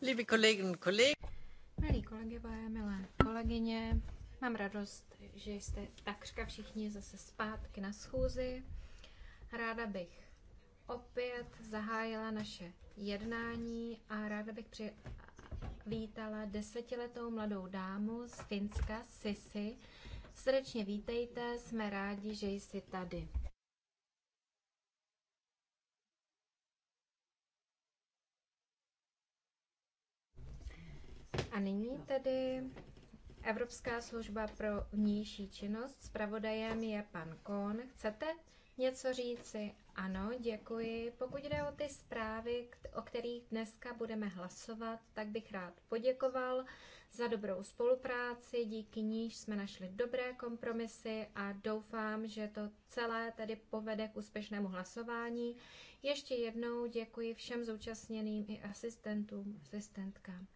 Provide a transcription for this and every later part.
Milí kolegové, milé kolegyně, mám radost, že jste takřka všichni zase zpátky na schůzi. Ráda bych opět zahájila naše jednání a ráda bych přivítala desetiletou mladou dámu z Finska, Sisi. Srdečně vítejte, jsme rádi, že jsi tady. nyní tedy Evropská služba pro vnější činnost. Spravodajem je pan Kohn. Chcete něco říci? Ano, děkuji. Pokud jde o ty zprávy, o kterých dneska budeme hlasovat, tak bych rád poděkoval za dobrou spolupráci, díky níž jsme našli dobré kompromisy a doufám, že to celé tedy povede k úspěšnému hlasování. Ještě jednou děkuji všem zúčastněným i asistentům, asistentkám.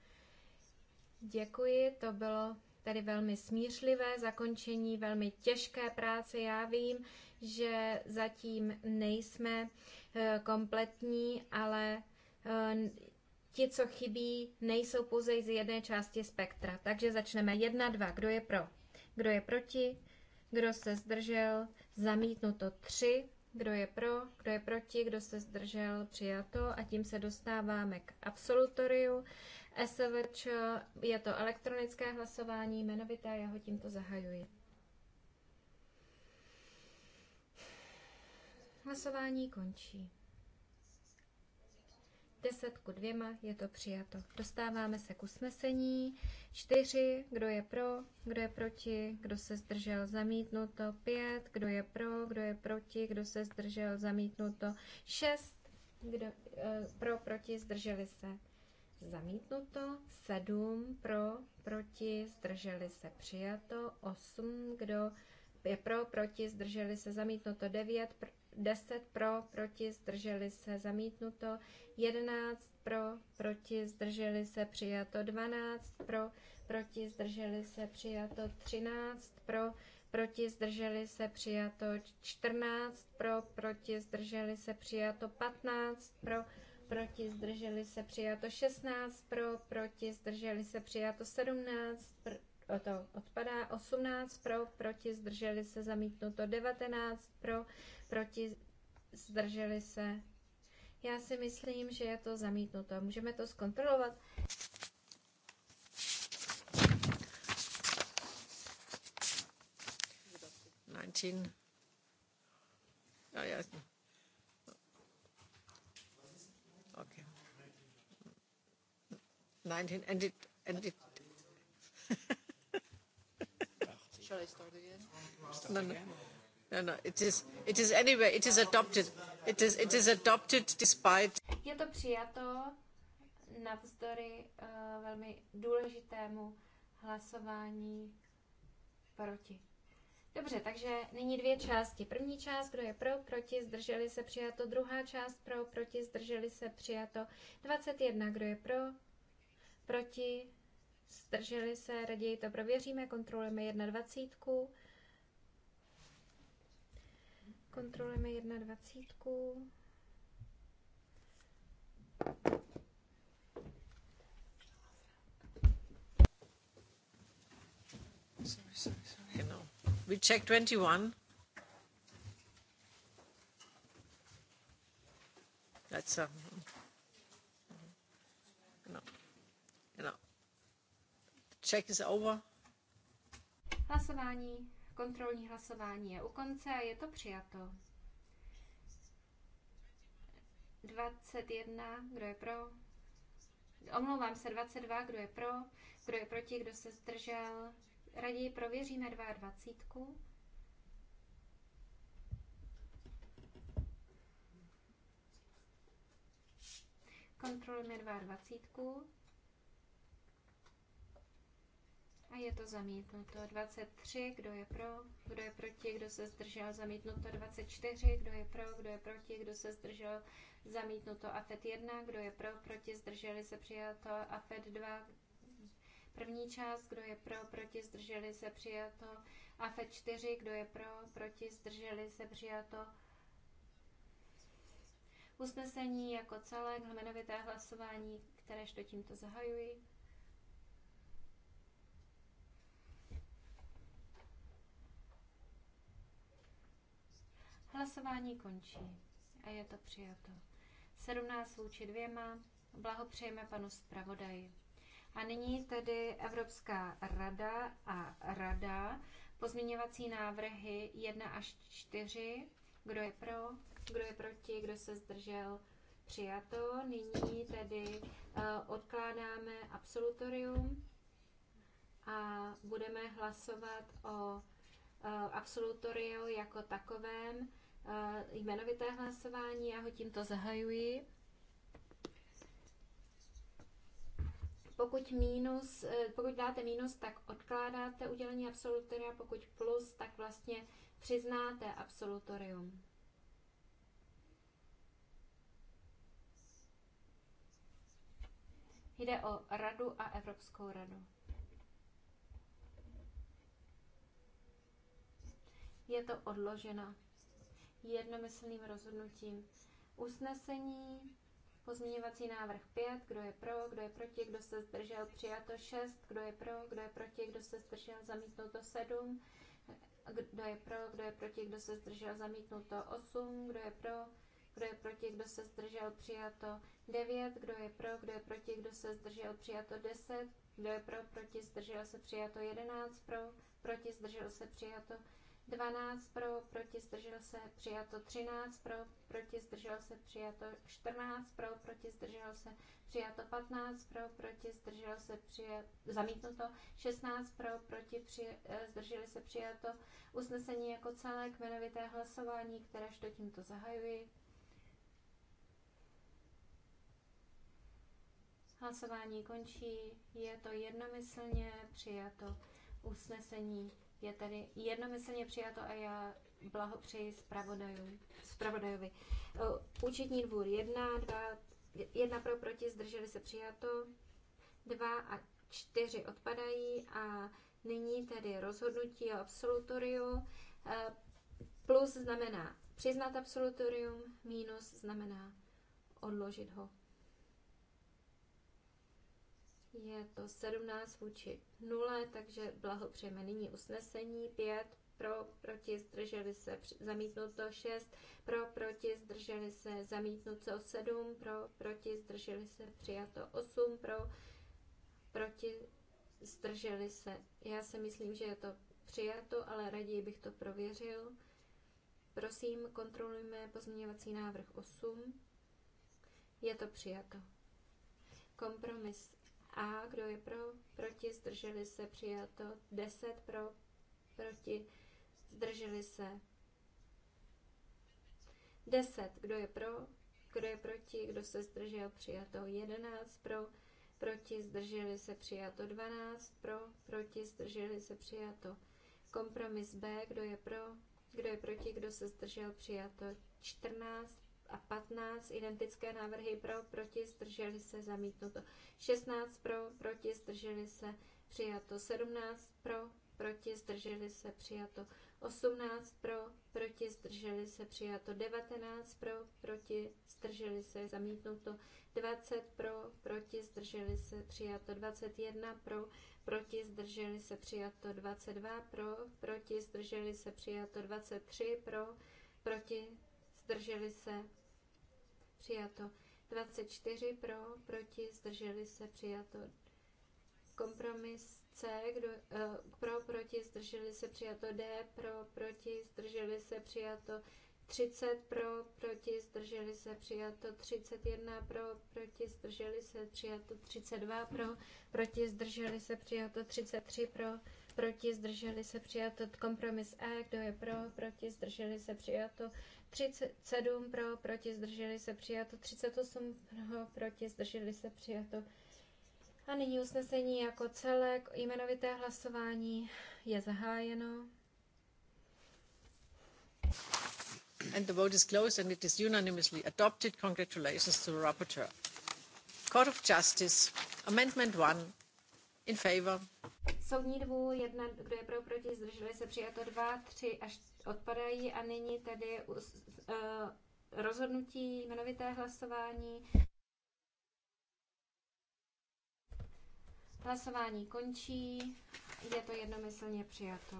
Děkuji, to bylo tady velmi smířlivé zakončení, velmi těžké práce. Já vím, že zatím nejsme eh, kompletní, ale eh, ti, co chybí, nejsou pouze z jedné části spektra. Takže začneme jedna dva. Kdo je pro? Kdo je proti? Kdo se zdržel? Zamítnuto tři. Kdo je pro? Kdo je proti? Kdo se zdržel? Přijato. A tím se dostáváme k absolutoriu. SVČ. Je to elektronické hlasování, jmenovité, já ho tímto zahajuji. Hlasování končí. 10 ku je to přijato. Dostáváme se k usnesení. 4. Kdo je pro, kdo je proti, kdo se zdržel, zamítnuto. 5. Kdo je pro, kdo je proti, kdo se zdržel, zamítnuto. 6. Kdo, e, pro, proti, zdrželi se zamítnuto, 7 pro, proti, zdrželi se přijato, 8, kdo je pro, proti, zdrželi se zamítnuto, 9, 10 pro, proti, zdrželi se zamítnuto, 11 pro, proti, zdrželi se přijato, 12 pro, proti, zdrželi se přijato, 13 pro, proti, zdrželi se přijato, 14 pro, proti, zdrželi se přijato, 15 pro, proti, zdrželi se přijato 16 pro, proti, zdrželi se přijato 17, pr, o to odpadá 18 pro, proti, zdrželi se zamítnuto 19 pro, proti, zdrželi se. Já si myslím, že je to zamítnuto. Můžeme to zkontrolovat. Nineteen. Oh, no, yeah. 19 and it and it Shall I start again? No, no. No, no, it is, it is anyway, it is adopted. It is, it is adopted despite... Je to přijato navzdory uh, velmi důležitému hlasování proti. Dobře, takže nyní dvě části. První část, kdo je pro, proti, zdrželi se přijato. Druhá část pro, proti, zdrželi se přijato. 21, kdo je pro, proti, zdrželi se, raději to prověříme, kontrolujeme 21. Kontrolujeme 21. We check 21. That's a um, check is over. Hlasování, kontrolní hlasování je u konce a je to přijato. 21, kdo je pro? Omlouvám se, 22, kdo je pro? Kdo je proti, kdo se zdržel? Raději prověříme 22. Kontrolujeme 22. a je to zamítnuto. 23, kdo je pro, kdo je proti, kdo se zdržel, zamítnuto. 24, kdo je pro, kdo je proti, kdo se zdržel, zamítnuto. AFET 1, kdo je pro, proti, zdrželi se, přijato. AFET 2, první část, kdo je pro, proti, zdrželi se, přijato. AFET 4, kdo je pro, proti, zdrželi se, přijato. Usnesení jako celé jmenovité hlasování, kteréž to tímto zahajuji. Hlasování končí a je to přijato. 17 vůči dvěma. Blahopřejeme panu zpravodaji. A nyní tedy Evropská rada a rada. Pozměňovací návrhy 1 až 4. Kdo je pro? Kdo je proti? Kdo se zdržel? Přijato. Nyní tedy eh, odkládáme absolutorium a budeme hlasovat o eh, absolutoriu jako takovém. Eh, jmenovité hlasování. Já ho tímto zahajuji. Pokud, mínus, eh, pokud dáte mínus, tak odkládáte udělení absolutoria, pokud plus, tak vlastně přiznáte absolutorium. Jde o Radu a Evropskou radu. Je to odloženo jednomyslným rozhodnutím. Usnesení, pozměňovací návrh 5, kdo je pro, kdo je proti, kdo se zdržel, přijato 6, kdo je pro, kdo je proti, kdo se zdržel, zamítnuto 7, kdo je pro, kdo je proti, kdo se zdržel, zamítnuto 8, kdo je pro, kdo je proti, kdo se zdržel, přijato 9, kdo je pro, kdo je proti, kdo se zdržel, přijato 10, kdo je pro, proti, zdržel se, přijato 11, pro, proti, zdržel se, přijato 12 pro, proti zdržel se přijato 13 pro, proti zdržel se přijato 14 pro, proti zdržel se přijato 15 pro, proti zdržel se přijato zamítnuto 16 pro, proti při, eh, zdrželi se přijato usnesení jako celek jmenovité hlasování, kteréž to tímto zahajuji. Hlasování končí, je to jednomyslně přijato usnesení je tedy jednomyslně přijato a já blahopřeji zpravodajovi. Účetní dvůr 1, 2, 1 pro proti, zdrželi se přijato, 2 a 4 odpadají a nyní tedy rozhodnutí o absolutoriu. E, plus znamená přiznat absolutorium, minus znamená odložit ho je to 17 vůči 0, takže blahopřejeme nyní usnesení 5 pro, proti, zdrželi se, zamítnuto 6, pro, proti, zdrželi se, zamítnuto 7, pro, proti, zdrželi se, přijato 8, pro, proti, zdrželi se. Já si myslím, že je to přijato, ale raději bych to prověřil. Prosím, kontrolujme pozměňovací návrh 8. Je to přijato. Kompromis a kdo je pro, proti, zdrželi se, přijato. 10 pro, proti, zdrželi se. 10. Kdo je pro, kdo je proti, kdo se zdržel, přijato. 11 pro, proti, zdrželi se, přijato. 12 pro, proti, zdrželi se, přijato. Kompromis B, kdo je pro, kdo je proti, kdo se zdržel, přijato. 14 a 15 identické návrhy pro, proti, zdrželi se, zamítnuto. 16 pro, proti, zdrželi se, přijato. 17 pro, proti, zdrželi se, přijato. 18 pro, proti, zdrželi se, přijato. 19 pro, proti, zdrželi se, zamítnuto. 20 pro, proti, zdrželi se, přijato. 21 pro, proti, zdrželi se, přijato. 22 pro, proti, zdrželi se, přijato. 23 pro, proti, zdrželi se, přijato. 24 pro, proti, zdrželi se, přijato. Kompromis C, kdo, eh, pro, proti, zdrželi se, přijato. D, pro, proti, zdrželi se, přijato. 30 pro, proti, zdrželi se, přijato 31 pro, proti, zdrželi se, přijato 32 pro, proti, zdrželi se, přijato 33 pro, proti, zdrželi se přijato. Kompromis E, kdo je pro, proti, zdrželi se přijato. 37 pro, proti, zdrželi se přijato. 38 pro, proti, zdrželi se přijato. A nyní usnesení jako celek, jmenovité hlasování je zahájeno. And the vote is closed and it is unanimously adopted. Congratulations to the rapporteur. Court of Justice, Amendment 1, in favor, Soudní dvůr, jedna, kdo je pro, proti, zdrželi se přijato dva, tři až odpadají a nyní tedy uh, uh rozhodnutí, jmenovité hlasování. Hlasování končí, je to jednomyslně přijato.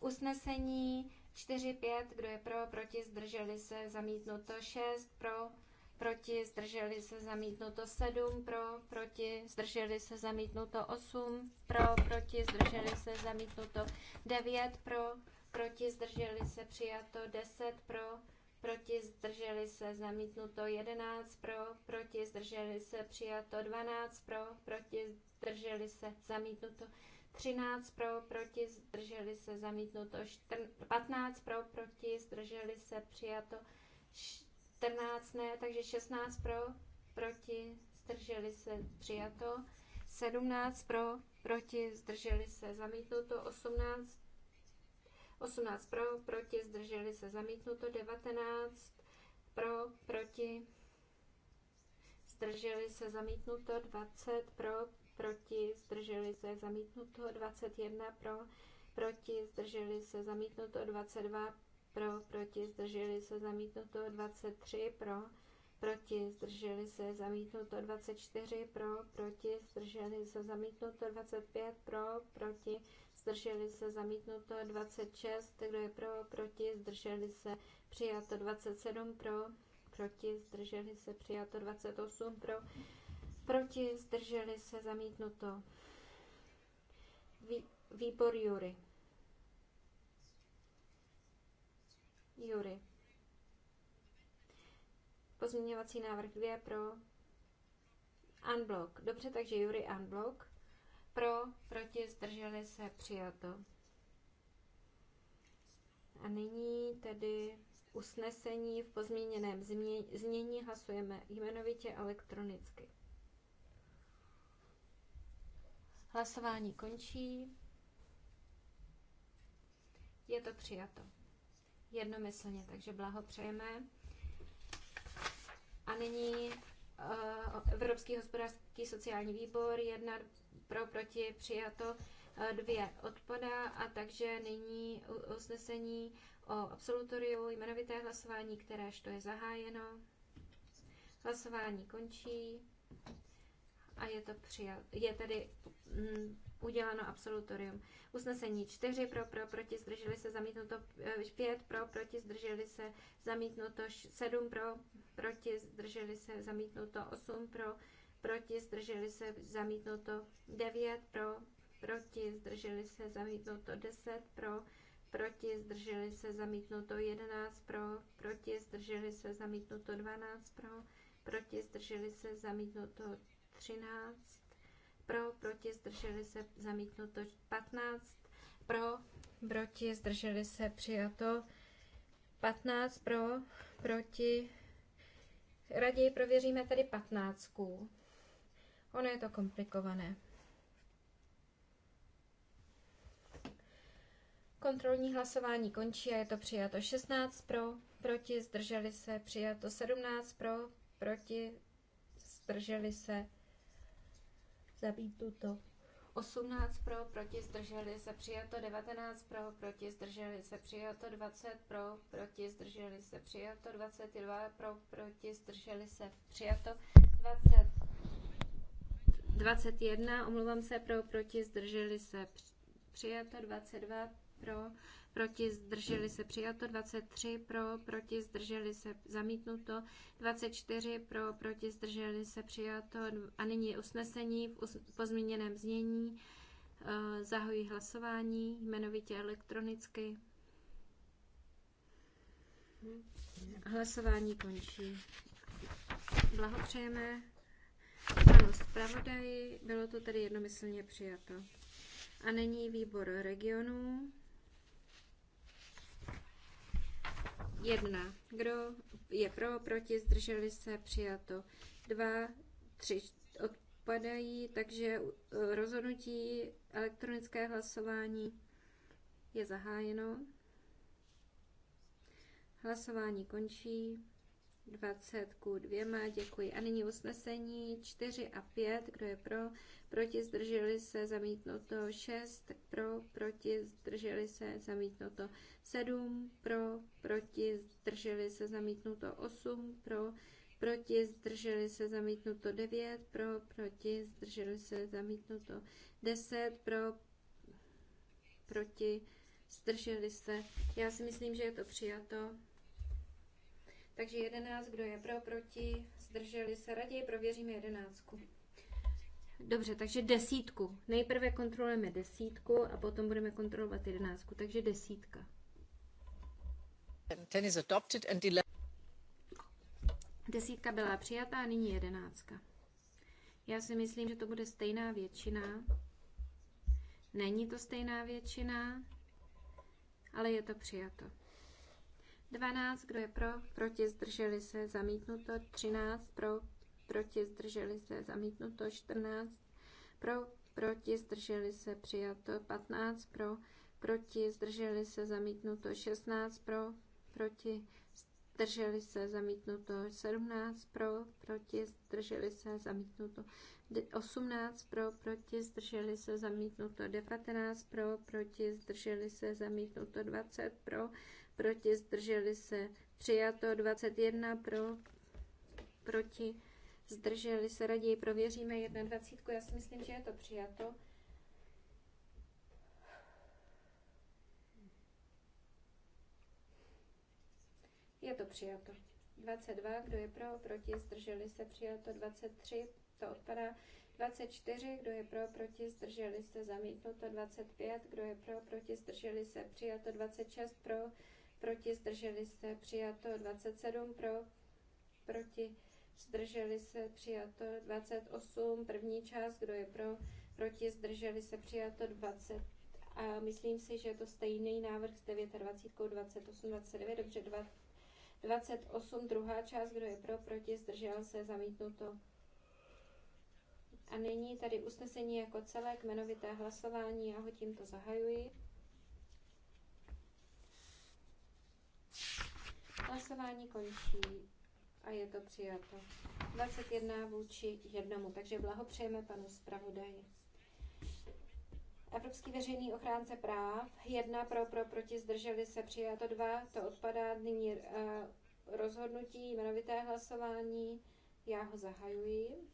Usnesení 4, 5, kdo je pro, proti, zdrželi se, zamítnuto 6, pro, proti, zdrželi se zamítnuto 7 pro, proti, zdrželi se zamítnuto 8 pro, proti, zdrželi se zamítnuto 9 pro, proti, zdrželi se přijato 10 pro, proti, zdrželi se zamítnuto 11 pro, proti, zdrželi se přijato 12 pro, proti, zdrželi se zamítnuto 13 pro, proti, zdrželi se zamítnuto 14, 15 pro, proti, zdrželi se přijato 14 ne, takže 16 pro, proti, zdrželi se, přijato. 17 pro, proti, zdrželi se, zamítnuto. 18, 18 pro, proti, zdrželi se, zamítnuto. 19 pro, proti, zdrželi se, zamítnuto. 20 pro, proti, zdrželi se, zamítnuto. 21 pro, proti, zdrželi se, zamítnuto. 22 pro, proti, zdrželi se, zamítnuto 23 pro, proti, zdrželi se, zamítnuto 24 pro, proti, zdrželi se, zamítnuto 25 pro, proti, zdrželi se, zamítnuto 26, kdo je pro, proti, zdrželi se, přijato 27 pro, proti, zdrželi se, přijato 28 pro, proti, zdrželi se, zamítnuto. Výbor Jury. Jury. Pozměňovací návrh 2 pro unblock. Dobře, takže Jury unblock. Pro, proti, zdrželi se, přijato. A nyní tedy usnesení v pozměněném znění hlasujeme jmenovitě elektronicky. Hlasování končí. Je to přijato jednomyslně, takže blahopřejeme. A nyní eh, Evropský hospodářský sociální výbor, jedna pro, proti, přijato, eh, dvě odpadá a takže nyní usnesení o absolutoriu jmenovité hlasování, kteréž to je zahájeno. Hlasování končí a je to přijato. je tedy mm, uděleno absolutorium. Usnesení 4 pro, pro, proti, zdrželi se zamítnuto 5 eh, pro, proti, zdrželi se zamítnuto 7 pro, proti, zdrželi se zamítnuto 8 pro, proti, zdrželi se zamítnuto 9 pro, proti, zdrželi se zamítnuto 10 pro, proti, zdrželi se zamítnuto 11 pro, proti, zdrželi se zamítnuto 12 pro, proti, zdrželi se zamítnuto 13 pro, proti, zdrželi se, zamítnuto 15, pro, proti, zdrželi se, přijato 15, pro, proti, raději prověříme tady 15. Ono je to komplikované. Kontrolní hlasování končí a je to přijato 16 pro, proti, zdrželi se, přijato 17 pro, proti, zdrželi se, zamítnuto. 18 pro, proti zdrželi se přijato, 19 pro, proti zdrželi se přijato, 20 pro, proti zdrželi se přijato, 22 pro, proti zdrželi se přijato, 20, 21, omlouvám se, pro, proti zdrželi se přijato, 22 pro, proti zdrželi se přijato, 23 pro, proti zdrželi se zamítnuto, 24 pro, proti zdrželi se přijato a nyní usnesení v pozměněném znění. Eh, Zahojí hlasování jmenovitě elektronicky. Hlasování končí. Blahopřejeme panu zpravodaji. Bylo to tedy jednomyslně přijato. A není výbor regionů. 1. Kdo je pro, proti, zdrželi se, přijato. 2, 3 odpadají, takže uh, rozhodnutí elektronické hlasování je zahájeno. Hlasování končí. 20 ku 2, děkuji. A nyní usnesení 4 a 5, kdo je pro, proti, zdrželi se, zamítnuto 6, pro, proti, zdrželi se, zamítnuto 7, pro, proti, zdrželi se, zamítnuto 8, pro, proti, zdrželi se, zamítnuto 9, pro, proti, zdrželi se, zamítnuto 10, pro, proti, zdrželi se. Já si myslím, že je to přijato. Takže 11, kdo je pro, proti, zdrželi se, raději prověříme jedenáctku. Dobře, takže desítku. Nejprve kontrolujeme desítku a potom budeme kontrolovat jedenáctku, takže desítka. Ten is adopted and Desítka byla přijatá a nyní jedenáctka. Já si myslím, že to bude stejná většina. Není to stejná většina, ale je to přijato. 12, kdo je pro, proti, zdrželi se, zamítnuto. 13, pro, proti, zdrželi se, zamítnuto. 14, pro, proti, zdrželi se, přijato. 15, pro, proti, zdrželi se, zamítnuto. 16, pro, proti, zdrželi se, zamítnuto. 17, pro, proti, zdrželi se, zamítnuto. 18 pro, proti, zdrželi se, zamítnuto 19 pro, proti, zdrželi se, zamítnuto 20 pro, proti, zdrželi se, přijato 21 pro, proti, zdrželi se, raději prověříme 21, já si myslím, že je to přijato. Je to přijato. 22, kdo je pro, proti, zdrželi se, přijato 23, to odpadá. 24, kdo je pro, proti, zdrželi se, zamítnuto 25, kdo je pro, proti, zdrželi se, přijato 26, pro, proti, zdrželi se, přijato 27 pro, proti, zdrželi se, přijato 28, první část, kdo je pro, proti, zdrželi se, přijato 20. A myslím si, že je to stejný návrh s 29, 28, 29, dobře 28, druhá část, kdo je pro, proti, zdržel se, zamítnuto. A nyní tady usnesení jako celek, jmenovité hlasování, já ho tímto zahajuji. Hlasování končí a je to přijato. 21 vůči jednomu, takže blahopřejeme panu zpravodaji. Evropský veřejný ochránce práv, jedna pro, pro, proti, zdrželi se, přijato dva, to odpadá, nyní uh, rozhodnutí, jmenovité hlasování, já ho zahajuji.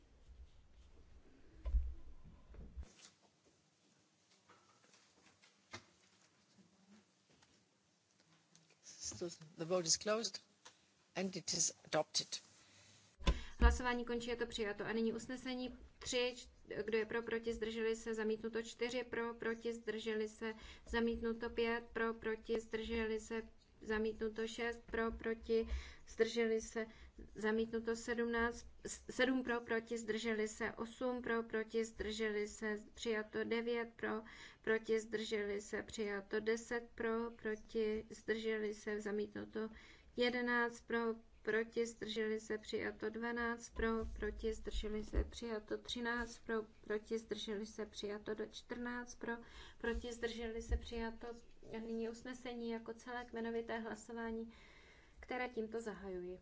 Hlasování končí, je to přijato. A nyní usnesení 3, kdo je pro, proti, zdrželi se, zamítnuto 4, pro, proti, zdrželi se, zamítnuto 5, pro, proti, zdrželi se, zamítnuto 6, pro, proti, zdrželi se, zamítnuto 17, 7 pro, proti, zdrželi se 8 pro, proti, zdrželi se přijato 9 pro, proti, zdrželi se přijato 10 pro, proti, zdrželi se zamítnuto 11 pro, proti, zdrželi se přijato 12 pro, proti, zdrželi se přijato 13 pro, proti, zdrželi se přijato do 14 pro, proti, zdrželi se přijato nyní usnesení jako celé kmenovité hlasování, které tímto zahajuji.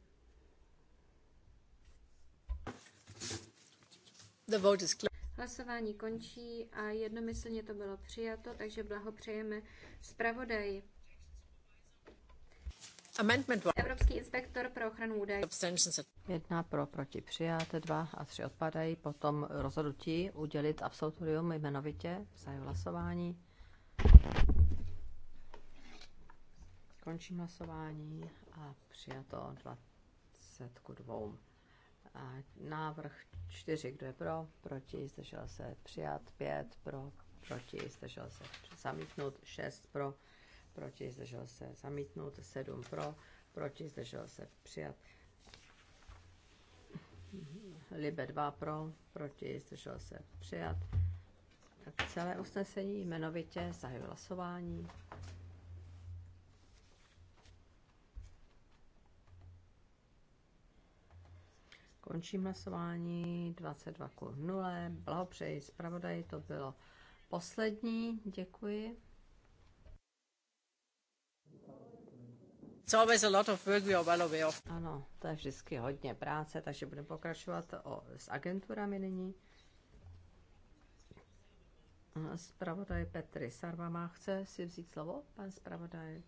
The vote is Hlasování končí a jednomyslně to bylo přijato, takže blahopřejeme zpravodaji. Amendment Evropský inspektor pro ochranu údajů. Jedna pro proti přijat, dva a tři odpadají, potom rozhodnutí udělit absolutorium jmenovitě, vzají hlasování. Končím hlasování a přijato 20 ku 2. A návrh 4, kdo je pro, proti, zdržel se přijat, 5 pro, proti, zdržel se zamítnut, 6 pro, proti, zdržel se zamítnut, 7 pro, proti, zdržel se přijat. Libe 2 pro, proti, zdržel se přijat. Tak celé usnesení jmenovitě zahajuji hlasování. Končím hlasování 22 k 0. Blahopřeji zpravodaji, to bylo poslední. Děkuji. It's always a lot of work we are well aware of. Ano, to je vždycky hodně práce, takže budeme pokračovat o, s agenturami nyní. Spravodaj Petry Sarva má chce si vzít slovo, pan spravodaj.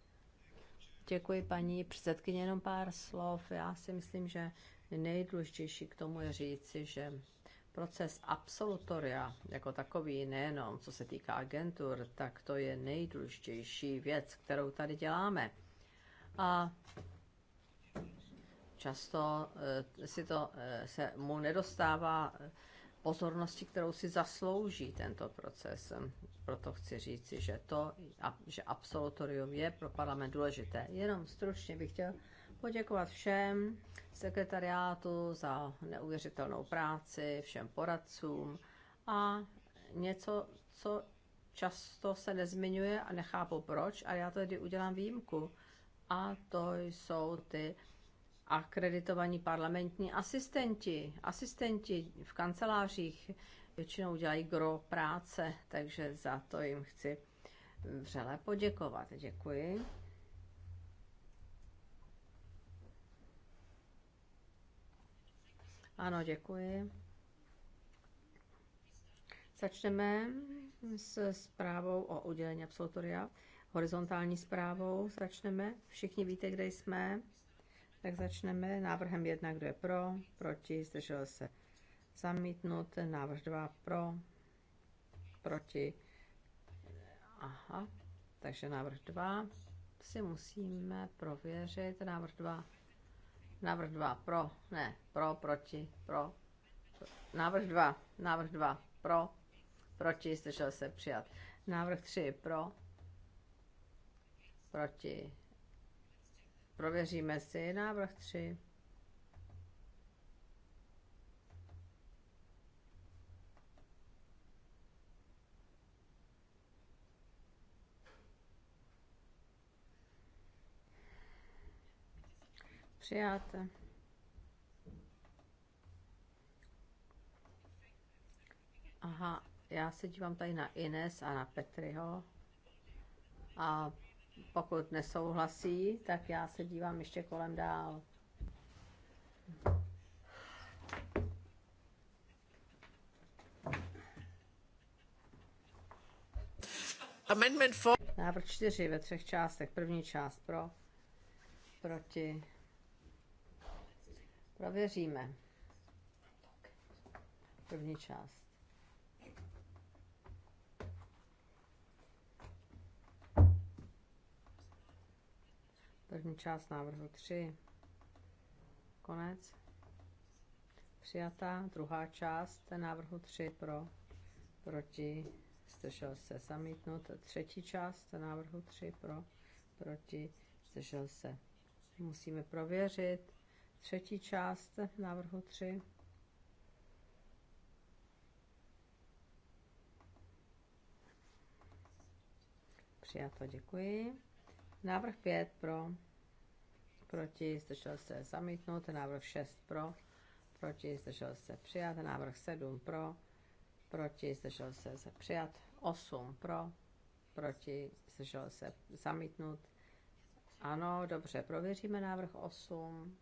Děkuji paní předsedkyně, jenom pár slov. Já si myslím, že nejdůležitější k tomu je říci, že proces absolutoria jako takový, nejenom co se týká agentur, tak to je nejdůležitější věc, kterou tady děláme. A často eh, si to, eh, se mu nedostává eh, pozornosti, kterou si zaslouží tento proces. Proto chci říci, že to, že absolutorium je pro parlament důležité. Jenom stručně bych chtěl poděkovat všem sekretariátu za neuvěřitelnou práci, všem poradcům a něco, co často se nezmiňuje a nechápu proč, a já tedy udělám výjimku. A to jsou ty akreditovaní parlamentní asistenti. Asistenti v kancelářích většinou dělají gro práce, takže za to jim chci vřele poděkovat. Děkuji. Ano, děkuji. Začneme s zprávou o udělení absolutoria. Horizontální zprávou začneme. Všichni víte, kde jsme. Tak začneme návrhem 1, kdo je pro, proti, zdržel se zamítnut, návrh 2 pro, proti, aha, takže návrh 2 si musíme prověřit, návrh 2 Návrh 2 pro, ne, pro, proti, pro. Návrh 2, návrh 2 pro, proti, zdržel se přijat. Návrh 3 pro, proti. Prověříme si návrh 3. přijáte. Aha, já se dívám tady na Ines a na Petriho. A pokud nesouhlasí, tak já se dívám ještě kolem dál. Amendment for... Návrh čtyři ve třech částech. První část pro, proti, Prověříme. První část. První část návrhu 3. Konec. Přijatá. Druhá část návrhu 3 pro, proti, zdržel se zamítnut. Třetí část návrhu 3 pro, proti, zdržel se. Musíme prověřit. Třetí část návrhu 3. Přijato, děkuji. Návrh 5 pro, proti, zdržel se zamítnout. Návrh 6 pro, proti, zdržel se přijat. Návrh 7 pro, proti, zdržel se přijat. 8 pro, proti, zdržel se zamítnout. Ano, dobře, prověříme návrh 8.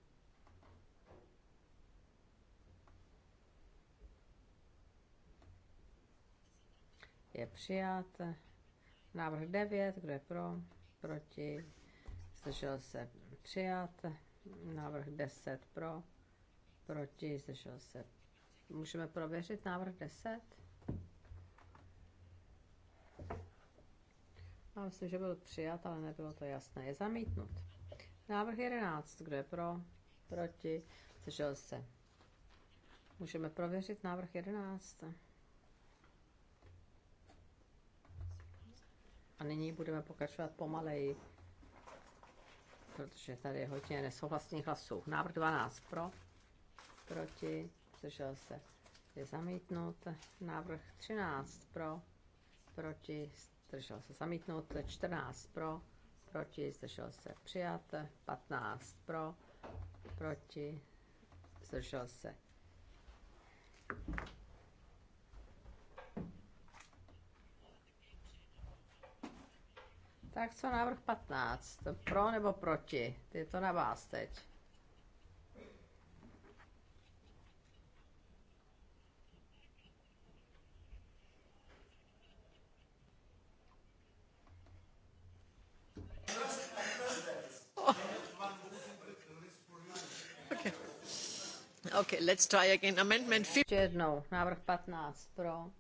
je přijat. Návrh 9, kdo je pro, proti, zdržel se přijat. Návrh 10 pro, proti, zdržel se. Můžeme prověřit návrh 10? Já myslím, že byl přijat, ale nebylo to jasné. Je zamítnut. Návrh 11, kdo je pro, proti, zdržel se. Můžeme prověřit návrh 11. A nyní budeme pokračovat pomaleji, protože tady je hodně nesouhlasných hlasů. Návrh 12 pro, proti, zdržel se, je zamítnut. Návrh 13 pro, proti, zdržel se, zamítnut. 14 pro, proti, zdržel se, přijat. 15 pro, proti, zdržel se. Tak co návrh 15? Pro nebo proti? Je to na vás teď. OK, let's try again. Amendment 15. Ještě jednou. Návrh 15 pro,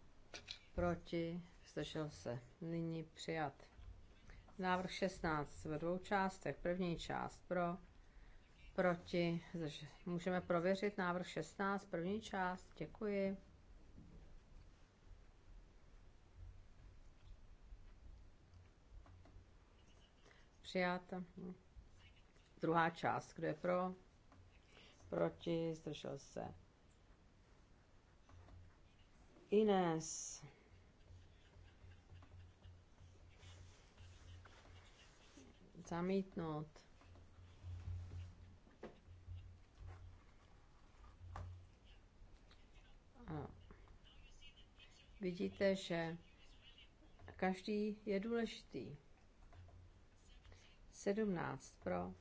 proti, slyšel se. Nyní přijat. Návrh 16 ve dvou částech. První část pro, proti. Můžeme prověřit návrh 16, první část. Děkuji. Přijat. Druhá část, kdo je pro? Proti, zdržel se. Ines. Zamítnout. A Vidíte, že každý je důležitý. 17 pro,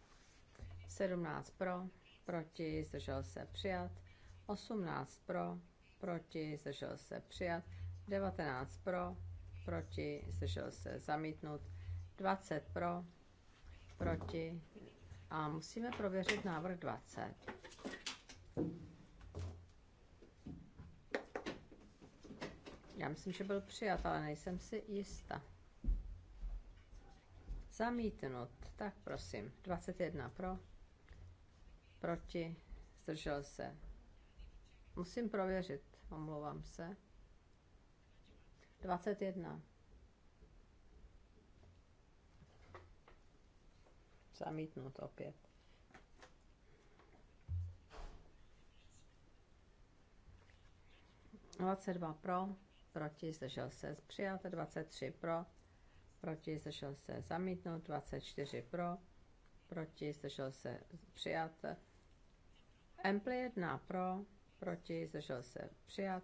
17 pro, proti, zdržel se přijat, 18 pro, proti, zdržel se přijat, 19 pro, proti, zdržel se zamítnout, 20 pro, proti a musíme prověřit návrh 20. Já myslím, že byl přijat, ale nejsem si jista. Zamítnut. Tak prosím. 21 pro. Proti. Zdržel se. Musím prověřit. Omlouvám se. 21. zamítnout opět. Dvacet dva pro, proti, zdržel se, přijat, 23 pro, proti, zdržel se, zamítnout, 24 pro, proti, zdržel se, přijat, Ample 1 pro, proti, zdržel se, přijat,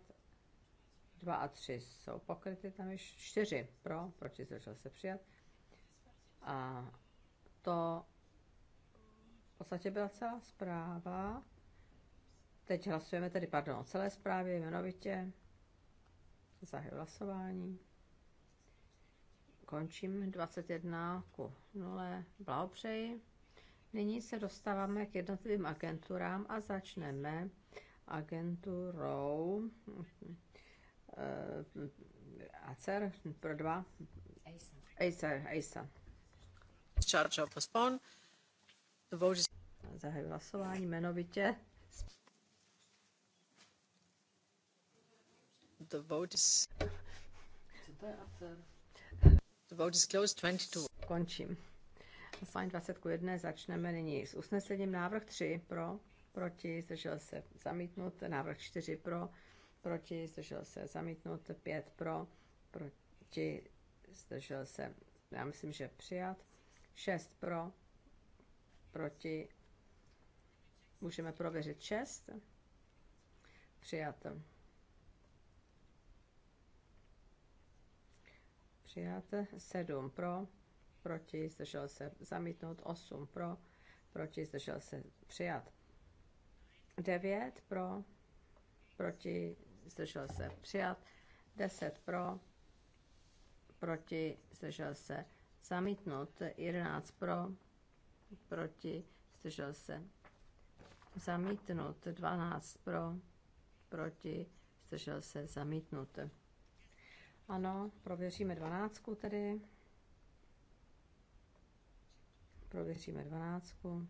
2 a 3 jsou pokryty, tam je 4 pro, proti, zdržel se, přijat, a to v podstatě byla celá zpráva. Teď hlasujeme tedy, pardon, o celé zprávě jmenovitě. Zahy hlasování. Končím 21 ku 0. Blahopřeji. Nyní se dostáváme k jednotlivým agenturám a začneme agenturou eh, ACER pro dva. ACER, ACER discharge of postpone. The vote is... Zahajuji hlasování jmenovitě. The vote is... The vote is closed 22. Končím. Hlasování 20 ku 1 začneme nyní s usnesením návrh 3 pro, proti, zdržel se zamítnut, návrh 4 pro, proti, zdržel se zamítnut, 5 pro, proti, zdržel se, já myslím, že přijat. 6 pro, proti, můžeme prověřit 6, přijato. Přijat 7 pro, proti, zdržel se zamítnout 8 pro, proti, zdržel se přijat. 9 pro, proti, zdržel se přijat. 10 pro, proti, zdržel se Zamítnut 11 pro, proti, zdržel se. Zamítnut 12 pro, proti, zdržel se. Zamítnut. Ano, prověříme dvanáctku tedy. Prověříme dvanáctku.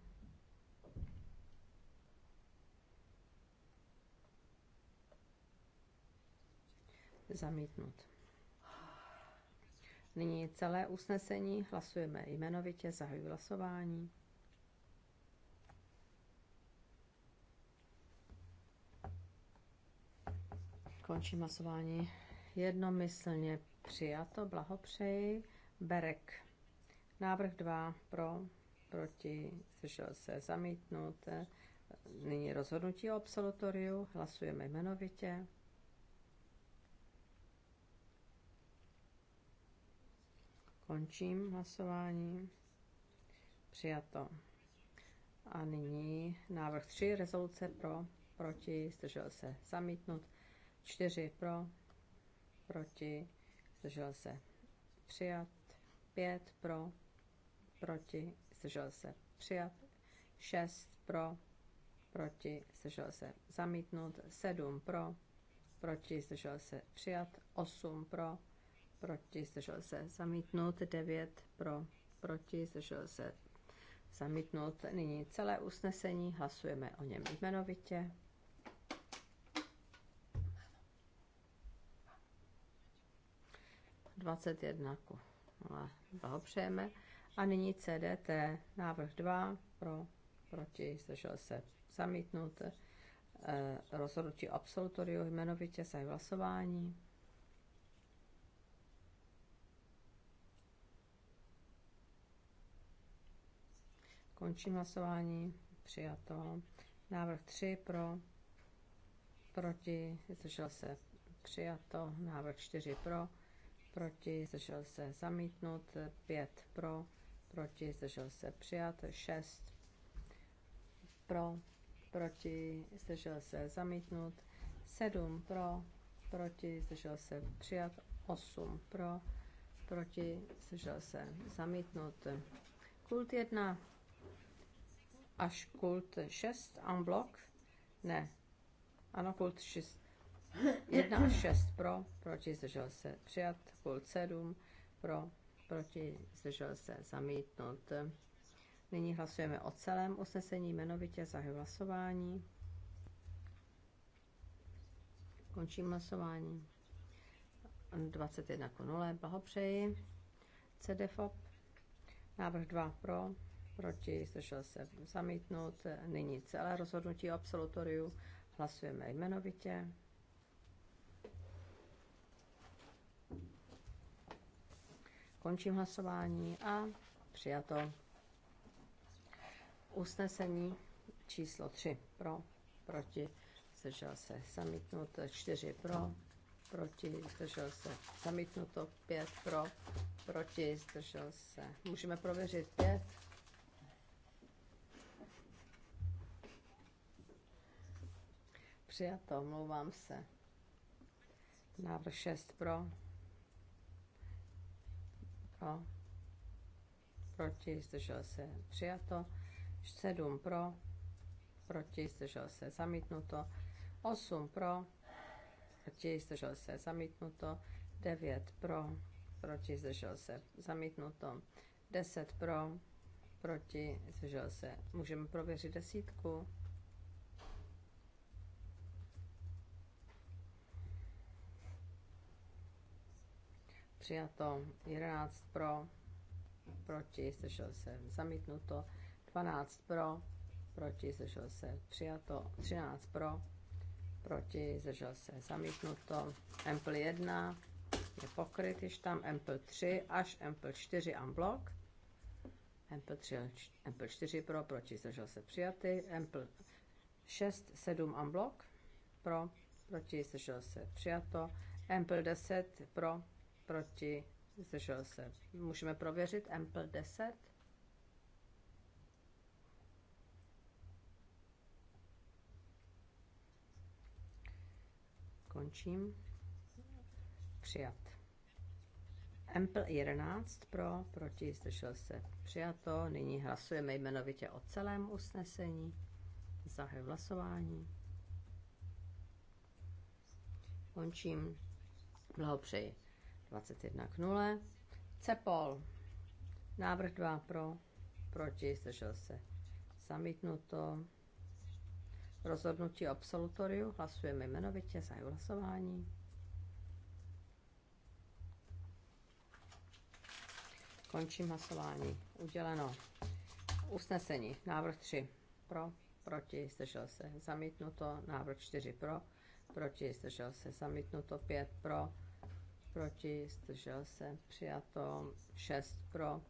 Zamítnut. Nyní celé usnesení. Hlasujeme jmenovitě. Zahajuji hlasování. Končím hlasování. Jednomyslně přijato. Blahopřeji. Berek. Návrh 2 pro, proti, zdržel se zamítnout. Nyní rozhodnutí o absolutoriu. Hlasujeme jmenovitě. Končím hlasování. Přijato. A nyní návrh 3, rezoluce pro, proti, zdržel se zamítnut. 4 pro, proti, zdržel se přijat. 5 pro, proti, zdržel se přijat. 6 pro, proti, zdržel se zamítnut. 7 pro, proti, zdržel se přijat. 8 pro, proti, zdržel se zamítnout, 9 pro, proti, zdržel se zamítnout. Nyní celé usnesení, hlasujeme o něm jmenovitě. Dvacet jedna ku blahopřejeme. A nyní CDT, návrh 2, pro, proti, zdržel se zamítnout. E, eh, rozhodnutí absolutoriu jmenovitě za hlasování. Končím hlasování. Přijato. Návrh 3 pro, proti, zdržel se. Přijato. Návrh 4 pro, proti, zdržel se. Zamítnut. 5 pro, proti, zdržel se. Přijat. 6 pro, proti, zdržel se. Zamítnut. 7 pro, proti, zdržel se. Přijat. 8 pro, proti, zdržel se. Zamítnut. Kult 1 až kult 6 unblock? Ne. Ano, kult 6. 1 až 6 pro, proti zdržel se přijat, kult 7 pro, proti zdržel se zamítnout. Nyní hlasujeme o celém usnesení, jmenovitě za hlasování. Končím hlasování. 21 k 0, blahopřeji. CDFOP. Návrh 2 pro, proti, zdržel se zamítnout. Nyní celé rozhodnutí o absolutoriu. Hlasujeme jmenovitě. Končím hlasování a přijato usnesení číslo 3 pro, proti, zdržel se zamítnut, 4 pro, proti, zdržel se zamítnuto, 5 pro, proti, zdržel se. Můžeme prověřit 5. Přijato, omlouvám se. Návrh 6 pro. Pro. Proti, zdržel se. Přijato. 7 pro. Proti, zdržel se. Zamítnuto. 8 pro. Proti, zdržel se. Zamítnuto. 9 pro. Proti, zdržel se. Zamítnuto. 10 pro. Proti, zdržel se. Můžeme prověřit desítku. přijato, 11 pro, proti, slyšel se, zamítnuto, 12 pro, proti, slyšel se, přijato, 13 pro, proti, zdržel se, zamítnuto, Ample 1 je pokryt již tam, Ample 3 až Ample 4 unblock, Ample 3 Ample 4 pro, proti, zdržel se, přijaty, Ample 6, 7 unblock, pro, proti, zdržel se, přijato, Ample 10 pro, proti, zdržel se. Můžeme prověřit Ample 10. Končím. Přijat. MPL 11 pro, proti, zdržel se. Přijato. Nyní hlasujeme jmenovitě o celém usnesení. Zahaj hlasování. Končím. Blahopřeji 21 k 0. Cepol. Návrh 2 pro, proti, zdržel se. Zamítnuto. Rozhodnutí absolutoriu. Hlasujeme jmenovitě za hlasování. Končím hlasování. Uděleno. Usnesení. Návrh 3 pro, proti, zdržel se. Zamítnuto. Návrh 4 pro, proti, zdržel se. Zamítnuto. 5 pro, proti, zdržel se, přijato 6 pro,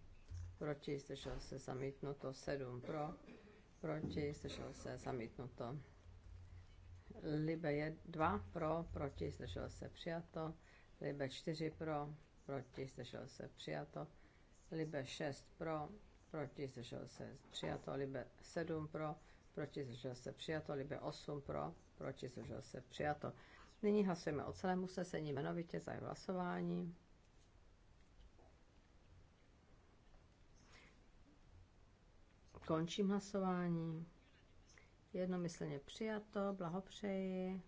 proti, zdržel se, zamítnuto 7 pro, proti, zdržel se, zamítnuto. Libe je 2 pro, proti, zdržel se, přijato. Libe 4 pro, proti, zdržel se, přijato. Libe 6 pro, proti, zdržel se, přijato. Libe 7 pro, proti, zdržel se, přijato. Libe 8 pro, proti, zdržel se, přijato. Nyní hlasujeme o celém usnesení jmenovitě za hlasování. Končím hlasování. Jednomyslně přijato, blahopřeji.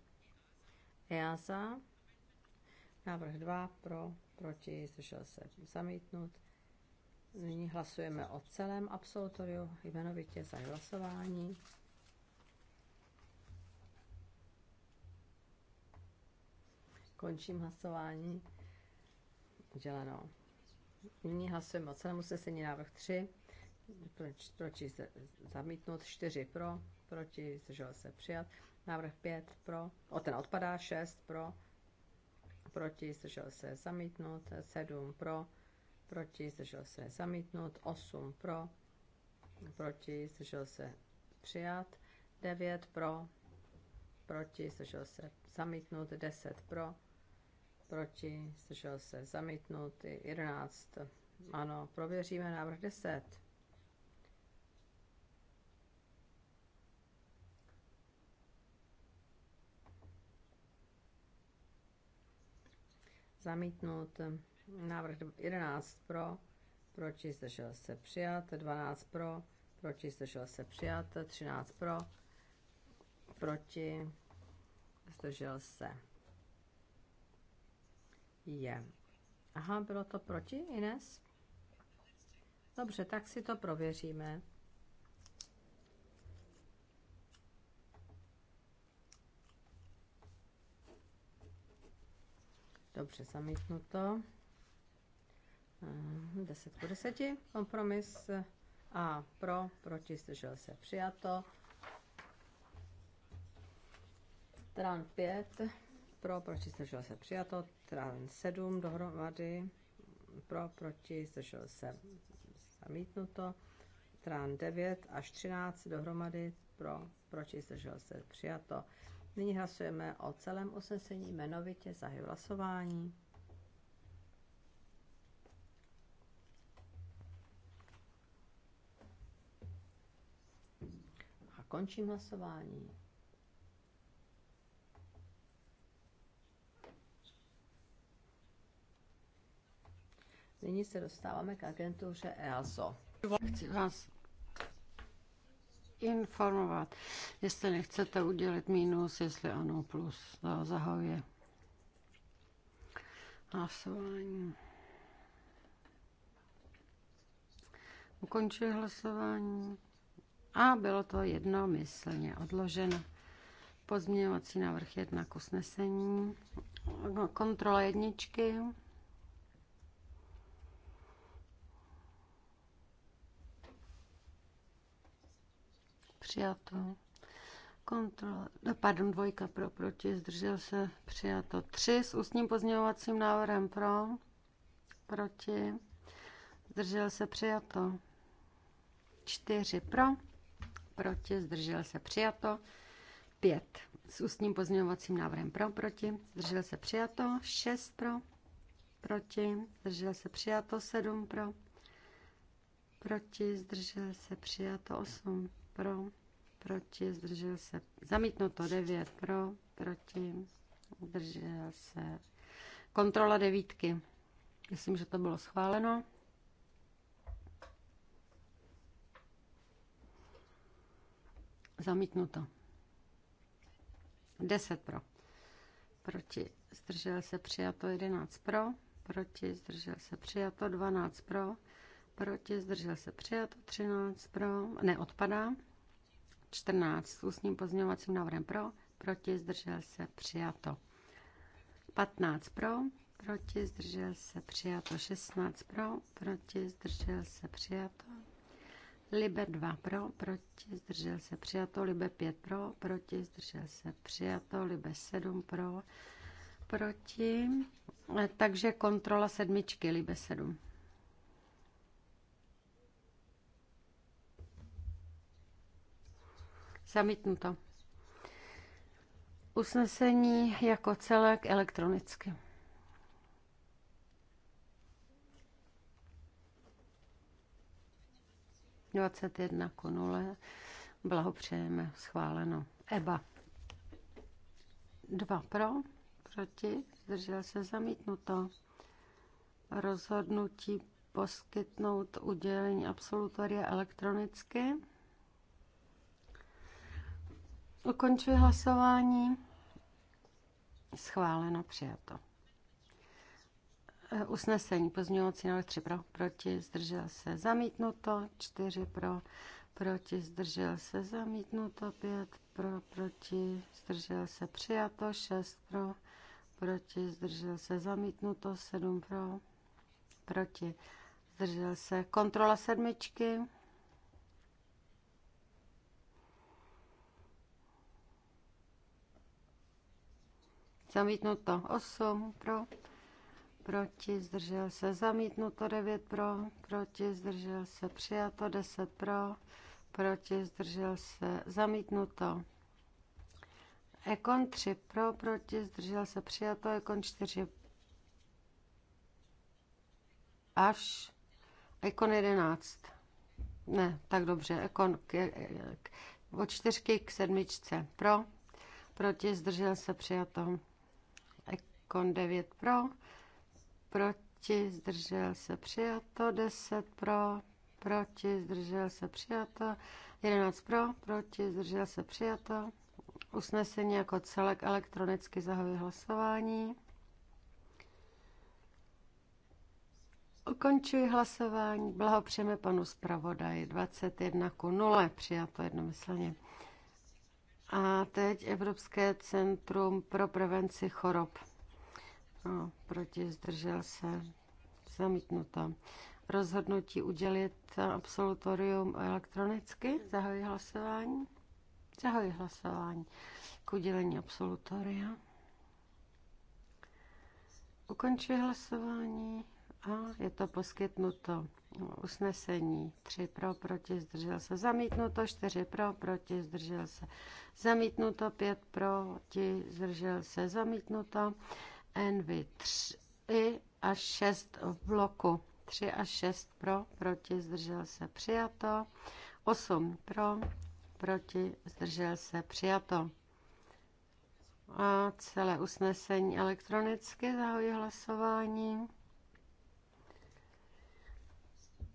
EASA. Návrh 2 pro, proti, zdržel se zamítnut. Nyní hlasujeme o celém absolutoriu, jmenovitě za hlasování. Končím hlasování. Děleno. Nyní hlasujeme o celém usnesení návrh 3. Proč, proč se zamítnout 4 pro, proti zdržel se přijat. Návrh 5 pro, o ten odpadá 6 pro, proti zdržel se zamítnout 7 pro, proti zdržel se zamítnout 8 pro, proti zdržel se přijat 9 pro, proti zdržel se zamítnout 10 pro, proti, zdržel se zamítnut, 11, ano, prověříme návrh 10. Zamítnut, návrh 11 pro, proti, zdržel se přijat, 12 pro, proti, zdržel se přijat, 13 pro, proti, zdržel se je. Aha, bylo to proti, Ines? Dobře, tak si to prověříme. Dobře, zamítnuto. 10 po 10, kompromis a pro, proti, zdržel se, přijato. Stran 5 pro, proti, zdržel se přijato, tran 7 dohromady, pro, proti, zdržel se zamítnuto, tran 9 až 13 dohromady, pro, proti, zdržel se přijato. Nyní hlasujeme o celém usnesení jmenovitě, zahy hlasování. A končím hlasování. Nyní se dostáváme k agentuře EASO. Chci vás informovat, jestli nechcete udělat mínus, jestli ano plus. To zahajuje hlasování. Ukončuji hlasování. A bylo to jednomyslně odloženo. Pozměňovací návrh jedna k usnesení. Kontrola jedničky. přijato. Kontrola, no, pardon, dvojka pro, proti, zdržel se, přijato. Tři s ústním pozměňovacím návrhem pro, proti, zdržel se, přijato. Čtyři pro, proti, zdržel se, přijato. Pět s ústním pozměňovacím návrhem pro, proti, zdržel se, přijato. Šest pro, proti, zdržel se, přijato. Sedm pro, proti, zdržel se, přijato. Osm pro, proti, zdržel se, zamítnuto 9 pro, proti, zdržel se, kontrola devítky. Myslím, že to bylo schváleno. Zamítnuto. 10 pro. Proti zdržel se přijato 11 pro. Proti zdržel se přijato 12 pro. Proti zdržel se přijato 13 pro. Neodpadá. 14 s ústním pozměňovacím návrhem pro, proti, zdržel se, přijato. 15 pro, proti, zdržel se, přijato. 16 pro, proti, zdržel se, přijato. Libe 2 pro, proti, zdržel se, přijato. Libe 5 pro, proti, zdržel se, přijato. Libe 7 pro, proti. Takže kontrola sedmičky, Libe 7. Zamítnuto. Usnesení jako celek elektronicky. Dvacet jedna ku nule. Blahopřejeme. Schváleno. EBA. Dva pro, proti, zdržel se zamítnuto. Rozhodnutí poskytnout udělení absolutoria elektronicky. Ukončuji hlasování. Schváleno, přijato. Eh, usnesení pozměňovací návrh 3 pro, proti, zdržel se, zamítnuto, 4 pro, proti, zdržel se, zamítnuto, 5 pro, proti, zdržel se, přijato, 6 pro, proti, zdržel se, zamítnuto, 7 pro, proti, zdržel se, kontrola sedmičky. Zamítnuto 8 pro, proti, zdržel se. Zamítnuto 9 pro, proti, zdržel se. Přijato 10 pro, proti, zdržel se. Zamítnuto. Ekon 3 pro, proti, zdržel se. Přijato Ekon 4 až Ekon 11. Ne, tak dobře. Ekon k, k, od čtyřky k sedmičce. Pro, proti, zdržel se přijato. Kon 9 pro, proti, zdržel se přijato, 10 pro, proti, zdržel se přijato, 11 pro, proti, zdržel se přijato, usnesení jako celek elektronicky zahajuji hlasování. Ukončuji hlasování. Blahopřejeme panu zpravodaji. 21 ku 0 přijato jednomyslně. A teď Evropské centrum pro prevenci chorob. No, proti zdržel se. Zamítnuto. Rozhodnutí udělit absolutorium elektronicky. Zahoji hlasování. Zahoji hlasování k udělení absolutoria. Ukončuji hlasování a je to poskytnuto usnesení 3 pro, proti, zdržel se, zamítnuto 4 pro, proti, zdržel se, zamítnuto 5 proti, zdržel se, zamítnuto Envy 3 a 6 v bloku. 3 a 6 pro, proti, zdržel se, přijato. 8 pro, proti, zdržel se, přijato. A celé usnesení elektronicky zahoji hlasování.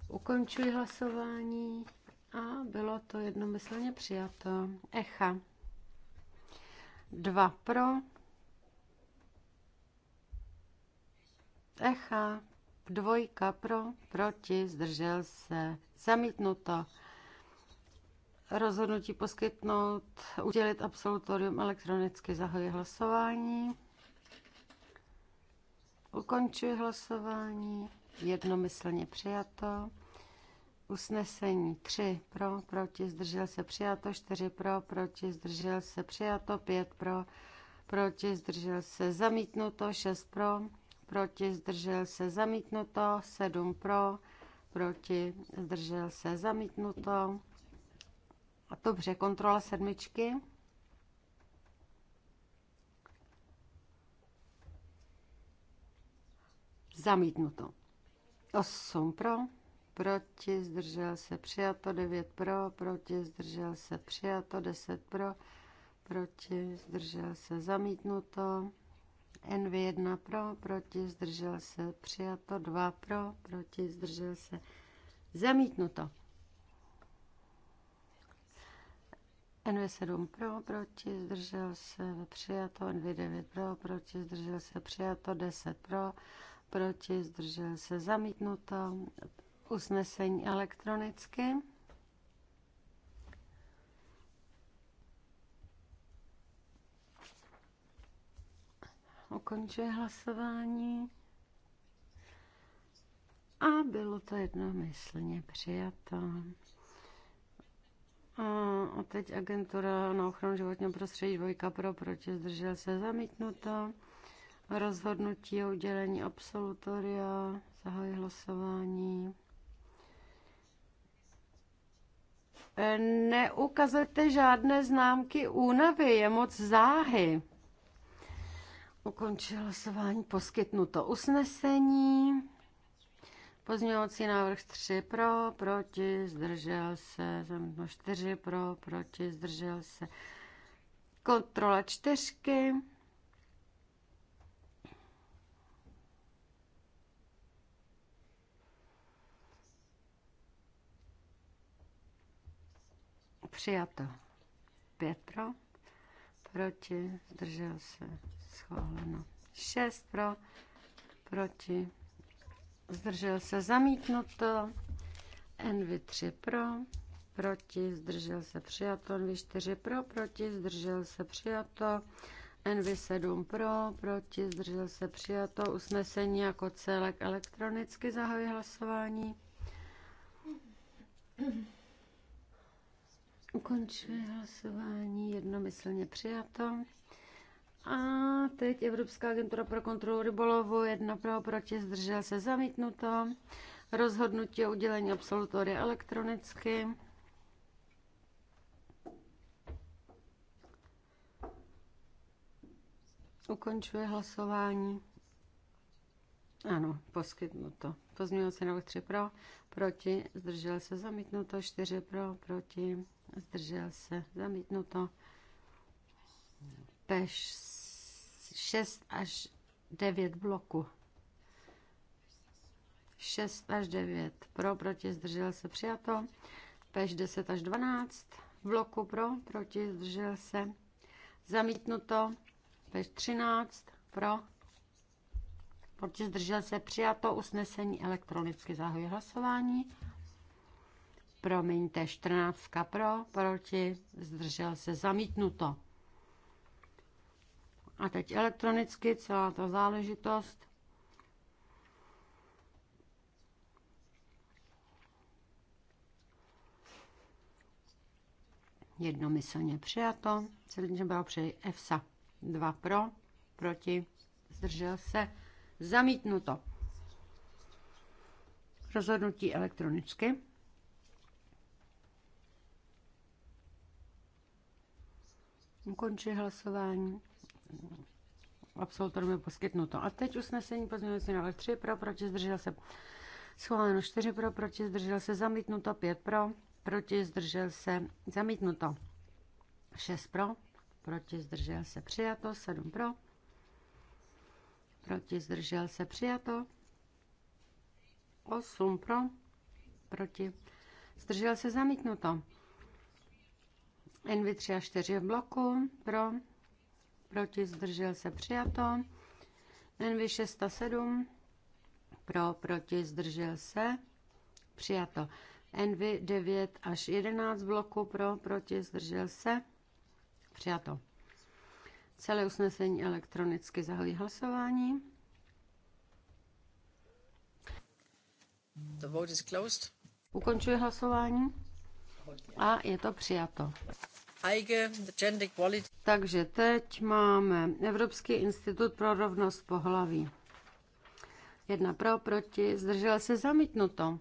Ukončuji hlasování a bylo to jednomyslně přijato. Echa. 2 pro, Echa, dvojka pro, proti, zdržel se, zamítnuto. Rozhodnutí poskytnout, udělit absolutorium elektronicky, zahoji hlasování. Ukončuji hlasování, jednomyslně přijato. Usnesení 3 pro, proti, zdržel se, přijato, 4 pro, proti, zdržel se, přijato, 5 pro, proti, zdržel se, zamítnuto, 6 pro, proti, zdržel se zamítnuto, 7 pro, proti, zdržel se zamítnuto. A dobře, kontrola sedmičky. Zamítnuto. 8 pro, proti, zdržel se přijato, 9 pro, proti, zdržel se přijato, 10 pro, proti, zdržel se zamítnuto. NV1 pro, proti, zdržel se, přijato 2 pro, proti, zdržel se, zamítnuto. NV7 pro, proti, zdržel se, přijato, NV9 pro, proti, zdržel se, přijato, 10 pro, proti, zdržel se, zamítnuto, usnesení elektronicky. Ukončuje hlasování. A bylo to jednomyslně přijato. A teď agentura na ochranu životního prostředí dvojka pro proti zdržel se zamítnuto. Rozhodnutí o udělení absolutoria. Zahajuji hlasování. Neukazujte žádné známky únavy, je moc záhy. Ukončil hlasování, poskytnuto usnesení. Pozměňovací návrh 3 pro, proti, zdržel se, zamítnuto 4 pro, proti, zdržel se. Kontrola čtyřky. Přijato. Pět pro, proti, zdržel se, Schváleno. 6 pro, proti, zdržel se zamítnuto. NV3 pro, proti, zdržel se přijato. NV4 pro, proti, zdržel se přijato. NV7 pro, proti, zdržel se přijato. Usnesení jako celek elektronicky zahajuje hlasování. Ukončuje hlasování jednomyslně přijato. A teď Evropská agentura pro kontrolu rybolovu, jedna pro proti, zdržel se zamítnuto. Rozhodnutí o udělení absolutory elektronicky. Ukončuje hlasování. Ano, poskytnuto. Pozměnil se na 3 pro, proti, zdržel se zamítnuto, 4 pro, proti, zdržel se zamítnuto. Peš 6 až 9 bloku. 6 až 9 pro, proti, zdržel se, přijato. Peš 10 až 12 bloku pro, proti, zdržel se, zamítnuto. Peš 13 pro, proti, zdržel se, přijato. Usnesení elektronicky zahajuje hlasování. Promiňte, 14 pro, proti, zdržel se, zamítnuto. A teď elektronicky celá ta záležitost. Jednomyslně přijato. Celý byla při EFSA 2 pro, proti, zdržel se, zamítnuto. Rozhodnutí elektronicky. Ukončí hlasování absolutorům je poskytnuto. A teď usnesení pozměňovací návrh 3 pro, proti zdržel se schváleno 4 pro, proti zdržel se zamítnuto 5 pro, proti zdržel se zamítnuto 6 pro, proti zdržel se přijato 7 pro, proti zdržel se přijato 8 pro, proti zdržel se zamítnuto. NV3 a 4 v bloku pro, proti, zdržel se přijato. NV 607 pro, proti, zdržel se přijato. NV 9 až 11 bloku pro, proti, zdržel se přijato. Celé usnesení elektronicky zahojí hlasování. The vote is closed. Ukončuji hlasování a je to přijato. Takže teď máme Evropský institut pro rovnost pohlaví. Jedna pro, proti, zdržela se zamítnuto.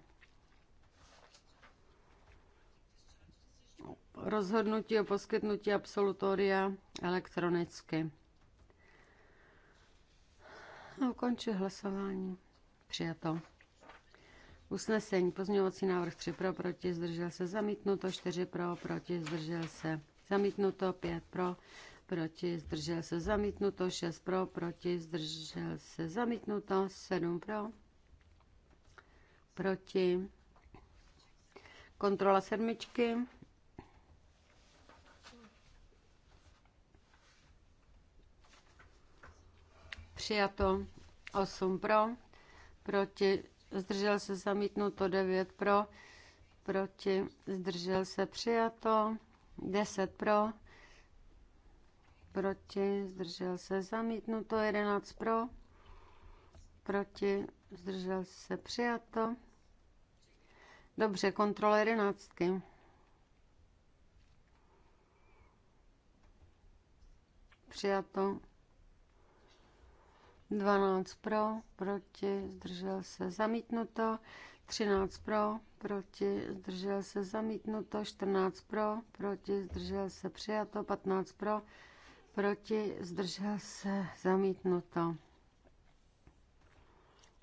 Rozhodnutí o poskytnutí absolutoria elektronicky. A hlasování. Přijato. Usnesení, pozměňovací návrh 3 pro, proti, zdržel se zamítnuto, 4 pro, proti, zdržel se zamítnuto, 5 pro, proti, zdržel se zamítnuto, 6 pro, proti, zdržel se zamítnuto, 7 pro, proti, kontrola sedmičky, přijato 8 pro, proti, zdržel se zamítnuto 9 pro, proti, zdržel se přijato 10 pro, proti, zdržel se zamítnuto, 11 pro, proti, zdržel se přijato. Dobře, kontrola jedenáctky. Přijato. 12 pro, proti, zdržel se zamítnuto. 13 pro, proti, zdržel se zamítnuto, 14 pro, proti, zdržel se přijato, 15 pro, proti, zdržel se zamítnuto.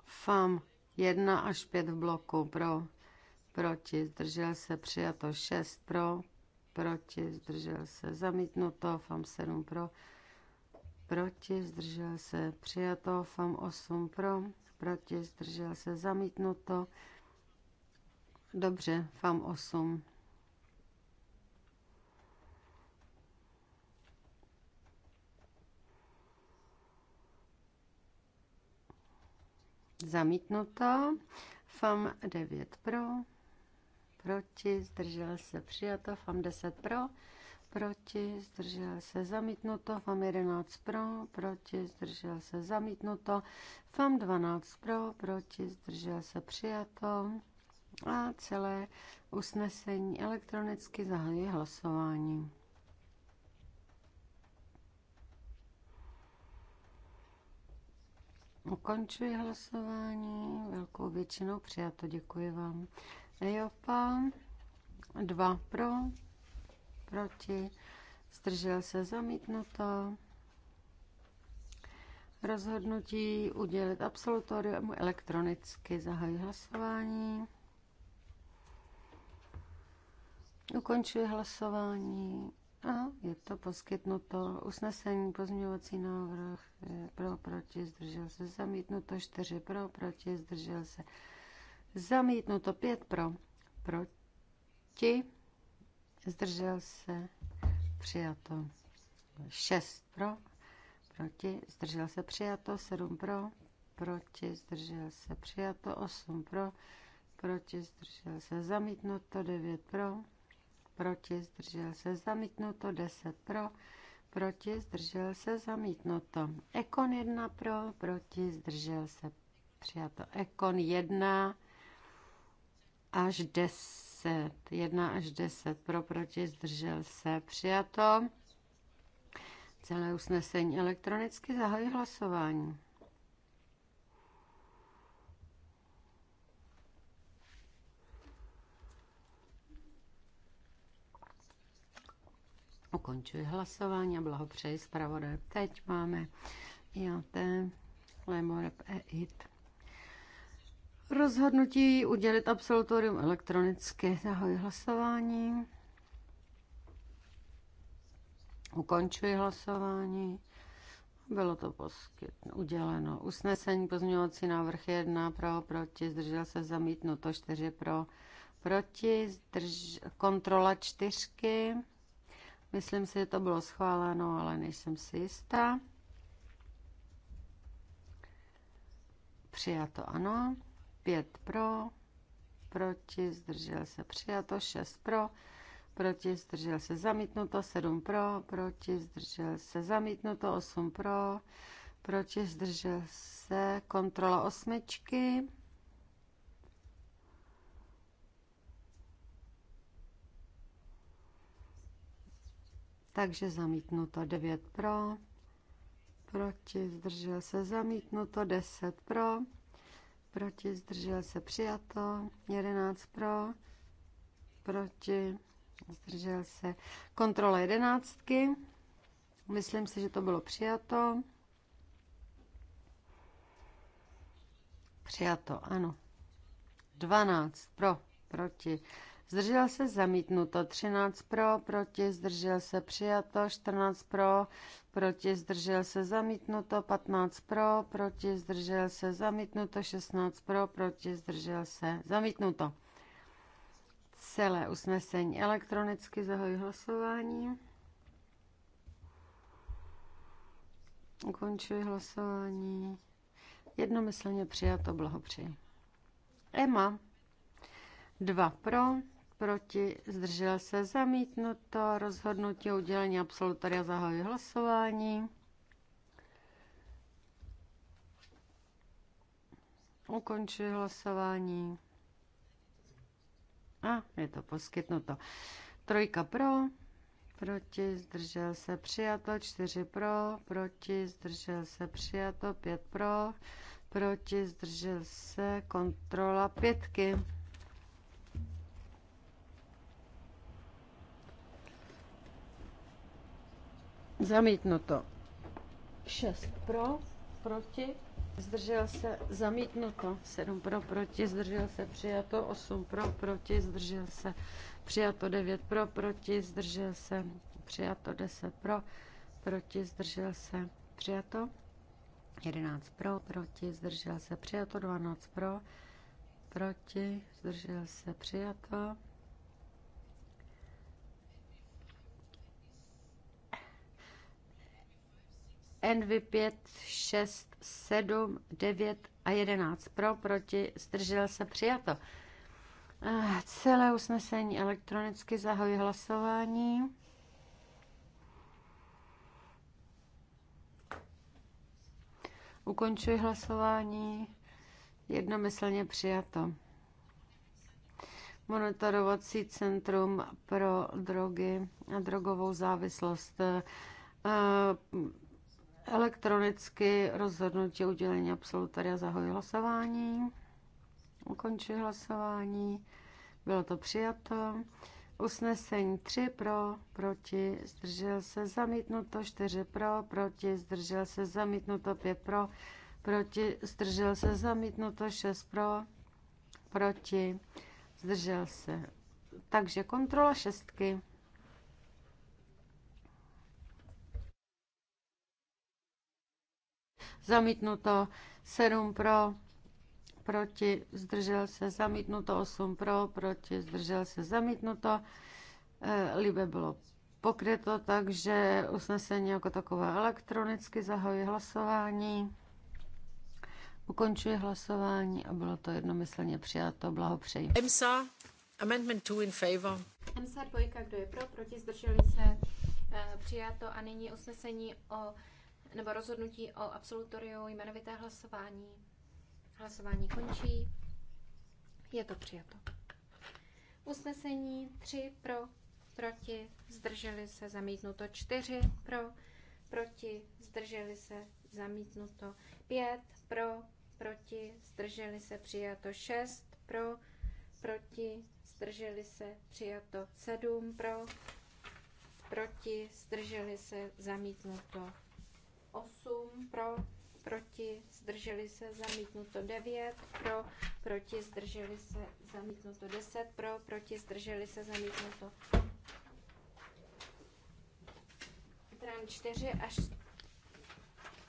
FAM 1 až 5 v bloku pro, proti, zdržel se přijato, 6 pro, proti, zdržel se zamítnuto, FAM 7 pro, proti, zdržel se přijato, FAM 8 pro, proti, zdržel se zamítnuto, Dobře, FAM 8. Zamítnuto. FAM 9 pro. Proti, zdržel se přijato. FAM 10 pro. Proti, zdržel se zamítnuto. FAM 11 pro. Proti, zdržel se zamítnuto. FAM 12 pro. Proti, zdržel se přijato. A celé usnesení elektronicky zahajuje hlasování. Ukončuji hlasování. Velkou většinou přijato. Děkuji vám. Ejopa. Dva pro. Proti. Zdržel se zamítnuto. Rozhodnutí udělit absolutorium elektronicky zahají hlasování. Ukončuji hlasování a je to poskytnuto usnesení pozměňovací návrh pro, proti, zdržel se, zamítnuto čtyři pro, proti, zdržel se, zamítnuto pět pro, proti, zdržel se, přijato šest pro, proti, zdržel se, přijato sedm pro, proti, zdržel se, přijato osm pro, proti, zdržel se, zamítnuto devět pro, proti, zdržel se zamítnuto, 10 pro, proti, zdržel se zamítnuto. Ekon 1 pro, proti, zdržel se přijato. Ekon 1 až 10, 1 až 10 pro, proti, zdržel se přijato. Celé usnesení elektronicky zahají hlasování. Ukončuji hlasování a blahopřeji zpravodaj. Teď máme IAT, Lemorep EIT. Rozhodnutí udělit absolutorium elektronicky. Zahoji hlasování. Ukončuji hlasování. Bylo to poskytno, uděleno. Usnesení pozměňovací návrh 1 pro, proti, zdržel se zamítnuto 4 pro, proti, zdrž, kontrola čtyřky. Myslím si, že to bylo schváleno, ale nejsem si jistá. Přijato ano. 5 pro, proti, zdržel se přijato, 6 pro, proti, zdržel se zamítnuto, 7 pro, proti, zdržel se zamítnuto, 8 pro, proti, zdržel se kontrola osmičky. takže zamítnuto 9 pro, proti zdržel se zamítnuto 10 pro, proti zdržel se přijato 11 pro, proti zdržel se kontrola jedenáctky, myslím si, že to bylo přijato. Přijato, ano. 12 pro, proti zdržel se zamítnuto, 13 pro, proti, zdržel se přijato, 14 pro, proti, zdržel se zamítnuto, 15 pro, proti, zdržel se zamítnuto, 16 pro, proti, zdržel se zamítnuto. Celé usnesení elektronicky zahoji hlasování. Ukončuji hlasování. Jednomyslně přijato, blahopřeji. Ema, dva pro, proti, zdržel se, zamítnuto, rozhodnutí o udělení absolutoria zahajuje hlasování. Ukončuji hlasování. A je to poskytnuto. Trojka pro, proti, zdržel se, přijato, čtyři pro, proti, zdržel se, přijato, pět pro, proti, zdržel se, kontrola pětky. Zamítnuto. 6 pro, proti, zdržel se, zamítnuto. 7 pro, proti, zdržel se, přijato. 8 pro, proti, zdržel se, přijato. 9 pro, proti, zdržel se, přijato. 10 pro, proti, zdržel se, přijato. 11 pro, proti, zdržel se, přijato. 12 pro, proti, zdržel se, přijato. Envy 5, 6, 7, 9 a 11 pro, proti, zdržel se přijato. Eh, celé usnesení elektronicky zahoji hlasování. Ukončuji hlasování. Jednomyslně přijato. Monitorovací centrum pro drogy a drogovou závislost eh, Elektronicky rozhodnutí udělení absolutoria zahojí hlasování. ukončí hlasování. Bylo to přijato. Usnesení 3 pro, proti, zdržel se zamítnuto, 4 pro, proti, zdržel se zamítnuto, 5 pro, proti, zdržel se zamítnuto, 6 pro, proti, zdržel se. Takže kontrola šestky. zamítnuto 7 pro, proti, zdržel se, zamítnuto 8 pro, proti, zdržel se, zamítnuto. Eh, Libe bylo pokryto, takže usnesení jako takové elektronicky zahajuje hlasování. Ukončuji hlasování a bylo to jednomyslně přijato. Blahopřeji. EMSA, amendment 2 in favor. EMSA 2, kdo je pro, proti, zdrželi se, eh, přijato a nyní usnesení o nebo rozhodnutí o absolutoriu jmenovité hlasování. Hlasování končí. Je to přijato. Usnesení 3 pro, proti, zdrželi se, zamítnuto 4 pro, proti, zdrželi se, zamítnuto 5 pro, proti, zdrželi se, přijato 6 pro, proti, zdrželi se, přijato 7 pro, proti, zdrželi se, zamítnuto 8 pro, proti, zdrželi se, zamítnuto 9 pro, proti, zdrželi se, zamítnuto 10 pro, proti, zdrželi se, zamítnuto 4 až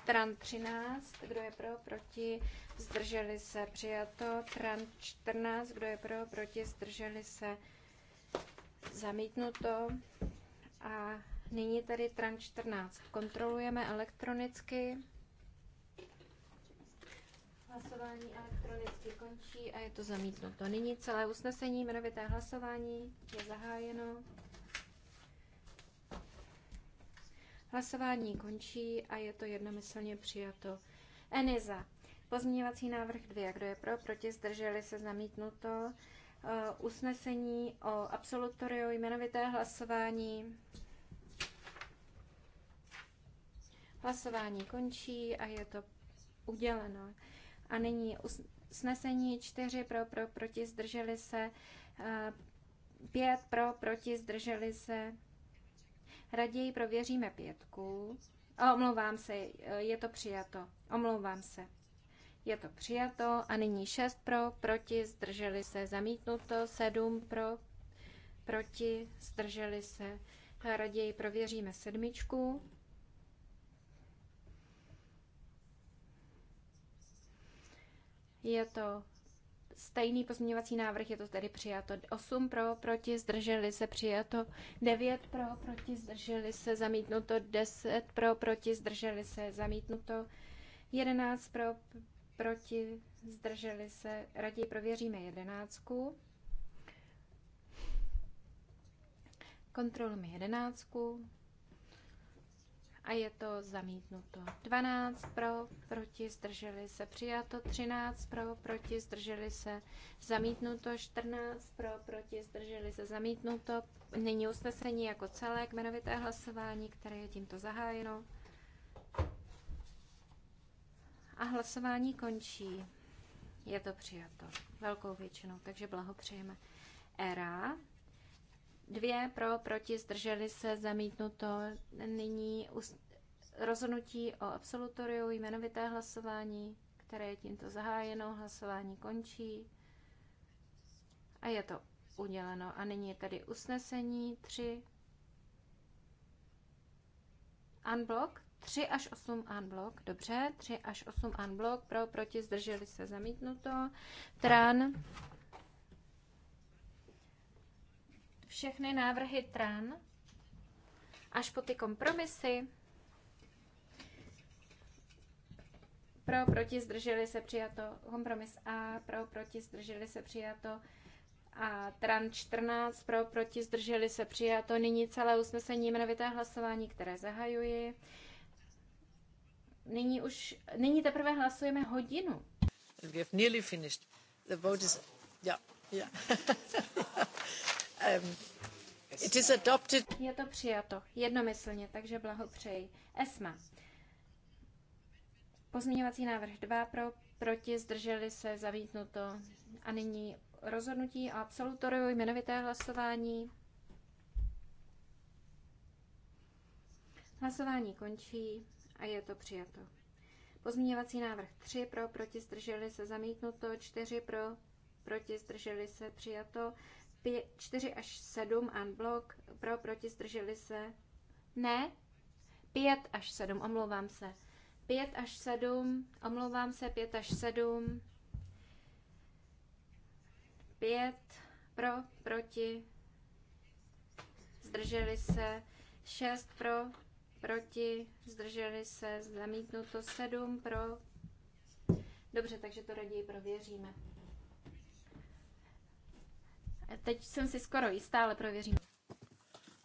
Tran 13, kdo je pro, proti, zdrželi se, přijato. Tran 14, kdo je pro, proti, zdrželi se, zamítnuto. A Nyní tady tran 14. Kontrolujeme elektronicky. Hlasování elektronicky končí a je to zamítnuto. Nyní celé usnesení, jmenovité hlasování je zahájeno. Hlasování končí a je to jednomyslně přijato. Eniza. Pozměňovací návrh 2. Kdo je pro, proti, zdrželi se, zamítnuto. Uh, usnesení o absolutoriu, jmenovité hlasování Hlasování končí a je to uděleno. A nyní usnesení čtyři pro, pro, proti, zdrželi se, Pět pro, proti, zdrželi se. Raději prověříme pětku. A omlouvám se, je to přijato. Omlouvám se. Je to přijato a nyní 6 pro, proti, zdrželi se, zamítnuto, 7 pro, proti, zdrželi se. A raději prověříme sedmičku. Je to stejný pozměňovací návrh, je to tedy přijato 8 pro, proti, zdrželi se, přijato 9 pro, proti, zdrželi se, zamítnuto 10 pro, proti, zdrželi se, zamítnuto 11 pro, proti, zdrželi se, raději prověříme 11. Kontrolujeme 11 a je to zamítnuto. 12 pro, proti, zdrželi se, přijato. 13 pro, proti, zdrželi se, zamítnuto. 14 pro, proti, zdrželi se, zamítnuto. Nyní usnesení jako celek, jmenovité hlasování, které je tímto zahájeno. A hlasování končí. Je to přijato velkou většinou, takže blahopřejeme. ERA Dvě pro, proti, zdrželi se, zamítnuto. Nyní rozhodnutí o absolutoriu, jmenovité hlasování, které je tímto zahájeno, hlasování končí a je to uděleno. A nyní je tady usnesení 3 unblock, 3 až 8 unblock, dobře, 3 až 8 unblock, pro, proti, zdrželi se, zamítnuto. Tran všechny návrhy TRAN až po ty kompromisy. Pro, proti, zdrželi se přijato kompromis A, pro, proti, zdrželi se přijato a TRAN 14, pro, proti, zdrželi se přijato. Nyní celé usnesení jmenovité hlasování, které zahajuji. Nyní už, nyní teprve hlasujeme hodinu. We have nearly finished. The vote is, yeah, yeah. Um, it is adopted. Je to přijato jednomyslně, takže blahopřeji. ESMA. Pozměňovací návrh 2 pro, proti, zdrželi se, zamítnuto. A nyní rozhodnutí a absolutoriu jmenovité hlasování. Hlasování končí a je to přijato. Pozměňovací návrh 3 pro, proti, zdrželi se, zamítnuto, 4 pro, proti, zdrželi se, přijato. 4 až 7 unblock, pro, proti, zdrželi se. Ne, 5 až 7, omlouvám se. 5 až 7, omlouvám se, 5 až 7. 5 pro, proti, zdrželi se. 6 pro, proti, zdrželi se, zamítnuto 7 pro. Dobře, takže to raději prověříme. Teď jsem si skoro jistá, ale prověřím.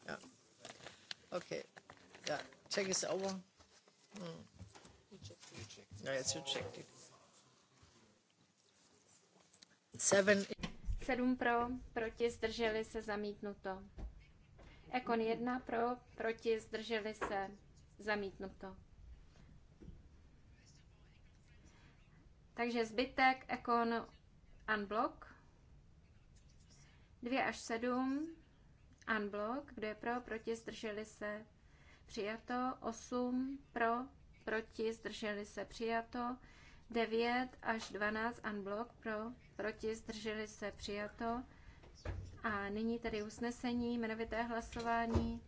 Yeah. OK. Yeah. Check is over. Hmm. No, it's it. Seven. Sedm pro, proti, zdrželi se, zamítnuto. Ekon jedna pro, proti, zdrželi se, zamítnuto. Takže zbytek Ekon unblock. 2 až 7 unblock, kdo je pro, proti, zdrželi se, přijato, 8 pro, proti, zdrželi se, přijato, 9 až 12 unblock pro, proti, zdrželi se, přijato. A nyní tedy usnesení, jmenovité hlasování.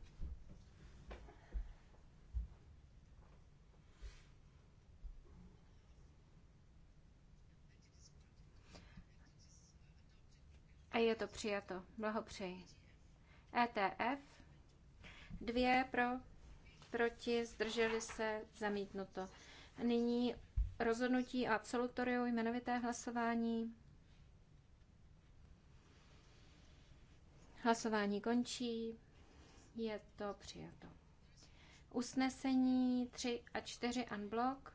A je to přijato. Blahopřeji. ETF. Dvě pro, proti, zdrželi se, zamítnuto. Nyní rozhodnutí a absolutoriu jmenovité hlasování. Hlasování končí. Je to přijato. Usnesení 3 a 4 unblock.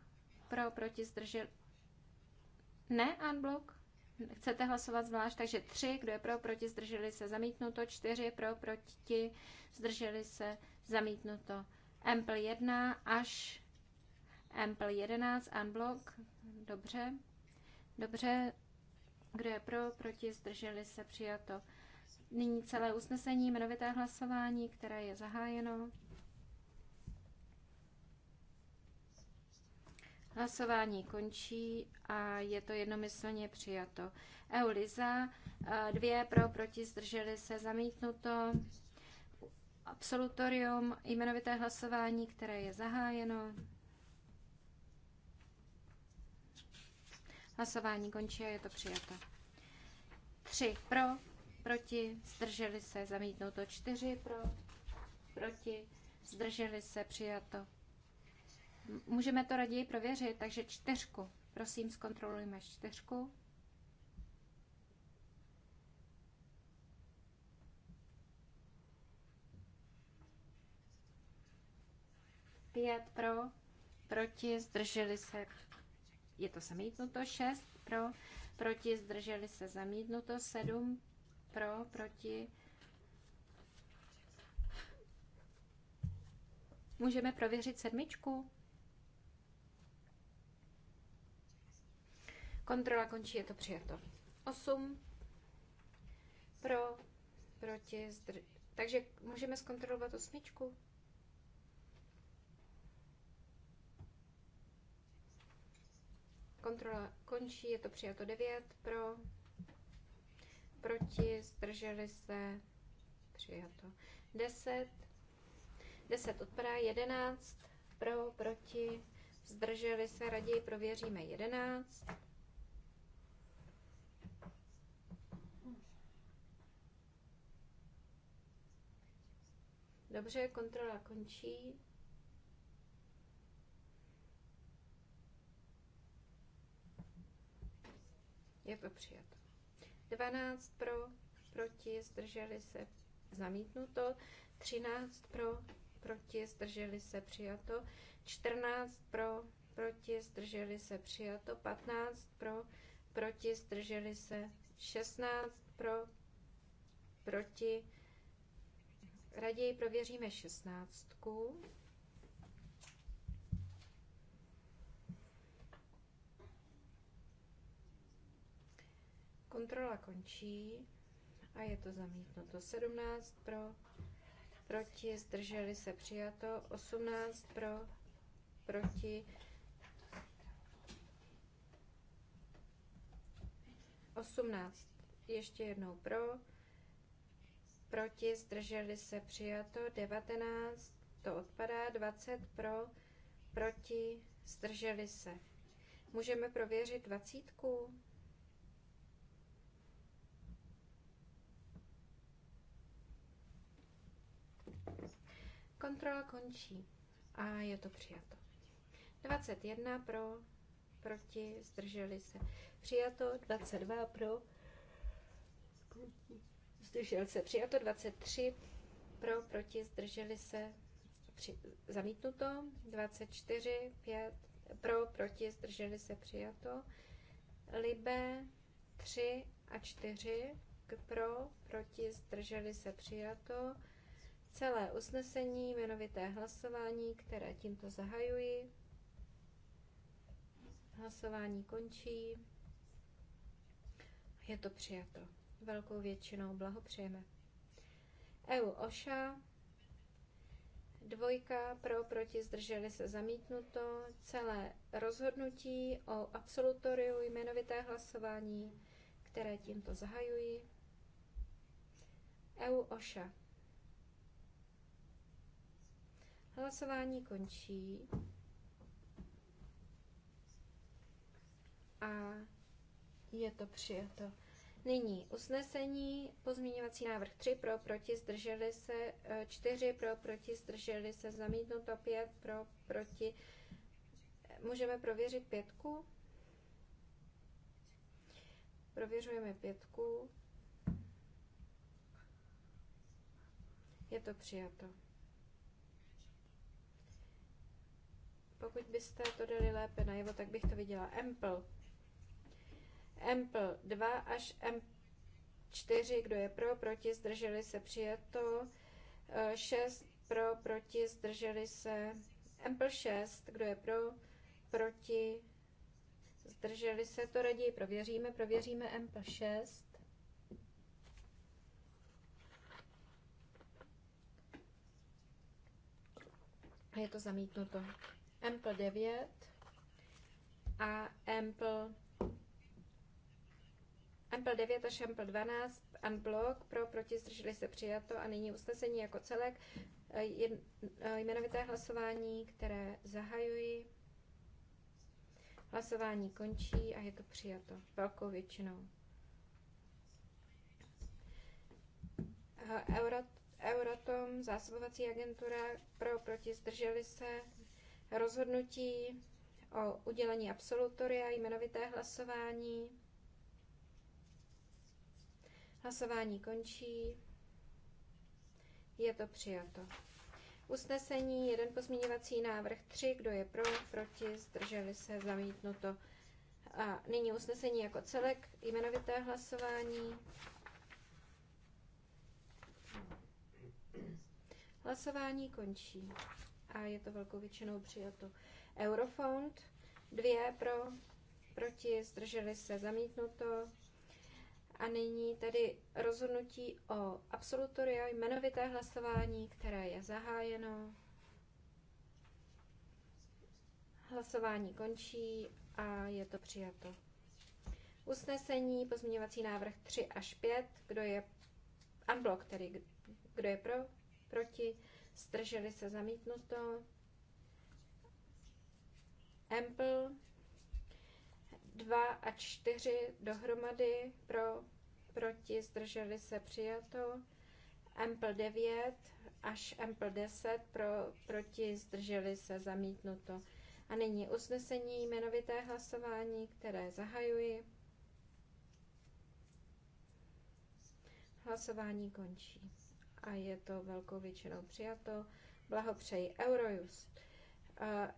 Pro, proti, zdržel... Ne unblock? Chcete hlasovat zvlášť, takže tři, kdo je pro, proti, zdrželi se, zamítnuto, čtyři pro, proti, zdrželi se, zamítnuto. Ampl 1 až Ampl 11, unblock, dobře, dobře, kdo je pro, proti, zdrželi se, přijato. Nyní celé usnesení, jmenovité hlasování, které je zahájeno. Hlasování končí a je to jednomyslně přijato. Euliza, eh, dvě pro, proti, zdrželi se, zamítnuto. Absolutorium, jmenovité hlasování, které je zahájeno. Hlasování končí a je to přijato. Tři pro, proti, zdrželi se, zamítnuto. Čtyři pro, proti, zdrželi se, přijato. Můžeme to raději prověřit, takže čtyřku. Prosím, zkontrolujme čtyřku. Pět pro, proti, zdrželi se, je to zamítnuto, šest pro, proti, zdrželi se, zamítnuto, sedm pro, proti, Můžeme prověřit sedmičku? Kontrola končí, je to přijato. 8 pro, proti, zdr... Takže můžeme zkontrolovat osmičku. Kontrola končí, je to přijato 9 pro, proti, zdrželi se, přijato 10, 10 odpadá, 11 pro, proti, zdrželi se, raději prověříme 11. Dobře, kontrola končí. Je to přijato. 12 pro, proti, zdrželi se, zamítnuto. 13 pro, proti, zdrželi se, přijato. 14 pro, proti, zdrželi se, přijato. 15 pro, proti, zdrželi se, 16 pro, proti, Raději prověříme šestnáctku. Kontrola končí a je to zamítnuto. 17 pro, proti, zdrželi se přijato. 18 pro, proti. 18 ještě jednou pro, proti, zdrželi se přijato, 19, to odpadá, 20 pro, proti, zdrželi se. Můžeme prověřit dvacítku? Kontrola končí a je to přijato. 21 pro, proti, zdrželi se. Přijato, 22 pro, proti zdržel se přijato, 23 pro, proti, zdrželi se při, zamítnuto, 24, 5 pro, proti, zdrželi se přijato, libe 3 a 4 pro, proti, zdrželi se přijato, celé usnesení, jmenovité hlasování, které tímto zahajuji. Hlasování končí. Je to přijato velkou většinou. Blahopřejeme. EU OŠA, dvojka pro, proti, zdrželi se zamítnuto, celé rozhodnutí o absolutoriu jmenovité hlasování, které tímto zahajují. EU OŠA. Hlasování končí. A je to přijato. Nyní usnesení, pozměňovací návrh 3 pro, proti, zdrželi se 4 eh, pro, proti, zdrželi se zamítnuto 5 pro, proti. Můžeme prověřit pětku? Prověřujeme pětku. Je to přijato. Pokud byste to dali lépe najevo, tak bych to viděla. Ample Ample 2 až M4, kdo je pro, proti, zdrželi se přijato. 6 eh, pro, proti, zdrželi se. Ample 6, kdo je pro, proti, zdrželi se. To raději prověříme, prověříme Ample 6. A je to zamítnuto. Ample 9 a Ample Ampel 9 až Ampel 12, unblock, pro, proti, zdrželi se přijato a nyní usnesení jako celek, eh, eh, jmenovité hlasování, které zahajuji. Hlasování končí a je to přijato velkou většinou. Eh, Eurot, Eurotom, zásobovací agentura pro proti zdrželi se rozhodnutí o udělení absolutoria, jmenovité hlasování. Hlasování končí. Je to přijato. Usnesení, jeden pozměňovací návrh, tři, kdo je pro, proti, zdrželi se, zamítnuto. A nyní usnesení jako celek, jmenovité hlasování. Hlasování končí a je to velkou většinou přijato. Eurofond, dvě pro, proti, zdrželi se, zamítnuto. A nyní tedy rozhodnutí o absolutoria, jmenovité hlasování, které je zahájeno. Hlasování končí a je to přijato. Usnesení, pozměňovací návrh 3 až 5, kdo je unblock, tedy kdo je pro, proti, strželi se zamítnuto. Ample 2 a 4 dohromady pro, proti, zdrželi se přijato. ampl 9 až ampl 10 pro, proti, zdrželi se zamítnuto. A nyní usnesení jmenovité hlasování, které zahajuji. Hlasování končí a je to velkou většinou přijato. Blahopřeji Eurojust.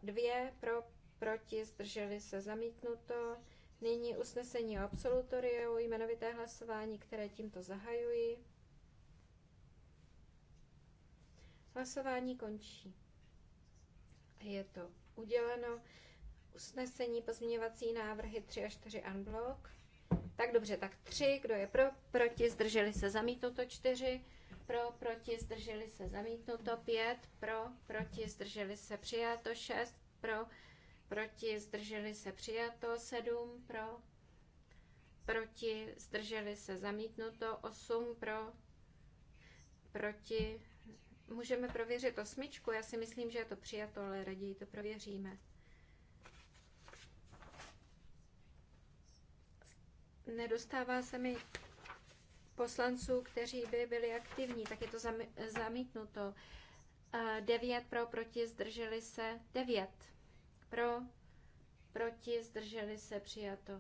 2 pro, proti, zdrželi se zamítnuto. Nyní usnesení o absolutoriu, jmenovité hlasování, které tímto zahajuji. Hlasování končí. Je to uděleno. Usnesení, pozměňovací návrhy 3 a 4 unblock. Tak dobře, tak 3, kdo je pro, proti, zdrželi se zamítnuto 4, pro, proti, zdrželi se zamítnuto 5, pro, proti, zdrželi se přijato 6, pro, proti, zdrželi se přijato, 7 pro, proti, zdrželi se zamítnuto, 8 pro, proti, můžeme prověřit osmičku, já si myslím, že je to přijato, ale raději to prověříme. Nedostává se mi poslanců, kteří by byli aktivní, tak je to zamítnuto. 9 eh, pro, proti, zdrželi se 9 pro, proti, zdrželi se, přijato.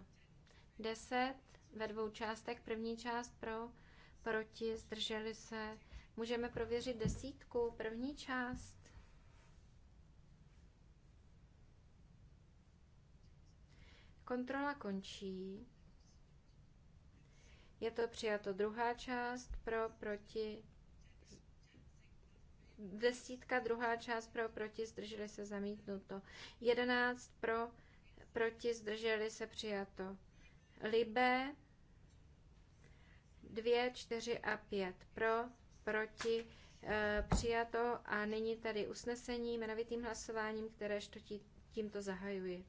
10 ve dvou částech, první část pro, proti, zdrželi se. Můžeme prověřit desítku, první část. Kontrola končí. Je to přijato druhá část pro, proti, Desítka, druhá část pro, proti, zdrželi se zamítnuto. Jedenáct pro, proti, zdrželi se přijato. Libe, dvě, čtyři a pět pro, proti, e, přijato. A nyní tady usnesení jmenovitým hlasováním, které štotí, tímto zahajuji.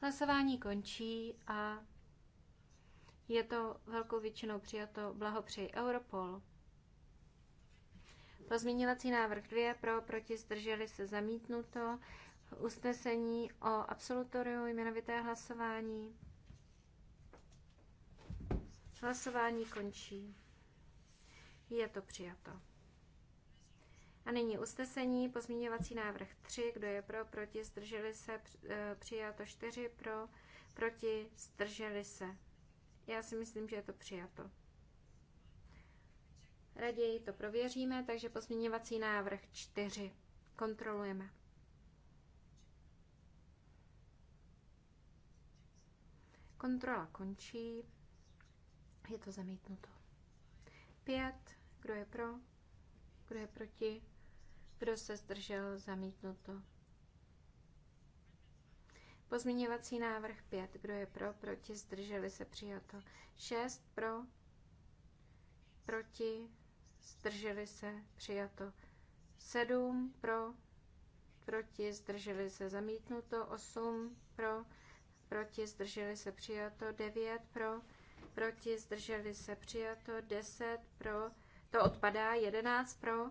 Hlasování končí a je to velkou většinou přijato. Blahopřeji Europol. Pozměňovací návrh 2 pro, proti, zdrželi se zamítnuto. Usnesení o absolutoriu jmenovité hlasování. Hlasování končí. Je to přijato. A nyní usnesení, pozměňovací návrh 3, kdo je pro, proti, zdrželi se, e, přijato 4, pro, proti, zdrželi se, já si myslím, že je to přijato. Raději to prověříme, takže pozměňovací návrh 4. Kontrolujeme. Kontrola končí. Je to zamítnuto. 5. Kdo je pro? Kdo je proti? Kdo se zdržel? Zamítnuto. Pozměňovací návrh 5. Kdo je pro? Proti? Zdrželi se? Přijato. 6. Pro? Proti? Zdrželi se? Přijato. 7. Pro? Proti? Zdrželi se? Zamítnuto. 8. Pro? Proti? Zdrželi se? Přijato. 9. Pro? Proti? Zdrželi se? Přijato. 10. Pro? To odpadá. 11. Pro?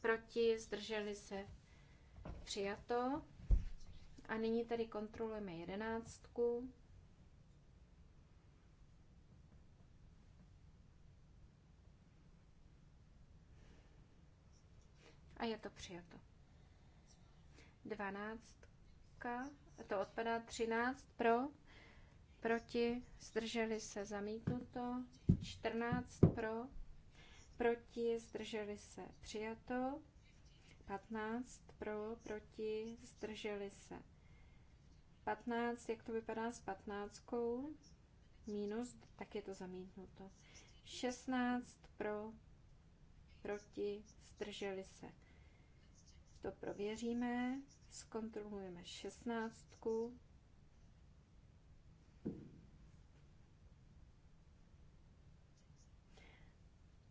Proti? Zdrželi se? Přijato. A nyní tady kontrolujeme jedenáctku. A je to přijato. Dvanáctka, to odpadá třináct pro, proti, zdrželi se zamítnuto, čtrnáct pro, proti, zdrželi se přijato, patnáct pro, proti, zdrželi se 15, jak to vypadá s 15? Minus, tak je to zamítnuto. 16 pro, proti, zdrželi se. To prověříme, zkontrolujeme 16.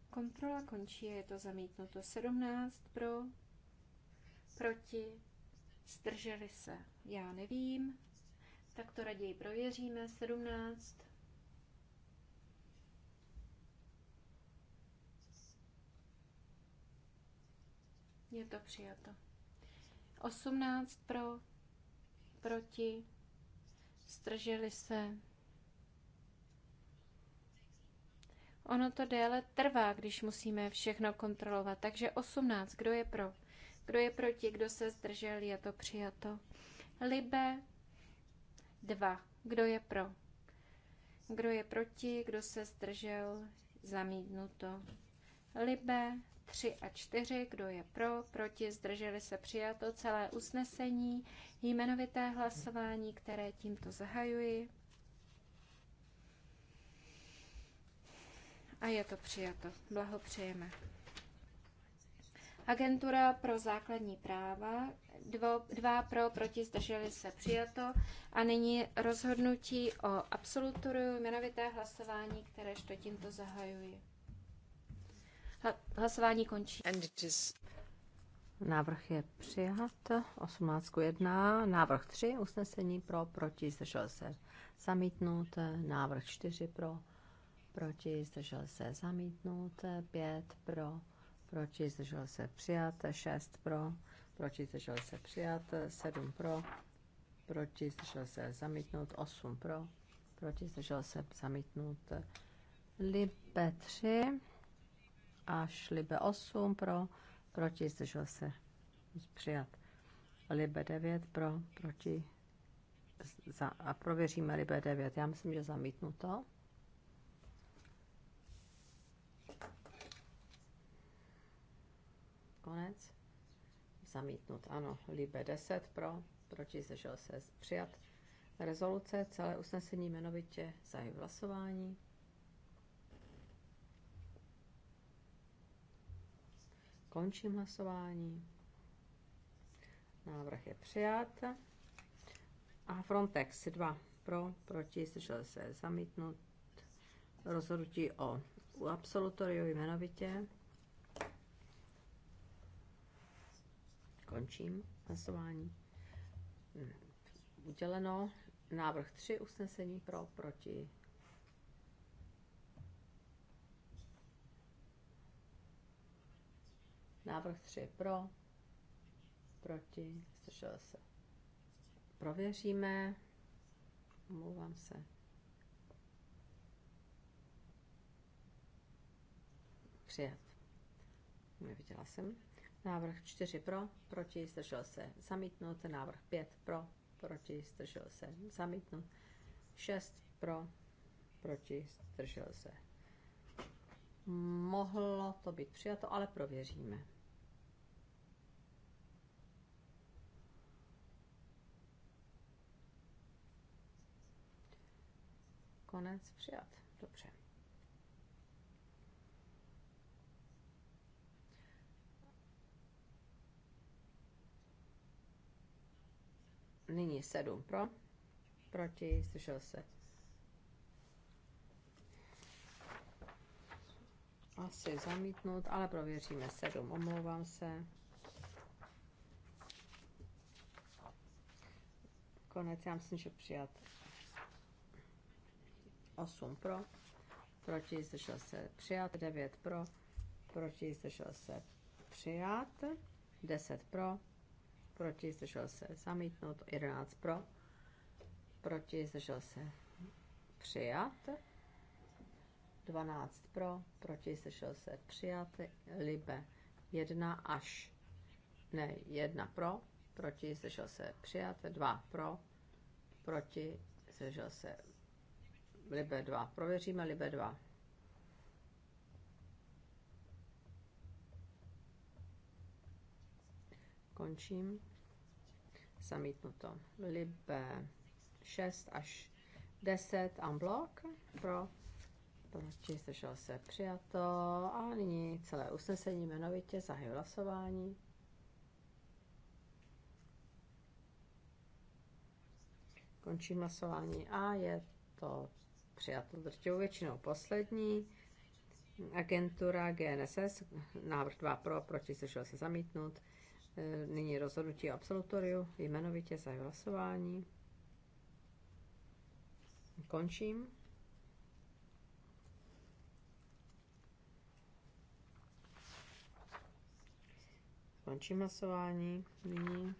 Kontrola končí, je to zamítnuto 17 pro, proti, zdrželi se. Já nevím. Tak to raději prověříme. 17. Je to přijato. 18 pro, proti, strželi se. Ono to déle trvá, když musíme všechno kontrolovat. Takže 18, kdo je pro? Kdo je proti? Kdo se zdržel? Je to přijato. Libe 2. Kdo je pro? Kdo je proti? Kdo se zdržel? Zamítnuto. Libe 3 a 4. Kdo je pro? Proti? Zdrželi se přijato celé usnesení. Jmenovité hlasování, které tímto zahajuji. A je to přijato. Blahopřejeme. Agentura pro základní práva, dvo, dva pro, proti, zdrželi se, přijato. A nyní rozhodnutí o absolutoriu jmenovité hlasování, kteréžto tímto zahajuji. Hlasování končí. And it Is... Návrh je přijat, 18 1, návrh 3, usnesení pro, proti, zdržel se zamítnout, návrh 4 pro, proti, zdržel se zamítnout, 5 pro, proti, zdržel se přijat, 6 pro, proti, zdržel se přijat, 7 pro, proti, zdržel se zamítnout, 8 pro, proti, zdržel se zamítnout, Libe 3 až Libe 8 pro, proti, zdržel se přijat, Libe 9 pro, proti, za, a prověříme Libe 9, já myslím, že zamítnuto. konec. Zamítnut, ano. Líbe 10 pro, proti zdržel se přijat. Rezoluce, celé usnesení jmenovitě, zahy hlasování. Končím hlasování. Návrh je přijat. A Frontex 2 pro, proti, zdržel se zamítnut. Rozhodnutí o absolutoriu jmenovitě. Končím hlasování. Hm, uděleno. Návrh 3 usnesení pro, proti. Návrh 3 pro, proti, zdržel se. Prověříme. Omlouvám se. Přijat. Neviděla jsem. Návrh 4 pro, proti, zdržel se, zamítnut. Návrh 5 pro, proti, zdržel se, zamítnut. 6 pro, proti, zdržel se. Mohlo to být přijato, ale prověříme. Konec přijat. Dobře. Nyní 7 pro, proti, zdržel se. Asi zamítnout, ale prověříme 7, omlouvám se. Konec, já myslím, že přijat 8 pro, proti, zdržel se přijat, 9 pro, proti, zdržel se přijat, 10 pro, proti, zdržel se zamítnout, 11 pro, proti, zdržel se přijat, 12 pro, proti, zdržel se přijat, libe 1 až, ne, 1 pro, proti, zdržel se přijat, 2 pro, proti, zdržel se libe 2, prověříme libe 2, Končím. Zamítnuto. Libe 6 až 10 unblock pro proti, zdržel se přijato a nyní celé usnesení jmenovitě zahajuji hlasování. Končím hlasování a je to přijato drtivou většinou poslední. Agentura GNSS, návrh 2 pro, proti, zdržel se zamítnout. Eh, nyní rozhodnutí absolutoriu, jmenovitě za hlasování. Končím. Končím hlasování nyní.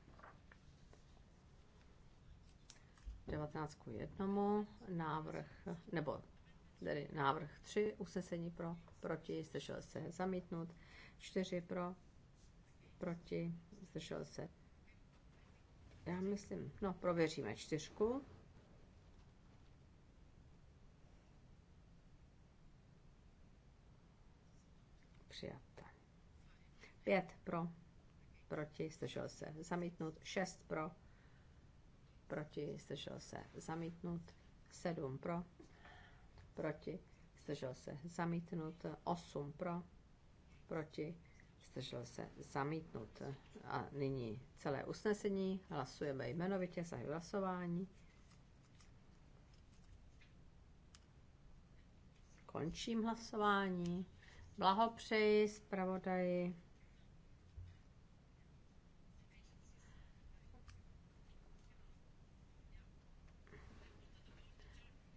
19 k 1 návrh, nebo tedy návrh 3 usnesení pro, proti, zdržel se zamítnut, 4 pro, proti, zdržel se. Já myslím, no, prověříme čtyřku. Přijata. Pět pro, proti, zdržel se. Zamítnut. Šest pro, proti, zdržel se. Zamítnut. Sedm pro, proti, zdržel se. Zamítnut. Osm pro, proti, zdržel se zamítnut. A nyní celé usnesení, hlasujeme jmenovitě, za hlasování. Končím hlasování. Blahopřeji zpravodaji.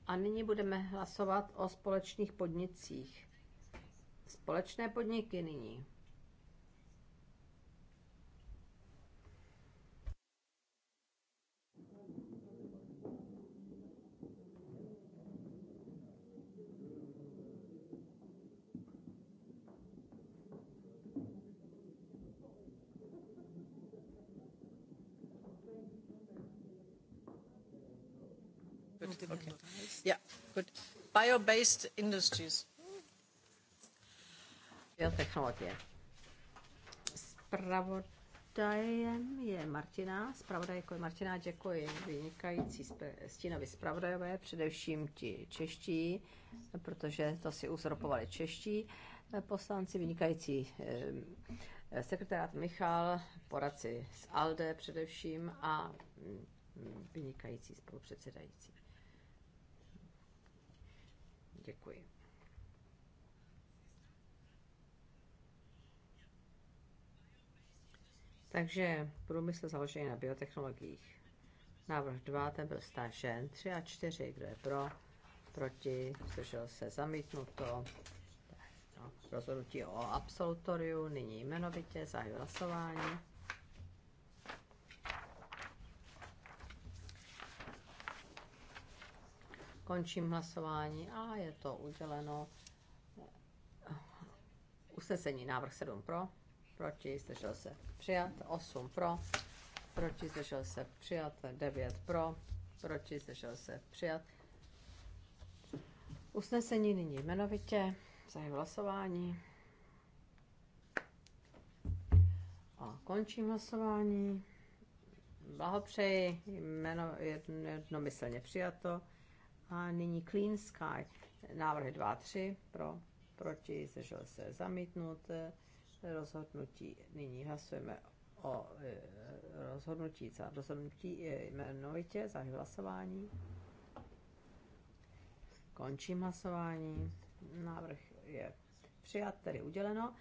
A nyní budeme hlasovat o společných podnicích. Společné podniky nyní. bio-based industries. Biotechnologie. Spravodajem je Martina, spravodajko je Martina, děkuji, vynikající stínovi spravodajové, především ti čeští, protože to si uzropovali čeští eh, poslanci, vynikající eh, Sekretář Michal, poradci z ALDE především a mm, vynikající spolupředsedající. Děkuji. Takže průmysl založený na biotechnologiích. Návrh 2, ten byl stažen. 3 a 4, kdo je pro, proti, zdržel se zamítnuto. No, rozhodnutí o absolutoriu, nyní jmenovitě, zahajuji hlasování. Končím hlasování a je to uděleno. Usnesení návrh 7 pro, proti, zdržel se přijat, 8 pro, proti, zdržel se přijat, 9 pro, proti, zdržel se přijat. Usnesení nyní jmenovitě, zahajuji hlasování. A končím hlasování. Blahopřeji, jmeno jednomyslně přijato. A nyní Clean Sky, návrhy 2 3 pro, proti, zdržel se zamítnut, rozhodnutí, nyní hlasujeme o e, rozhodnutí, za rozhodnutí e, jmenovitě, za hlasování. Končím hlasování. Návrh je přijat, tedy uděleno.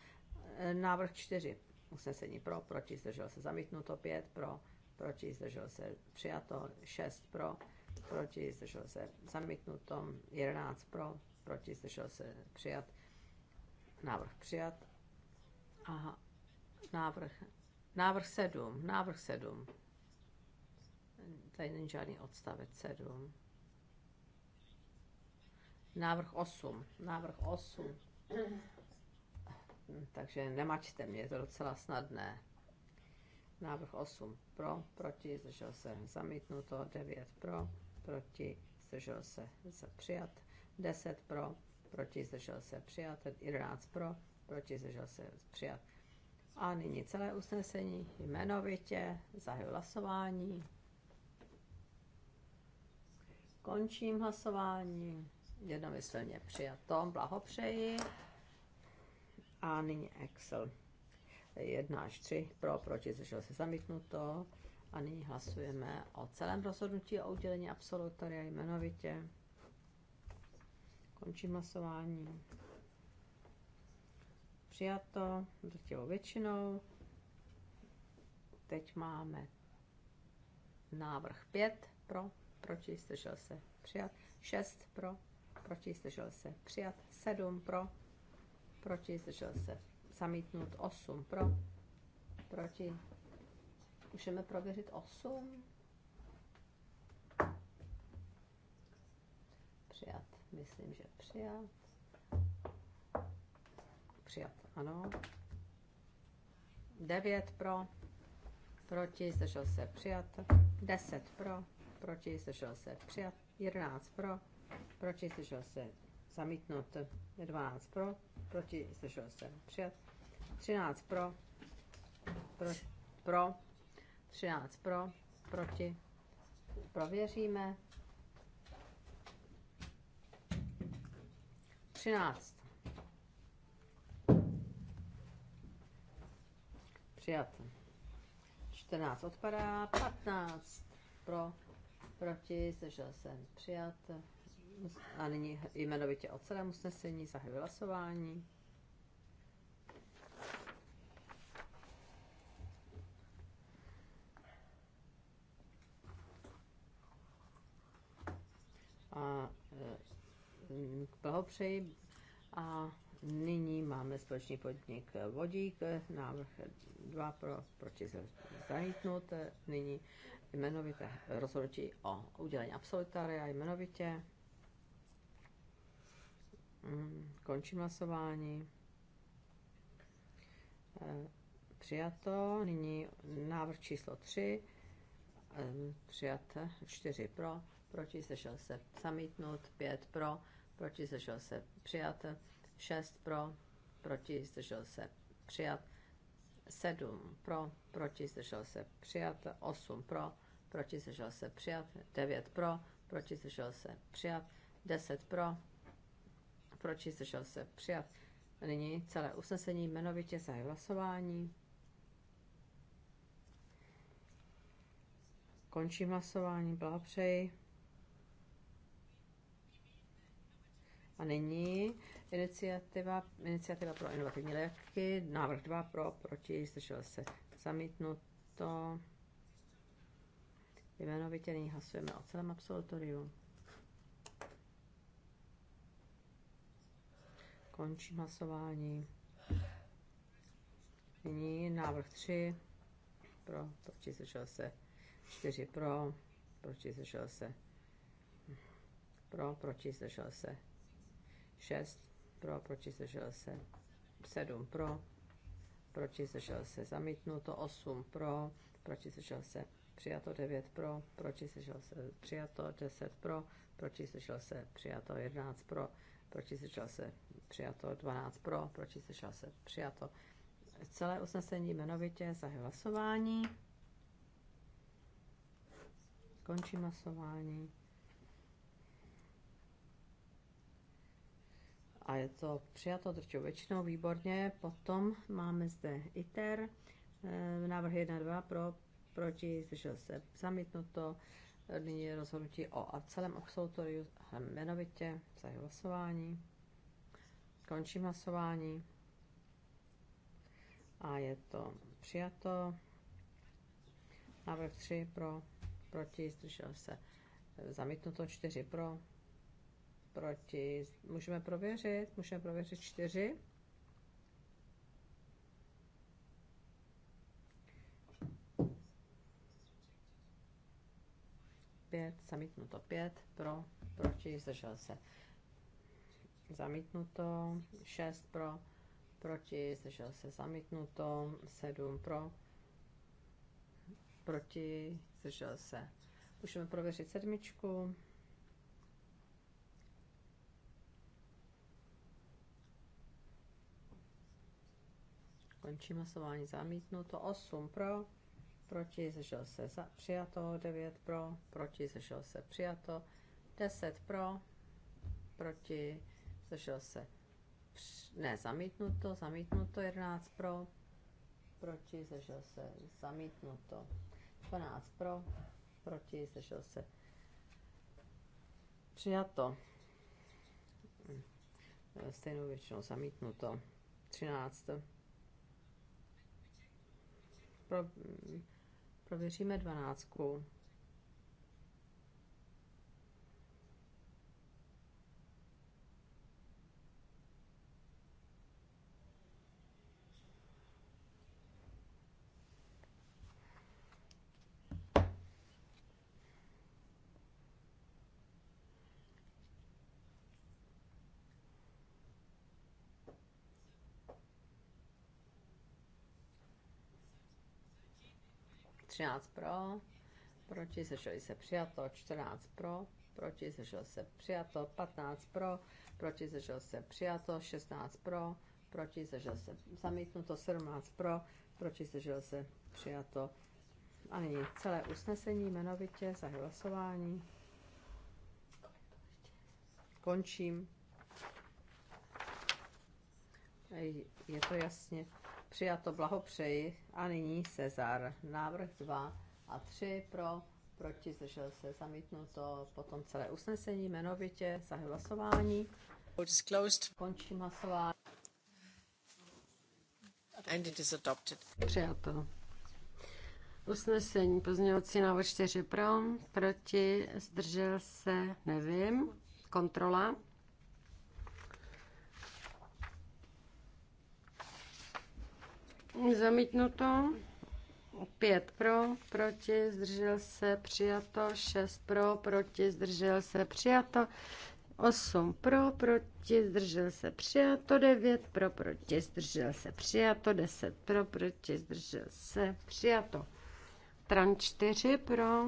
E, návrh 4. Usnesení pro, proti, zdržel se zamítnuto, 5 pro, proti, zdržel se přijato, 6 pro, proti, zdržel se zamítnuto, 11 pro, proti, zdržel se přijat, návrh přijat, aha, návrh, návrh 7, návrh 7, tady není žádný odstavec 7, návrh 8, návrh 8, hm, takže nemačte mě, je to docela snadné. Návrh 8 pro, proti, zdržel se zamítnuto, 9 pro, proti, zdržel se, za přijat. 10 pro, proti, zdržel se, přijat. 11 pro, proti, zdržel se, přijat. A nyní celé usnesení jmenovitě, zahajuji hlasování. Končím hlasování. Jednomyslně přijato, blahopřeji. A nyní Excel. 1 až 3 pro, proti, zdržel se zamítnuto. A nyní hlasujeme o celém rozhodnutí o udělení absolutoria jmenovitě. Končím hlasování. Přijato drtivou většinou. Teď máme návrh 5 pro, proti, zdržel se, přijat. 6 pro, proti, zdržel se, přijat. 7 pro, proti, zdržel se, zamítnut. 8 pro, proti, Můžeme prověřit 8. Přijat. Myslím, že přijat. Přijat, ano. 9 pro, proti, zdržel se přijat. 10 pro, proti, zdržel se přijat. 11 pro, proti, zdržel se zamítnut. 12 pro, proti, zdržel se přijat. 13 pro, pro, pro 13 pro, proti, prověříme. 13. Přijat. 14 odpadá, 15 pro, proti, zdržel jsem přijat. A nyní jmenovitě o celém usnesení zahajuji hlasování. a e, blahopřeji. A nyní máme společný podnik Vodík, návrh 2 pro, proti zamítnut, nyní jmenovité rozhodnutí o udělení absolutária jmenovitě. Mm, končím hlasování. E, přijato. Nyní návrh číslo 3. E, přijat 4 pro proti, zdržel se zamítnut, pět pro, proti, zdržel se přijat, šest pro, proti, zdržel se přijat, sedm pro, proti, zdržel se přijat, osm pro, proti, zdržel se přijat, devět pro, proti, zdržel se přijat, deset pro, proti, zdržel se přijat. A nyní celé usnesení jmenovitě za hlasování. Končím hlasování, blahopřeji. A nyní iniciativa, iniciativa pro inovativní léky, návrh 2 pro, proti, zdržel se zamítnuto. Jmenovitě nyní hlasujeme o celém absolutoriu. Končím hlasování. Nyní návrh 3 pro, proti, zdržel se 4 pro, proti, zdržel se pro, proti, zdržel se 6 pro, proti zdržel se 7 pro, proti zdržel se zamítnuto 8 pro, proti zdržel se přijato 9 pro, proti zdržel se přijato 10 pro, proti zdržel se přijato 11 pro, proti zdržel se přijato 12 pro, proti zdržel se přijato celé usnesení jmenovitě za hlasování. Končím hlasování. a je to přijato drtivou většinou, výborně. Potom máme zde ITER, návrh 1 2 pro, proti, zdržel se zamítnuto. Nyní je rozhodnutí o a celém absolutoriu jmenovitě, zahajuji hlasování. Končím hlasování. A je to přijato. Návrh 3 pro, proti, zdržel se zamítnuto, 4 pro, proti. Můžeme prověřit, můžeme prověřit čtyři. Pět, zamítnuto pět, pro, proti, zdržel se. Zamítnuto, šest pro, proti, zdržel se zamítnuto, sedm pro, proti, zdržel se. Můžeme prověřit sedmičku. Končím hlasování zamítnuto. 8 pro, proti, zdržel se za, přijato. 9 pro, proti, zdržel se přijato. 10 pro, proti, zdržel se ne, zamítnuto, zamítnuto, 11 pro, proti, zdržel se, zamítnuto, 12 pro, proti, zdržel se, přijato, stejnou většinou zamítnuto, 13 pro, mm, prověříme dvanáctku. 13 pro, proti zdrželi se přijato, 14 pro, proti zdržel se přijato, 15 pro, proti zdržel se přijato, 16 pro, proti zdržel se zamítnuto, 17 pro, proti zdržel se přijato. A nyní celé usnesení jmenovitě za hlasování. Končím. Je to jasně Přijato blahopřeji. A nyní Cezar. Návrh 2 a 3 pro, proti zdržel se zamítnuto. Potom celé usnesení jmenovitě za hlasování. Končím hlasování. And it is adopted. Přijato. Usnesení pozměňovací návrh 4 pro, proti, zdržel se, nevím, kontrola. Zamítnuto. pět pro, proti, zdržel se, přijato. šest pro, proti, zdržel se, přijato. osm pro, proti, zdržel se, přijato. devět pro, proti, zdržel se, přijato. deset pro, proti, zdržel se, přijato. Tran čtyři pro.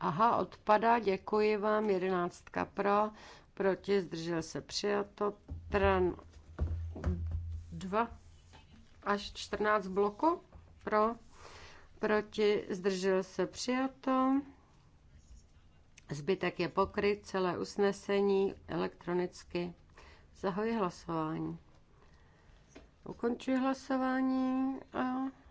Aha, odpada, děkuji vám. Jedenáctka pro, proti, zdržel se, přijato. Tran dva až 14 bloku pro, proti, zdržel se přijato. Zbytek je pokryt, celé usnesení elektronicky. Zahoji hlasování. Ukončuji hlasování a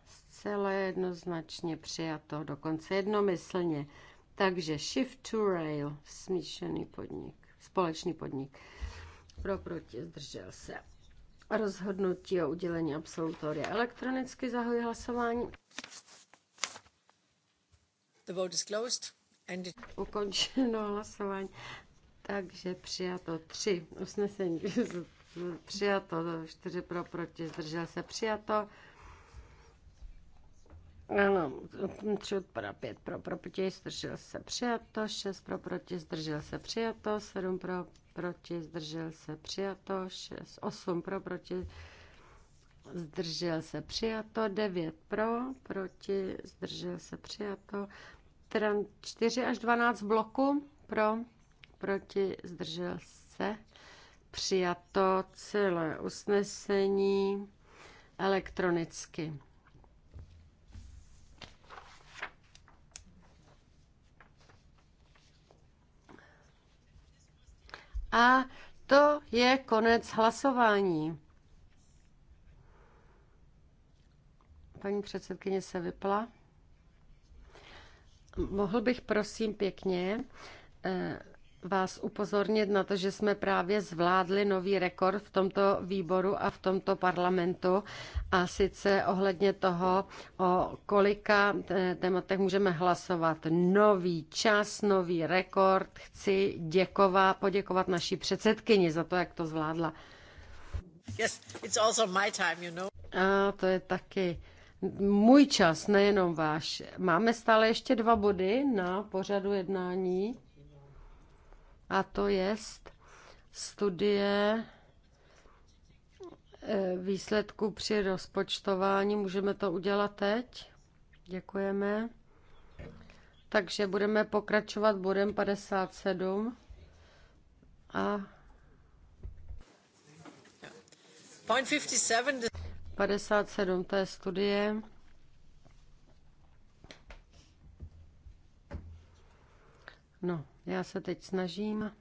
zcela jednoznačně přijato, dokonce jednomyslně. Takže Shift to Rail, smíšený podnik, společný podnik. Pro proti zdržel se. Rozhodnutí o udělení absolutoria elektronicky zahojí hlasování. The vote is closed. And it... Ukončeno hlasování. Takže přijato tři usnesení. přijato čtyři pro, proti, zdržel se přijato. Ano, tři odpora, pět pro proti, zdržel se přijato, šest pro proti, zdržel se přijato, sedm pro proti, zdržel se přijato, šest, osm pro proti, zdržel se přijato, devět pro proti, zdržel se přijato, teda čtyři až dvanáct bloku pro proti, zdržel se přijato celé usnesení elektronicky. A to je konec hlasování. Paní předsedkyně se vypla. Mohl bych prosím pěkně eh, vás upozornit na to, že jsme právě zvládli nový rekord v tomto výboru a v tomto parlamentu a sice ohledně toho, o kolika tématech můžeme hlasovat. Nový čas, nový rekord. Chci děkovat, poděkovat naší předsedkyni za to, jak to zvládla. Yes, it's also my time, you know. A to je taky můj čas, nejenom váš. Máme stále ještě dva body na pořadu jednání a to jest studie eh, výsledku při rozpočtování. Můžeme to udělat teď? Děkujeme. Takže budeme pokračovat bodem 57 a 57, 57 té studie. No. Já se teď snažím.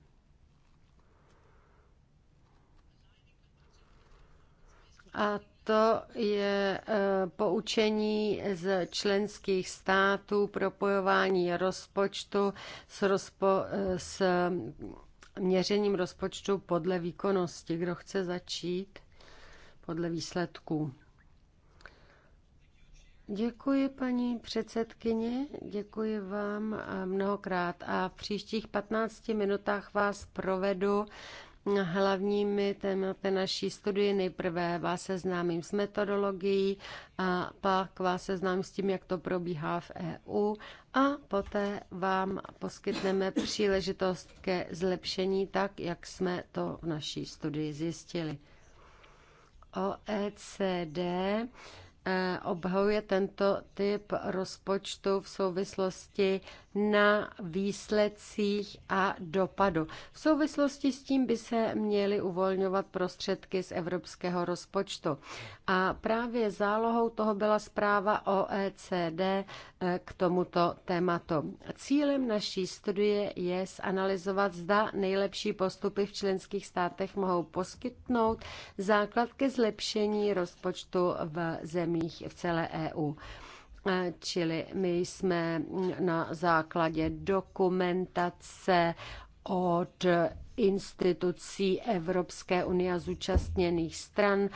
A to je eh, poučení z členských států propojování rozpočtu s, rozpo, eh, s měřením rozpočtu podle výkonnosti. Kdo chce začít? Podle výsledků. Děkuji, paní předsedkyně, děkuji vám eh, mnohokrát a v příštích 15 minutách vás provedu hlavními tématy naší studie. Nejprve vás seznámím s metodologií a pak vás seznámím s tím, jak to probíhá v EU a poté vám poskytneme příležitost ke zlepšení tak, jak jsme to v naší studii zjistili. OECD obhajuje tento typ rozpočtu v souvislosti na výsledcích a dopadu. V souvislosti s tím by se měly uvolňovat prostředky z evropského rozpočtu. A právě zálohou toho byla zpráva OECD eh, k tomuto tématu. Cílem naší studie je zanalizovat, zda nejlepší postupy v členských státech mohou poskytnout základ ke zlepšení rozpočtu v zemích v celé EU. Čili my jsme na základě dokumentace od institucí Evropské unie a zúčastněných stran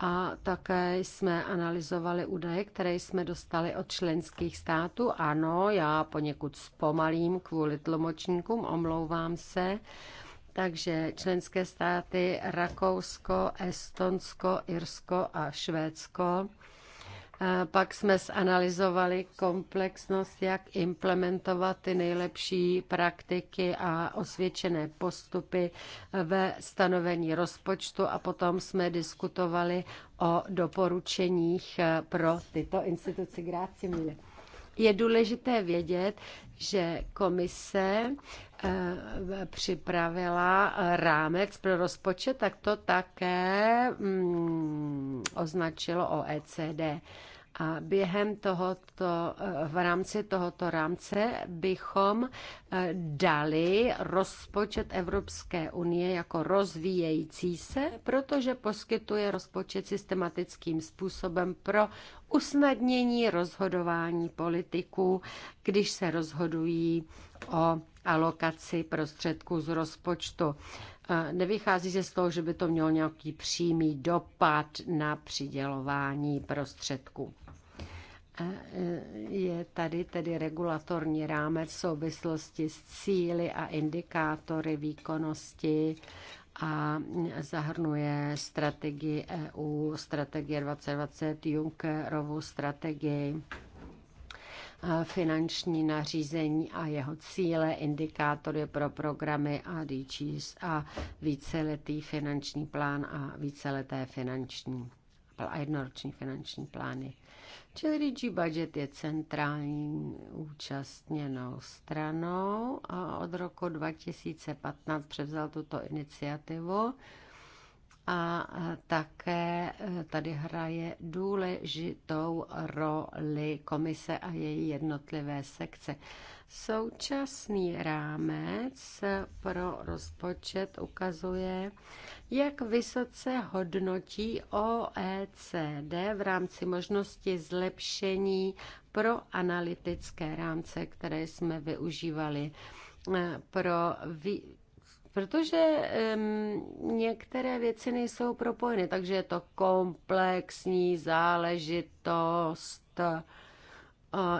a také jsme analyzovali údaje, které jsme dostali od členských států. Ano, já poněkud zpomalím kvůli tlumočníkům, omlouvám se. Takže členské státy Rakousko, Estonsko, Irsko a Švédsko pak jsme zanalizovali komplexnost, jak implementovat ty nejlepší praktiky a osvědčené postupy ve stanovení rozpočtu a potom jsme diskutovali o doporučeních eh, pro tyto instituce. Grazie mille. Je důležité vědět, že komise eh, připravila rámec pro rozpočet, tak to také mm, označilo OECD. A během tohoto, eh, v rámci tohoto rámce bychom eh, dali rozpočet Evropské unie jako rozvíjející se, protože poskytuje rozpočet systematickým způsobem pro usnadnění rozhodování politiků, když se rozhodují o alokaci prostředků z rozpočtu. Eh, nevychází se z toho, že by to mělo nějaký přímý dopad na přidělování prostředků. E, je tady tedy regulatorní rámec v souvislosti s cíly a indikátory výkonnosti a zahrnuje strategii EU, strategie 2020, Junckerovu strategii, finanční nařízení a jeho cíle, indikátory pro programy a DGs a víceletý finanční plán a víceleté finanční a jednoroční finanční plány. Čili DG Budget je centrální účastněnou stranou a od roku 2015 převzal tuto iniciativu a také e, tady hraje důležitou roli komise a její jednotlivé sekce. Současný rámec pro rozpočet ukazuje, jak vysoce hodnotí OECD v rámci možnosti zlepšení pro analytické rámce, které jsme využívali eh, pro vý... Protože um, některé věci nejsou propojeny, takže je to komplexní záležitost.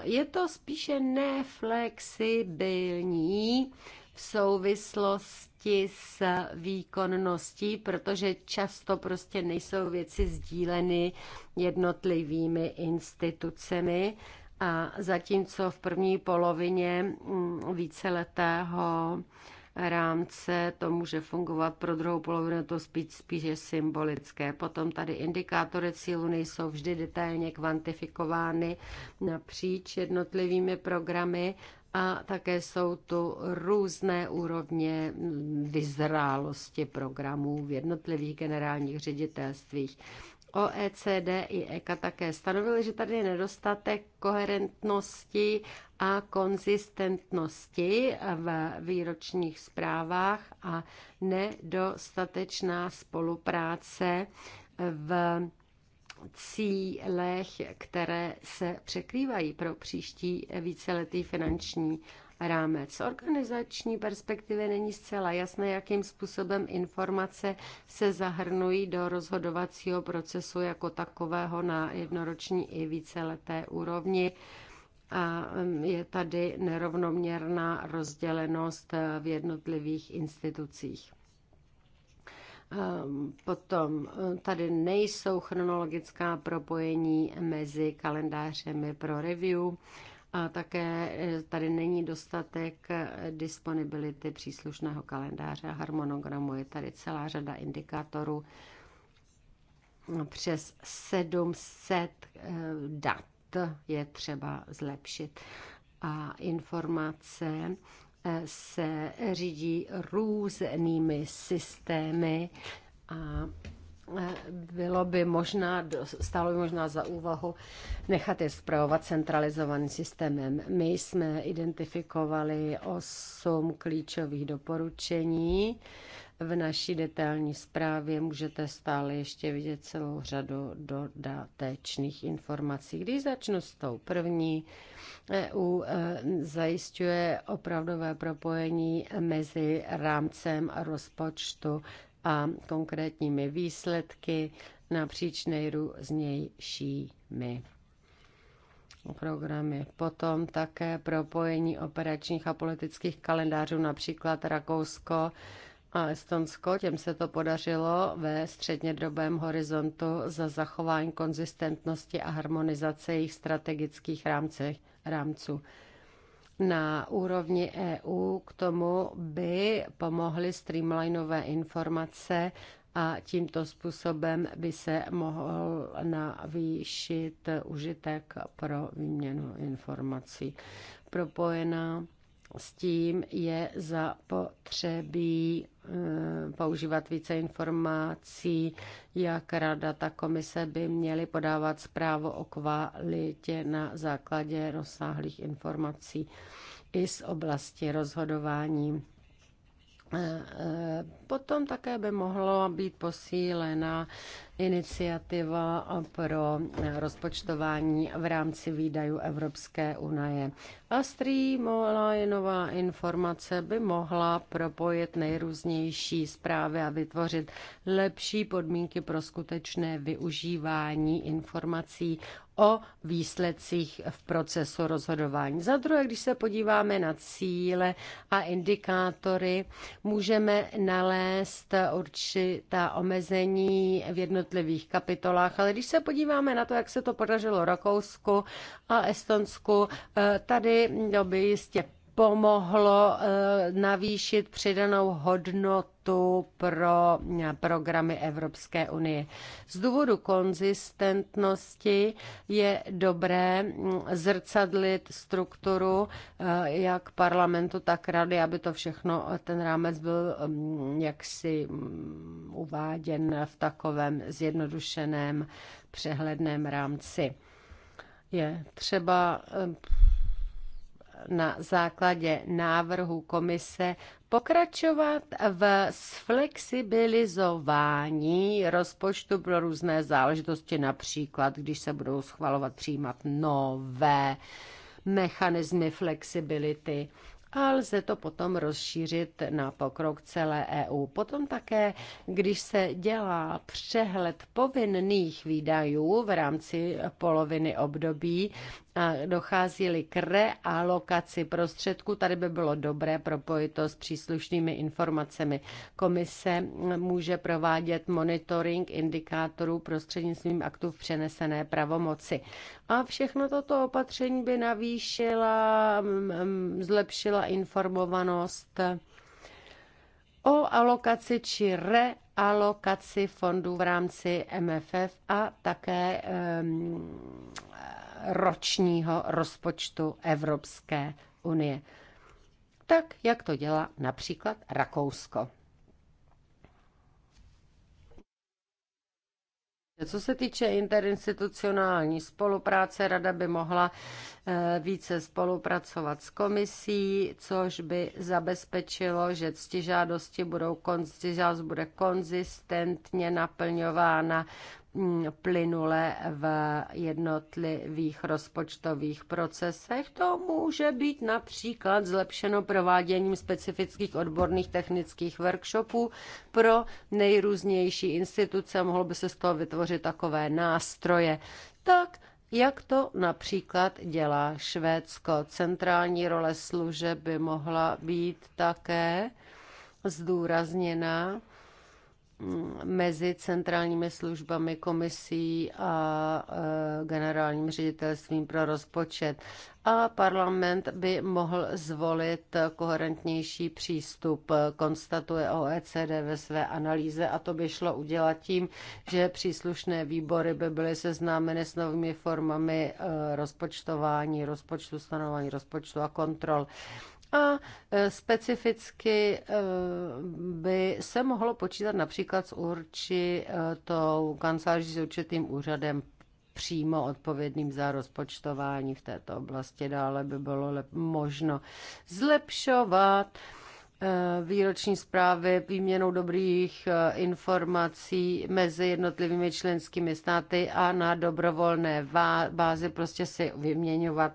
Je to spíše neflexibilní v souvislosti s výkonností, protože často prostě nejsou věci sdíleny jednotlivými institucemi. A zatímco v první polovině mm, víceletého rámce, to může fungovat pro druhou polovinu, to spíš, spíše symbolické. Potom tady indikátory cílu nejsou vždy detailně kvantifikovány napříč jednotlivými programy a také jsou tu různé úrovně vyzrálosti programů v jednotlivých generálních ředitelstvích. OECD i EKA také stanovily, že tady je nedostatek koherentnosti a konzistentnosti v výročních zprávách a nedostatečná spolupráce v cílech, které se překrývají pro příští víceletý finanční rámec. Z organizační perspektivy není zcela jasné, jakým způsobem informace se zahrnují do rozhodovacího procesu jako takového na jednoroční i víceleté úrovni a je tady nerovnoměrná rozdělenost eh, v jednotlivých institucích. Potom eh, tady nejsou chronologická propojení mezi kalendářemi pro review a také e, tady není dostatek e, disponibility příslušného kalendáře a harmonogramu. Je tady celá řada indikátorů přes 700 e, dat je třeba zlepšit. A informace se řídí různými systémy a bylo by možná, stálo by možná za úvahu nechat je zpravovat centralizovaným systémem. My jsme identifikovali osm klíčových doporučení. V naší detailní zprávě můžete stále ještě vidět celou řadu dodatečných informací. Když začnu s tou první, EU e, zajišťuje opravdové propojení mezi rámcem rozpočtu a konkrétními výsledky napříč nejrůznějšími programy. Potom také propojení operačních a politických kalendářů, například Rakousko a Estonsko. Těm se to podařilo ve střednědobém horizontu za zachování konzistentnosti a harmonizace jejich strategických rámcech, rámců na úrovni EU k tomu by pomohly streamlinové informace a tímto způsobem by se mohl navýšit užitek pro výměnu informací propojená s tím je zapotřebí eh, používat více informací, jak rada, tak komise by měly podávat zprávu o kvalitě na základě rozsáhlých informací i z oblasti rozhodování. Eh, eh, potom také by mohlo být posílena iniciativa pro rozpočtování v rámci výdajů Evropské unie. A nová informace by mohla propojit nejrůznější zprávy a vytvořit lepší podmínky pro skutečné využívání informací o výsledcích v procesu rozhodování. Za druhé, když se podíváme na cíle a indikátory, můžeme nalézt určitá omezení v jednotlivých jednotlivých kapitolách, ale když se podíváme na to, jak se to podařilo Rakousku a Estonsku, eh, tady by jistě pomohlo eh, navýšit přidanou hodnotu pro eh, programy Evropské unie. Z důvodu konzistentnosti je dobré mm, zrcadlit strukturu eh, jak parlamentu, tak rady, aby to všechno, ten rámec byl mm, jaksi mm, uváděn v takovém zjednodušeném přehledném rámci. Je třeba na základě návrhu komise pokračovat v sflexibilizování rozpočtu pro různé záležitosti, například když se budou schvalovat, přijímat nové mechanismy flexibility a lze to potom rozšířit na pokrok celé EU. Potom také, když se dělá přehled povinných výdajů v rámci poloviny období, dochází-li k realokaci prostředků, tady by bylo dobré propojit to s příslušnými informacemi. Komise může provádět monitoring indikátorů prostřednictvím aktů v přenesené pravomoci. A všechno toto opatření by navýšila, mm, mm, zlepšila informovanost o alokaci či realokaci fondů v rámci MFF a také um, ročního rozpočtu Evropské unie. Tak, jak to dělá například Rakousko. Co se týče interinstitucionální spolupráce, rada by mohla eh, více spolupracovat s komisí, což by zabezpečilo, že ctižádosti budou, ctižádost bude konzistentně naplňována Mm, plynule v jednotlivých rozpočtových procesech. To může být například zlepšeno prováděním specifických odborných technických workshopů pro nejrůznější instituce. Mohlo by se z toho vytvořit takové nástroje. Tak, jak to například dělá Švédsko? Centrální role služeb by mohla být také zdůrazněna Mm, mezi centrálními službami komisí a e, generálním ředitelstvím pro rozpočet. A parlament by mohl zvolit koherentnější přístup, konstatuje OECD ve své analýze a to by šlo udělat tím, že příslušné výbory by byly seznámeny s novými formami e, rozpočtování, rozpočtu, stanování rozpočtu a kontrol. A e, specificky e, by se mohlo počítat například s určitou kanceláří s určitým úřadem přímo odpovědným za rozpočtování v této oblasti. Dále by bylo možno zlepšovat e, výroční zprávy výměnou dobrých informací mezi jednotlivými členskými státy a na dobrovolné bázi prostě si vyměňovat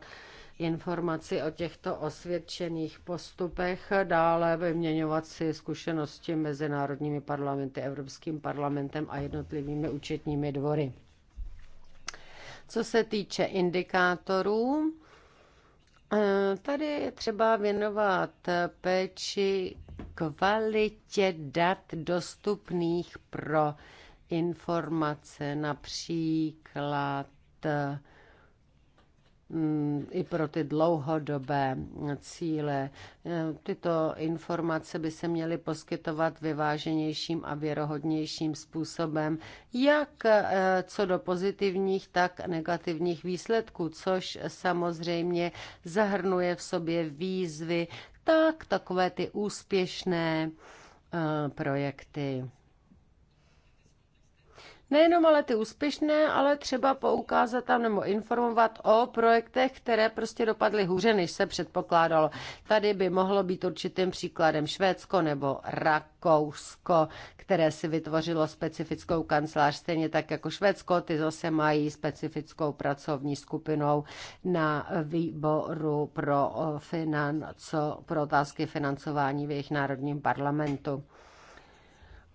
informaci o těchto osvědčených postupech, dále vyměňovat si zkušenosti mezinárodními parlamenty, Evropským parlamentem a jednotlivými účetními dvory. Co se týče indikátorů, eh, Tady je třeba věnovat péči kvalitě dat dostupných pro informace, například eh, Mm, i pro ty dlouhodobé cíle. Eh, tyto informace by se měly poskytovat vyváženějším a věrohodnějším způsobem, jak eh, co do pozitivních, tak negativních výsledků, což samozřejmě zahrnuje v sobě výzvy, tak takové ty úspěšné eh, projekty Nejenom ale ty úspěšné, ale třeba poukázat tam nebo informovat o projektech, které prostě dopadly hůře, než se předpokládalo. Tady by mohlo být určitým příkladem Švédsko nebo Rakousko, které si vytvořilo specifickou kancelář, stejně tak jako Švédsko, ty zase mají specifickou pracovní skupinou na výboru pro, financo, pro otázky financování v jejich národním parlamentu.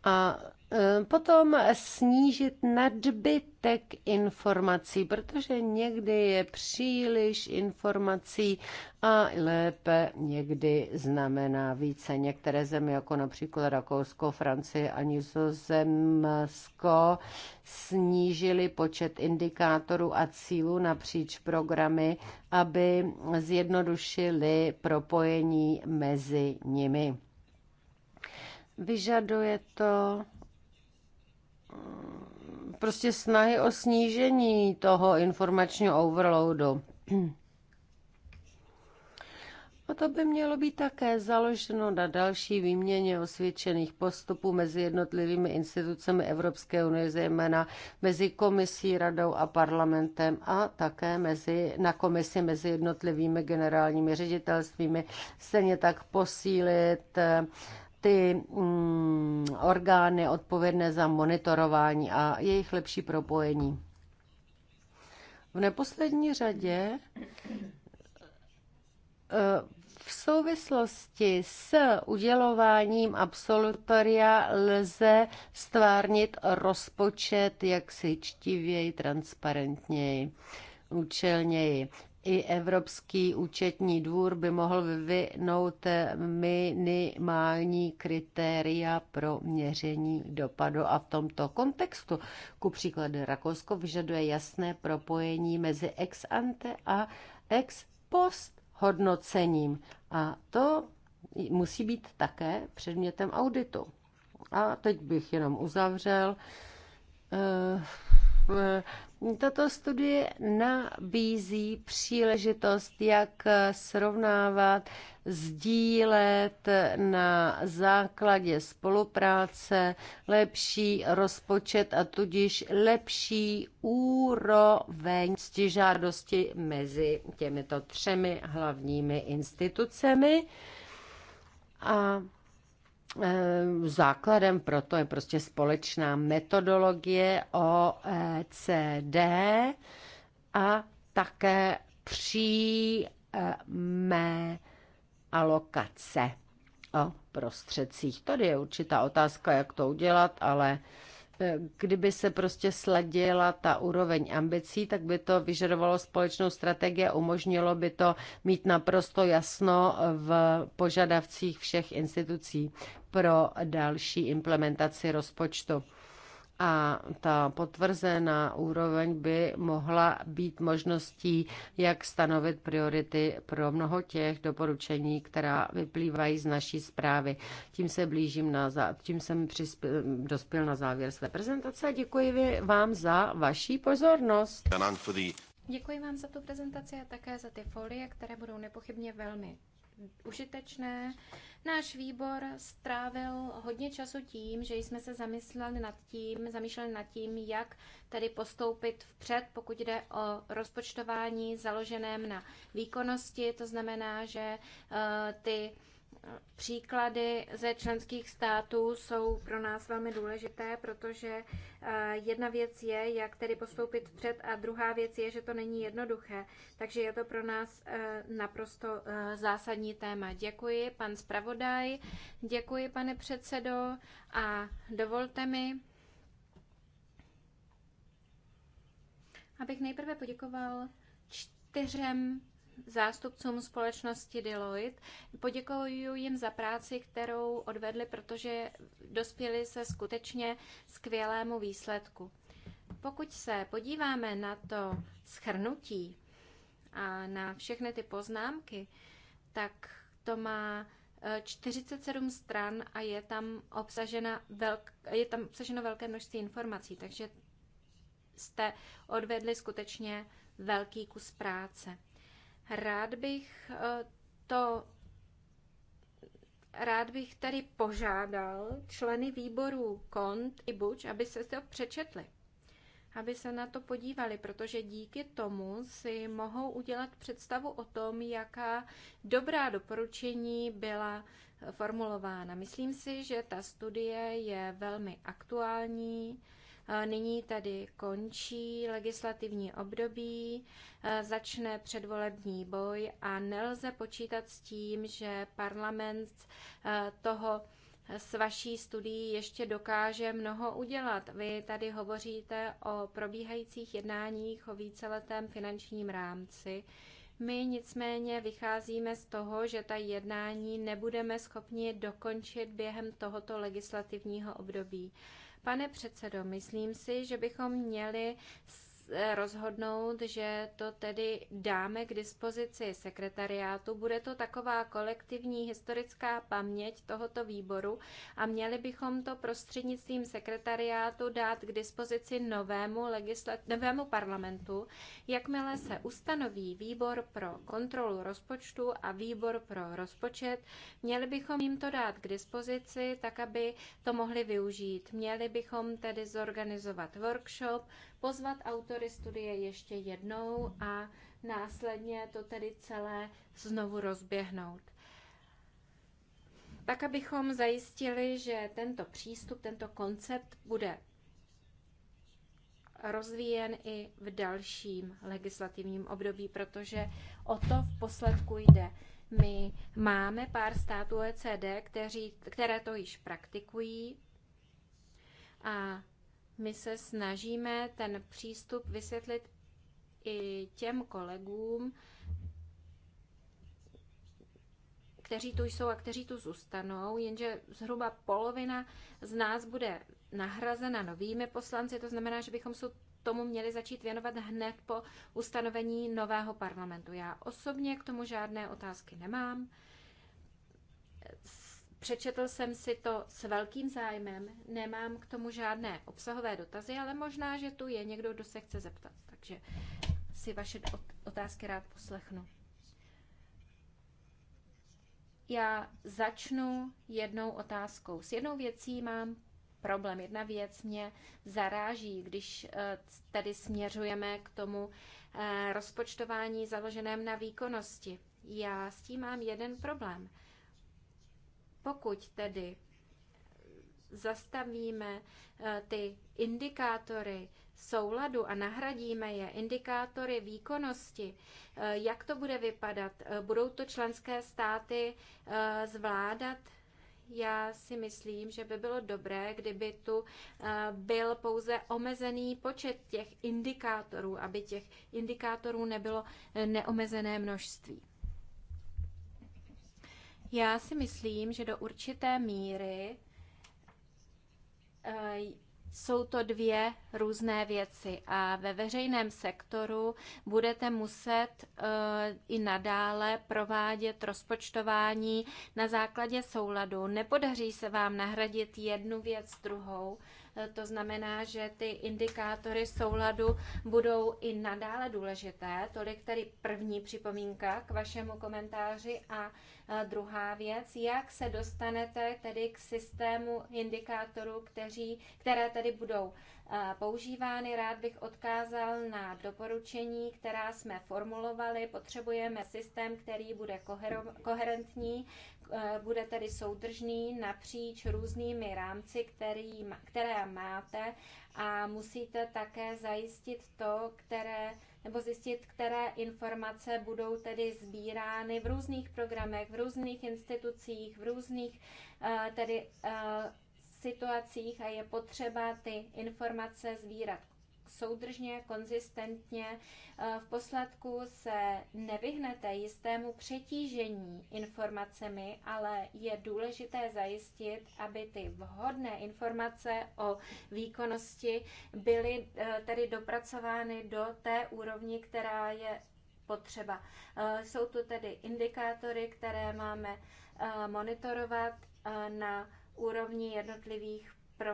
A Eh, potom snížit nadbytek informací, protože někdy je příliš informací a lépe někdy znamená více. Některé země, jako například Rakousko, Francie a Nizozemsko, snížili počet indikátorů a cílů napříč programy, aby zjednodušili propojení mezi nimi. Vyžaduje to prostě snahy o snížení toho informačního overloadu. A to by mělo být také založeno na další výměně osvědčených postupů mezi jednotlivými institucemi Evropské unie, zejména mezi komisí, radou a parlamentem a také mezi, na komisi mezi jednotlivými generálními ředitelstvími. Stejně tak posílit eh, ty mm, orgány odpovědné za monitorování a jejich lepší propojení. V neposlední řadě eh, v souvislosti s udělováním absolutoria lze stvárnit rozpočet jaksi čtivěji, transparentněji, účelněji i Evropský účetní dvůr by mohl vyvinout minimální kritéria pro měření dopadu. A v tomto kontextu, ku příkladu Rakousko vyžaduje jasné propojení mezi ex ante a ex post hodnocením. A to musí být také předmětem auditu. A teď bych jenom uzavřel eh, eh, tato studie nabízí příležitost, jak srovnávat, sdílet na základě spolupráce lepší rozpočet a tudíž lepší úroveň stižádosti mezi těmito třemi hlavními institucemi. A Eh, základem pro to je prostě společná metodologie OECD a také přímé alokace o prostředcích. Tady je určitá otázka, jak to udělat, ale eh, kdyby se prostě sladila ta úroveň ambicí, tak by to vyžadovalo společnou strategii a umožnilo by to mít naprosto jasno v požadavcích všech institucí pro další implementaci rozpočtu. A ta potvrzená úroveň by mohla být možností, jak stanovit priority pro mnoho těch doporučení, která vyplývají z naší zprávy. Tím se blížím na zá... tím jsem přispěl, dospěl na závěr své prezentace děkuji vám za vaši pozornost. Děkuji vám za tu prezentaci a také za ty folie, které budou nepochybně velmi užitečné. Náš výbor strávil hodně času tím, že jsme se zamysleli nad tím, zamýšleli nad tím, jak tady postoupit vpřed, pokud jde o rozpočtování založeném na výkonnosti. To znamená, že eh, ty Příklady ze členských států jsou pro nás velmi důležité, protože eh, jedna věc je, jak tedy postoupit vpřed a druhá věc je, že to není jednoduché. Takže je to pro nás eh, naprosto eh, zásadní téma. Děkuji, pan zpravodaj, děkuji, pane předsedo a dovolte mi, abych nejprve poděkoval čtyřem zástupcům společnosti Deloitte. Poděkuji jim za práci, kterou odvedli, protože dospěli se skutečně skvělému výsledku. Pokud se podíváme na to schrnutí a na všechny ty poznámky, tak to má 47 eh, stran a je tam, obsažena velk, je tam obsaženo velké množství informací, takže jste odvedli skutečně velký kus práce. Rád bych eh, to rád bych tady požádal členy výboru KONT i BUČ, aby se to přečetli, aby se na to podívali, protože díky tomu si mohou udělat představu o tom, jaká dobrá doporučení byla eh, formulována. Myslím si, že ta studie je velmi aktuální, Nyní tady končí legislativní období, začne předvolební boj a nelze počítat s tím, že parlament toho s vaší studií ještě dokáže mnoho udělat. Vy tady hovoříte o probíhajících jednáních o víceletém finančním rámci. My nicméně vycházíme z toho, že ta jednání nebudeme schopni dokončit během tohoto legislativního období. Pane předsedo, myslím si, že bychom měli rozhodnout, že to tedy dáme k dispozici sekretariátu. Bude to taková kolektivní historická paměť tohoto výboru a měli bychom to prostřednictvím sekretariátu dát k dispozici novému, novému parlamentu, jakmile se ustanoví výbor pro kontrolu rozpočtu a výbor pro rozpočet. Měli bychom jim to dát k dispozici, tak aby to mohli využít. Měli bychom tedy zorganizovat workshop, pozvat autory studie ještě jednou a následně to tedy celé znovu rozběhnout. Tak, abychom zajistili, že tento přístup, tento koncept bude rozvíjen i v dalším legislativním období, protože o to v posledku jde. My máme pár států OECD, kteří, které to již praktikují a my se snažíme ten přístup vysvětlit i těm kolegům, kteří tu jsou a kteří tu zůstanou, jenže zhruba polovina z nás bude nahrazena novými poslanci, to znamená, že bychom se tomu měli začít věnovat hned po ustanovení nového parlamentu. Já osobně k tomu žádné otázky nemám. Přečetl jsem si to s velkým zájmem, nemám k tomu žádné obsahové dotazy, ale možná, že tu je někdo, kdo se chce zeptat, takže si vaše otázky rád poslechnu. Já začnu jednou otázkou. S jednou věcí mám problém. Jedna věc mě zaráží, když eh, tady směřujeme k tomu eh, rozpočtování založeném na výkonnosti. Já s tím mám jeden problém. Pokud tedy zastavíme eh, ty indikátory souladu a nahradíme je indikátory výkonnosti, eh, jak to bude vypadat? Eh, budou to členské státy zvládat? Já si myslím, že by bylo dobré, kdyby tu byl pouze omezený počet těch indikátorů, aby těch indikátorů nebylo neomezené množství. Já si myslím, že do určité míry eh, jsou to dvě různé věci a ve veřejném sektoru budete muset eh, i nadále provádět rozpočtování na základě souladu. Nepodaří se vám nahradit jednu věc druhou, Eh, to znamená, že ty indikátory souladu budou i nadále důležité. Tolik tedy první připomínka k vašemu komentáři. A eh, druhá věc, jak se dostanete tedy k systému indikátorů, kteří, které tedy budou eh, používány. Rád bych odkázal na doporučení, která jsme formulovali. Potřebujeme systém, který bude koherentní, Eh, bude tedy soudržný napříč různými rámci, který, které máte a musíte také zajistit to, které, nebo zjistit, které informace budou tedy sbírány v různých programech, v různých institucích, v různých eh, tedy eh, situacích a je potřeba ty informace sbírat soudržně, konzistentně. Eh, v posledku se nevyhnete jistému přetížení informacemi, ale je důležité zajistit, aby ty vhodné informace o výkonnosti byly eh, tedy dopracovány do té úrovni, která je potřeba. Eh, jsou tu tedy indikátory, které máme monitorovat na úrovni jednotlivých pro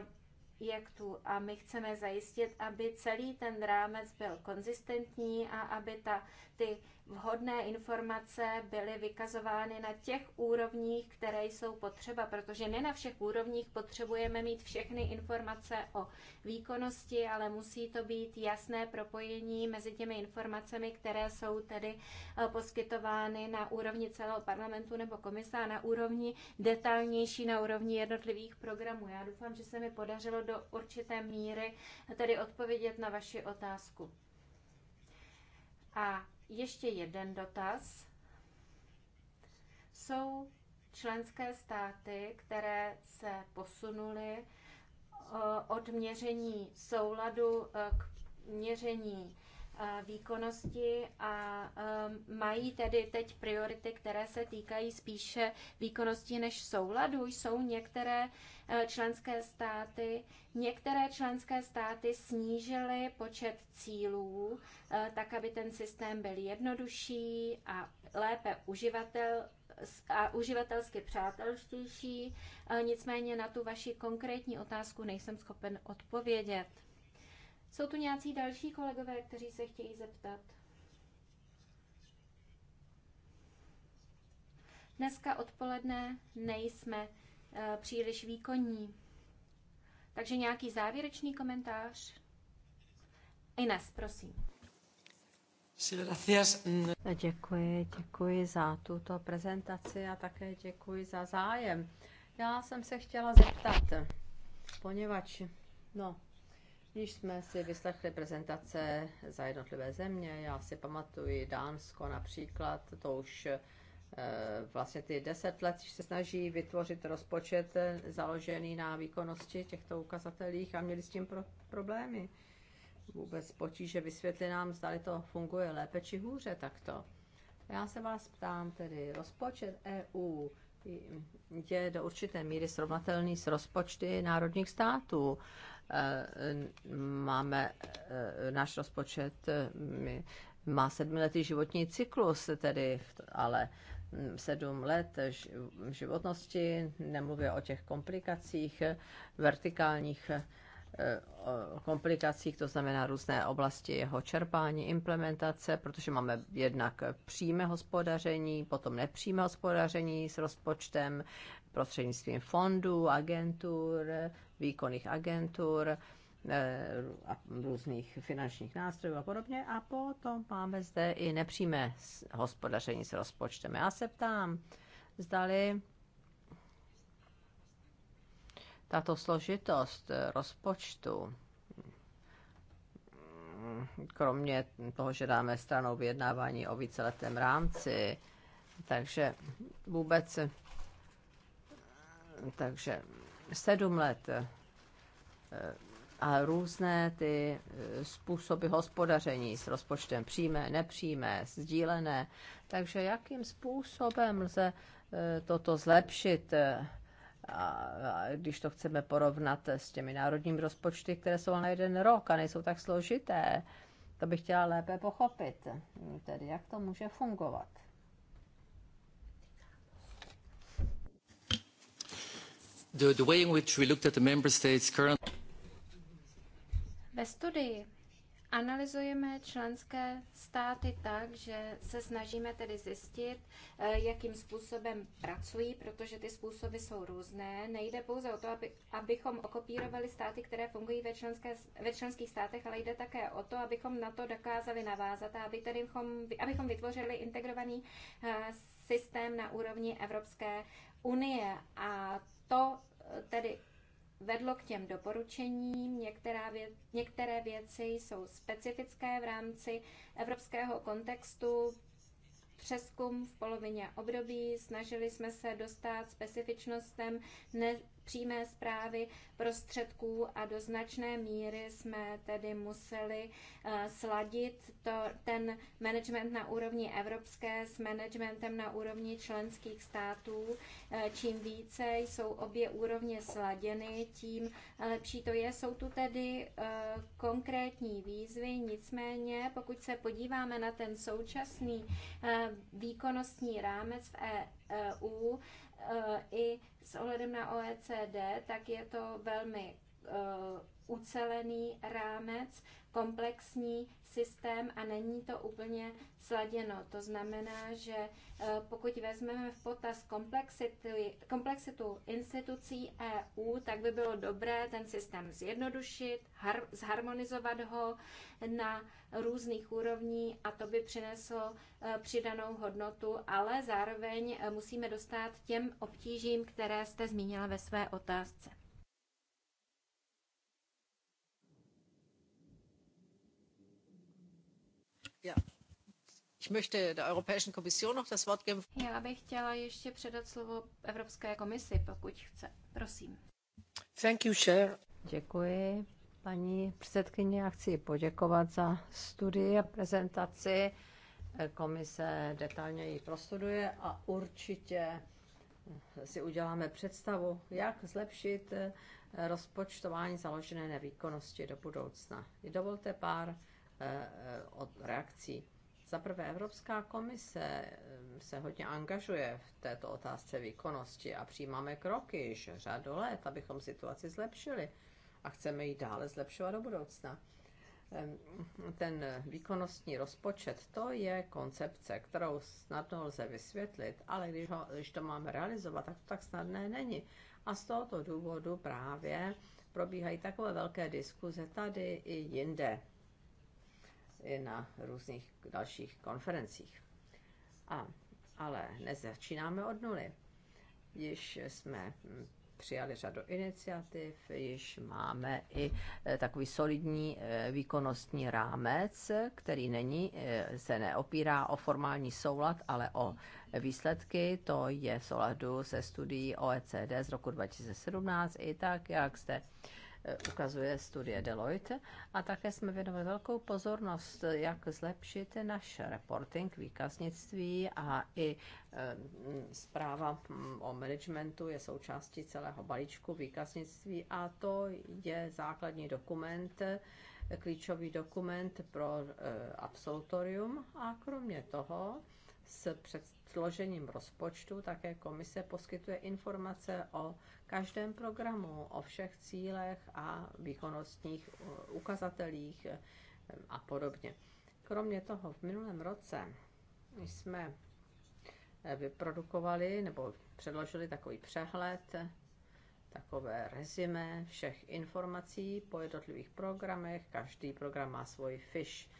jak tu a my chceme zajistit, aby celý ten rámec byl konzistentní a aby ta, ty vhodné informace byly vykazovány na těch úrovních, které jsou potřeba, protože ne na všech úrovních potřebujeme mít všechny informace o výkonnosti, ale musí to být jasné propojení mezi těmi informacemi, které jsou tedy eh, poskytovány na úrovni celého parlamentu nebo komise a na úrovni detailnější, na úrovni jednotlivých programů. Já doufám, že se mi podařilo do určité míry tedy odpovědět na vaši otázku. A ještě jeden dotaz. Jsou členské státy, které se posunuly eh, od měření souladu eh, k měření výkonnosti a mají tedy teď priority, které se týkají spíše výkonnosti než souladu. Jsou některé členské státy, některé členské státy snížily počet cílů, tak aby ten systém byl jednodušší a lépe uživatel, a uživatelsky přátelštější. Nicméně na tu vaši konkrétní otázku nejsem schopen odpovědět. Jsou tu nějací další kolegové, kteří se chtějí zeptat? Dneska odpoledne nejsme e, příliš výkonní. Takže nějaký závěrečný komentář? Ines, prosím. Děkuji, děkuji za tuto prezentaci a také děkuji za zájem. Já jsem se chtěla zeptat, poněvadž, no, Již jsme si vyslechli prezentace za jednotlivé země. Já si pamatuji Dánsko například, to už eh, vlastně ty deset let se snaží vytvořit rozpočet eh, založený na výkonnosti těchto ukazatelích a měli s tím pro- problémy. Vůbec potíže vysvětli nám, zda to funguje lépe či hůře takto. Já se vás ptám tedy, rozpočet EU je do určité míry srovnatelný s rozpočty národních států Eh, máme eh, náš rozpočet eh, má sedmiletý životní cyklus, tedy ale hm, sedm let životnosti, nemluvě o těch komplikacích, vertikálních komplikacích, to znamená různé oblasti jeho čerpání, implementace, protože máme jednak přímé hospodaření, potom nepřímé hospodaření s rozpočtem, prostřednictvím fondů, agentur, výkonných agentur, eh, různých finančních nástrojů a podobně. A potom máme zde i nepřímé hospodaření s rozpočtem. Já se ptám, zdali tato složitost rozpočtu, kromě toho, že dáme stranou vyjednávání o víceletém rámci, takže vůbec takže sedm let eh, a různé ty eh, způsoby hospodaření s rozpočtem přímé, nepřímé, sdílené. Takže jakým způsobem lze eh, toto zlepšit, když to chceme porovnat s těmi národními rozpočty, které jsou na jeden rok a nejsou tak složité, to bych chtěla lépe pochopit. Tedy jak to může fungovat? Ve studii analyzujeme členské státy tak, že se snažíme tedy zjistit, eh, jakým způsobem pracují, protože ty způsoby jsou různé. Nejde pouze o to, aby, abychom okopírovali státy, které fungují ve, členské, ve členských státech, ale jde také o to, abychom na to dokázali navázat a aby tedy abychom vytvořili integrovaný eh, systém na úrovni Evropské unie. A to eh, tedy vedlo k těm doporučením. Některá věc, některé věci jsou specifické v rámci evropského kontextu. Přeskum v polovině období, snažili jsme se dostat specifičnostem, ne, přímé zprávy prostředků a do značné míry jsme tedy museli eh, sladit to, ten management na úrovni evropské s managementem na úrovni členských států. Eh, čím více jsou obě úrovně sladěny, tím lepší to je. Jsou tu tedy eh, konkrétní výzvy, nicméně pokud se podíváme na ten současný výkonnostní rámec v EU, e Eh, i s ohledem na OECD, tak je to velmi eh, ucelený rámec, komplexní systém a není to úplně sladěno. To znamená, že eh, pokud vezmeme v potaz komplexitu, komplexitu institucí EU, tak by bylo dobré ten systém zjednodušit, har, zharmonizovat ho na různých úrovní a to by přineslo eh, přidanou hodnotu, ale zároveň eh, musíme dostat těm obtížím, které jste zmínila ve své otázce. Ich möchte der Europäischen Kommission noch das Wort geben. Já bych chtěla ještě předat slovo Evropské komisi, pokud chce. Prosím. Thank you, Chair. Děkuji, paní předsedkyně. Já chci poděkovat za studii a prezentaci. Komise detailně ji prostuduje a určitě si uděláme představu, jak zlepšit rozpočtování založené na výkonnosti do budoucna. Dovolte pár eh, reakcí. Za prvé, Evropská komise eh, se hodně angažuje v této otázce výkonnosti a přijímáme kroky již řadu let, abychom situaci zlepšili a chceme ji dále zlepšovat do budoucna. Ehm, ten výkonnostní rozpočet, to je koncepce, kterou snadno lze vysvětlit, ale když, ho, když to máme realizovat, tak to tak snadné není. A z tohoto důvodu právě probíhají takové velké diskuze tady i jinde i na různých dalších konferencích. A, ale nezačínáme od nuly. Již jsme hm, přijali řadu iniciativ, již máme i eh, takový solidní eh, výkonnostní rámec, který není, eh, se neopírá o formální soulad, ale o výsledky. To je souladu se studií OECD z roku 2017 i tak, jak jste Eh, ukazuje studie Deloitte. A také jsme věnovali velkou pozornost, jak zlepšit náš reporting, výkaznictví a i eh, zpráva hm, o managementu je součástí celého balíčku výkaznictví a to je základní dokument, eh, klíčový dokument pro absolutorium a kromě toho s předložením rozpočtu také komise poskytuje informace o každém programu, o všech cílech a výkonnostních uh, ukazatelích eh, a podobně. Kromě toho v minulém roce jsme eh, vyprodukovali nebo předložili takový přehled, takové rezime všech informací po jednotlivých programech. Každý program má svoji fiš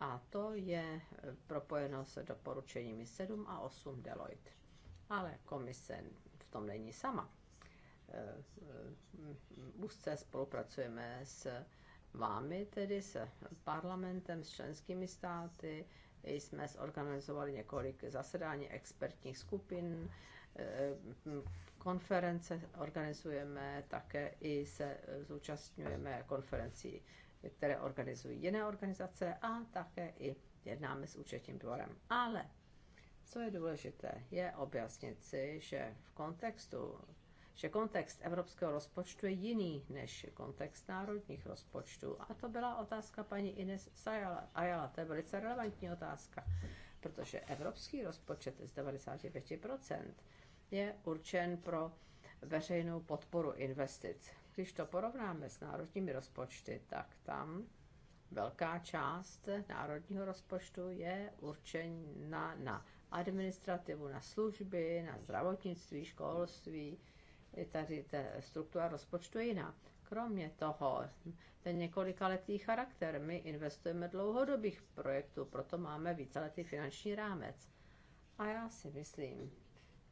a to je eh, propojeno s doporučeními 7 a 8 Deloitte. Ale komise v tom není sama. Eh, eh, úzce spolupracujeme s vámi, tedy s parlamentem, s členskými státy. Jsme zorganizovali několik zasedání expertních skupin, konference organizujeme, také i se zúčastňujeme konferencí které organizují jiné organizace a také i jednáme s účetním dvorem. Ale co je důležité, je objasnit si, že v kontextu že kontext evropského rozpočtu je jiný než kontext národních rozpočtů. A to byla otázka paní Ines Sajala. Ajala. To je velice relevantní otázka, protože evropský rozpočet z 95% je určen pro veřejnou podporu investic. Když to porovnáme s národními rozpočty, tak tam velká část národního rozpočtu je určena na administrativu, na služby, na zdravotnictví, školství. Tady ta struktura rozpočtu je jiná. Kromě toho, ten několikaletý charakter, my investujeme dlouhodobých projektů, proto máme víceletý finanční rámec. A já si myslím,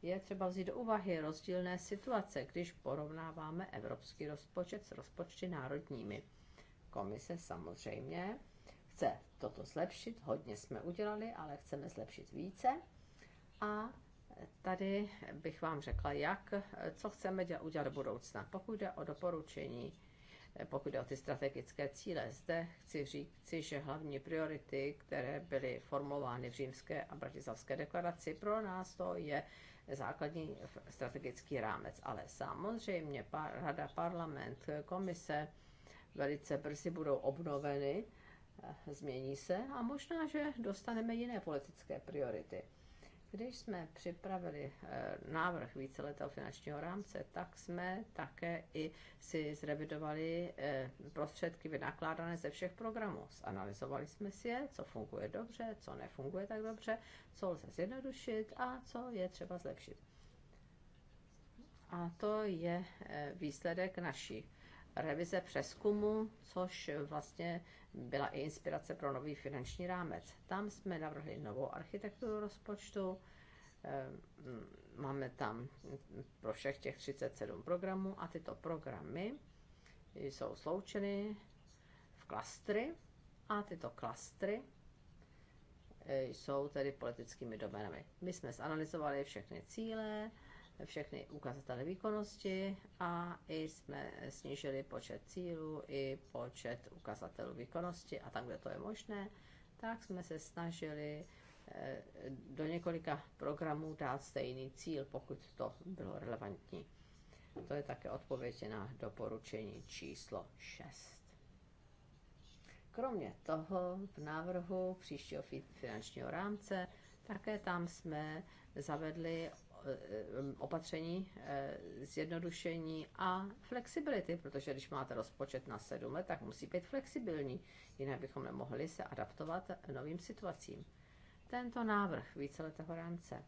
je třeba vzít do úvahy rozdílné situace, když porovnáváme evropský rozpočet s rozpočty národními. Komise samozřejmě chce toto zlepšit, hodně jsme udělali, ale chceme zlepšit více. A tady bych vám řekla, jak, co chceme dělat, udělat do budoucna. Pokud jde o doporučení, pokud jde o ty strategické cíle, zde chci říct, že hlavní priority, které byly formulovány v římské a bratislavské deklaraci, pro nás to je základní strategický rámec. Ale samozřejmě par, Rada, parlament, komise velice brzy budou obnoveny, eh, změní se a možná, že dostaneme jiné politické priority. Když jsme připravili eh, návrh víceletého finančního rámce, tak jsme také i si zrevidovali eh, prostředky vynakládané ze všech programů. Zanalizovali jsme si je, co funguje dobře, co nefunguje tak dobře, co lze zjednodušit a co je třeba zlepšit. A to je eh, výsledek naší revize přeskumu, což vlastně byla i inspirace pro nový finanční rámec. Tam jsme navrhli novou architekturu rozpočtu, eh, máme tam pro všech těch 37 programů a tyto programy jsou sloučeny v klastry a tyto klastry eh, jsou tedy politickými domenami. My jsme zanalizovali všechny cíle, všechny ukazatele výkonnosti a i jsme snížili počet cílů, i počet ukazatelů výkonnosti a tam, kde to je možné, tak jsme se snažili eh, do několika programů dát stejný cíl, pokud to bylo relevantní. To je také odpověď na doporučení číslo 6. Kromě toho v návrhu příštího finančního rámce také tam jsme zavedli Eh, eh, opatření eh, zjednodušení a flexibility, protože když máte rozpočet na sedm let, tak musí být flexibilní, jinak bychom nemohli se adaptovat novým situacím. Tento návrh víceletého rámce,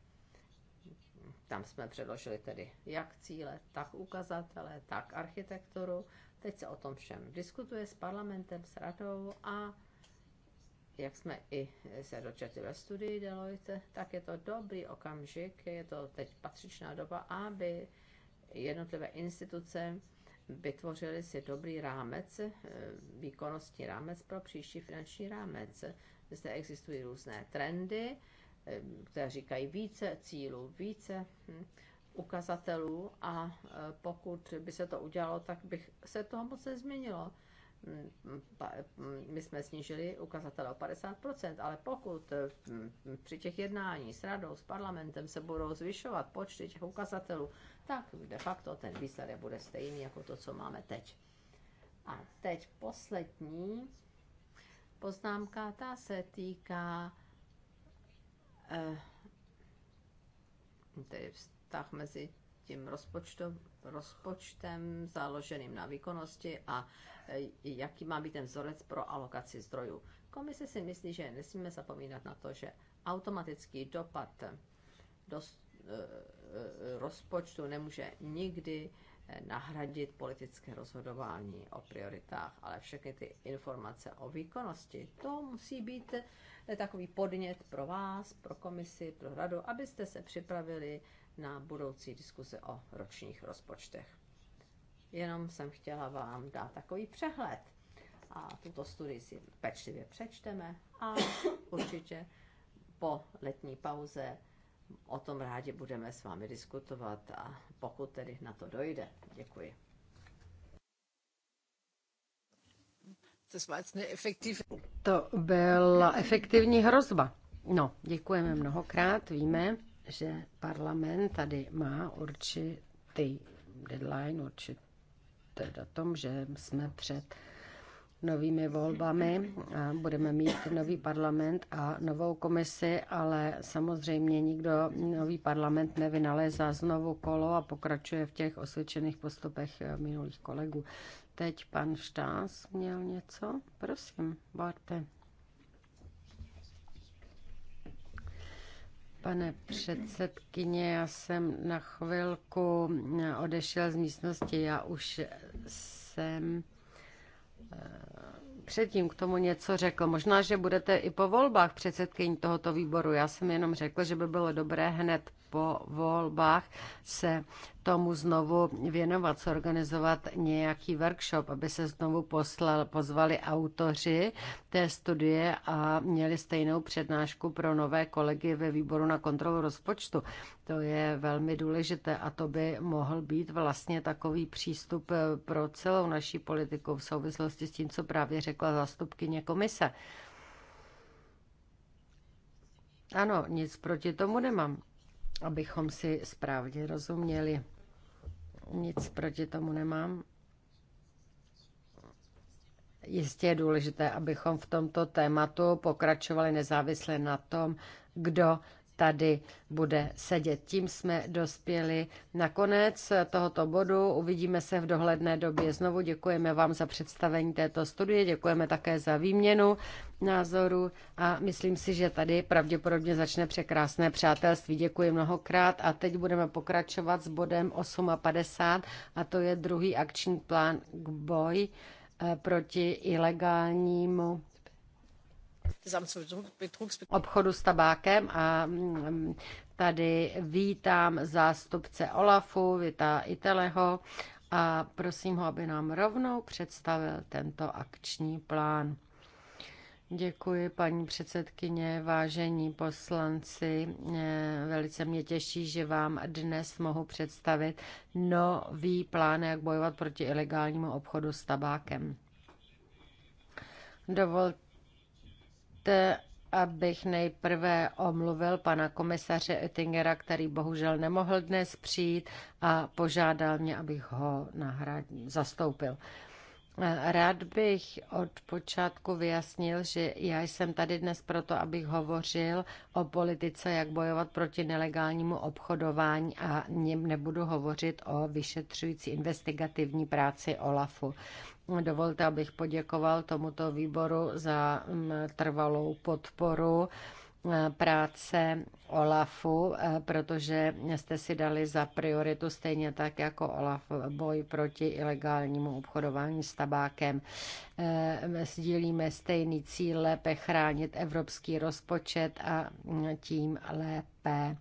tam jsme předložili tedy jak cíle, tak ukazatele, tak architekturu. Teď se o tom všem diskutuje s parlamentem, s radou a jak jsme i se dočetli ve studii Deloitte, tak je to dobrý okamžik, je to teď patřičná doba, aby jednotlivé instituce vytvořily si dobrý rámec, eh, výkonnostní rámec pro příští finanční rámec. Zde existují různé trendy, eh, které říkají více cílů, více hm, ukazatelů a eh, pokud by se to udělalo, tak bych se toho moc nezměnilo. Mm, mm, mm, my jsme snížili ukazatele o 50%, ale pokud při těch jednání s radou, s parlamentem se budou zvyšovat počty těch ukazatelů, tak de facto ten výsledek bude stejný jako to, co máme teď. A teď poslední poznámka, ta se týká eh, vztah mezi tím rozpočtem založeným na výkonnosti a E, jaký má být ten vzorec pro alokaci zdrojů. Komise si myslí, že nesmíme zapomínat na to, že automatický dopad do e, e, rozpočtu nemůže nikdy nahradit politické rozhodování o prioritách, ale všechny ty informace o výkonnosti, to musí být takový podnět pro vás, pro komisi, pro radu, abyste se připravili na budoucí diskuze o ročních rozpočtech. Jenom jsem chtěla vám dát takový přehled. A tuto studii si pečlivě přečteme a určitě po letní pauze o tom rádi budeme s vámi diskutovat a pokud tedy na to dojde. Děkuji. To byla efektivní hrozba. No, děkujeme mnohokrát. Víme, že parlament tady má určitý deadline, určitý tedy tom, že jsme před novými volbami, budeme mít nový parlament a novou komisi, ale samozřejmě nikdo nový parlament nevynalézá znovu kolo a pokračuje v těch osvědčených postupech eh, minulých kolegů. Teď pan Štás měl něco? Prosím, Barte. Pane předsedkyně, já jsem na chvilku odešel z místnosti. Já už jsem eh, předtím k tomu něco řekl. Možná, že budete i po volbách předsedkyní tohoto výboru. Já jsem jenom řekl, že by bylo dobré hned po volbách se tomu znovu věnovat, zorganizovat nějaký workshop, aby se znovu poslal, pozvali autoři té studie a měli stejnou přednášku pro nové kolegy ve výboru na kontrolu rozpočtu. To je velmi důležité a to by mohl být vlastně takový přístup eh, pro celou naší politiku v souvislosti s tím, co právě řekla zástupkyně komise. Ano, nic proti tomu nemám abychom si správně rozuměli. Nic proti tomu nemám. Jistě je důležité, abychom v tomto tématu pokračovali nezávisle na tom, kdo tady bude sedět. Tím jsme dospěli na konec tohoto bodu. Uvidíme se v dohledné době znovu. Děkujeme vám za představení této studie, děkujeme také za výměnu názoru a myslím si, že tady pravděpodobně začne překrásné přátelství. Děkuji mnohokrát a teď budeme pokračovat s bodem 850 a to je druhý akční plán k boji eh, proti ilegálnímu obchodu s tabákem a mm, tady vítám zástupce Olafu, vítá Iteleho a prosím ho, aby nám rovnou představil tento akční plán. Děkuji, paní předsedkyně, vážení poslanci. Velice mě těší, že vám dnes mohu představit nový plán, jak bojovat proti ilegálnímu obchodu s tabákem. Dovolte abych nejprve omluvil pana komisaře Ettingera, který bohužel nemohl dnes přijít a požádal mě, abych ho nahradil, zastoupil. Rád bych od počátku vyjasnil, že já jsem tady dnes proto, abych hovořil o politice, jak bojovat proti nelegálnímu obchodování a nebudu hovořit o vyšetřující investigativní práci OLAFu. Dovolte, abych poděkoval tomuto výboru za mm, trvalou podporu Eh, práce OLAFu, eh, protože jste si dali za prioritu stejně tak jako OLAF boj proti ilegálnímu obchodování s tabákem. Eh, sdílíme stejný cíl lépe chránit evropský rozpočet a tím lépe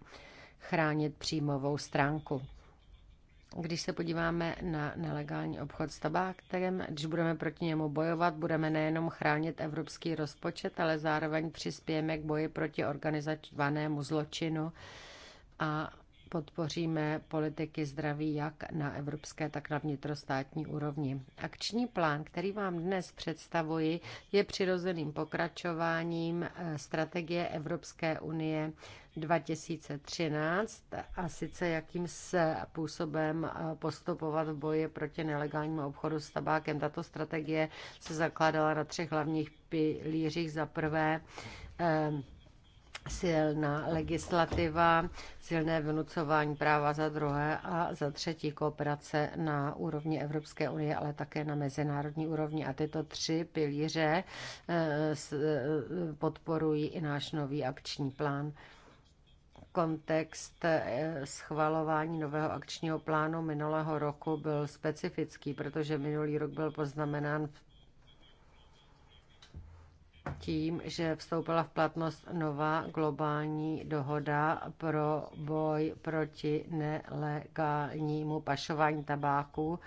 chránit příjmovou stránku když se podíváme na nelegální obchod s tabákem, když budeme proti němu bojovat, budeme nejenom chránit evropský rozpočet, ale zároveň přispějeme k boji proti organizovanému zločinu a podpoříme politiky zdraví jak na evropské, tak na vnitrostátní úrovni. Akční plán, který vám dnes představuji, je přirozeným pokračováním eh, strategie Evropské unie 2013 a sice jakým se působem eh, postupovat v boji proti nelegálnímu obchodu s tabákem. Tato strategie se zakládala na třech hlavních pilířích. Za prvé, eh, silná legislativa, silné vynucování práva za druhé a za třetí kooperace na úrovni Evropské unie, ale také na mezinárodní úrovni. A tyto tři pilíře eh, eh, podporují i náš nový akční plán kontext eh, schvalování nového akčního plánu minulého roku byl specifický, protože minulý rok byl poznamenán tím, že vstoupila v platnost nová globální dohoda pro boj proti nelegálnímu pašování tabáku,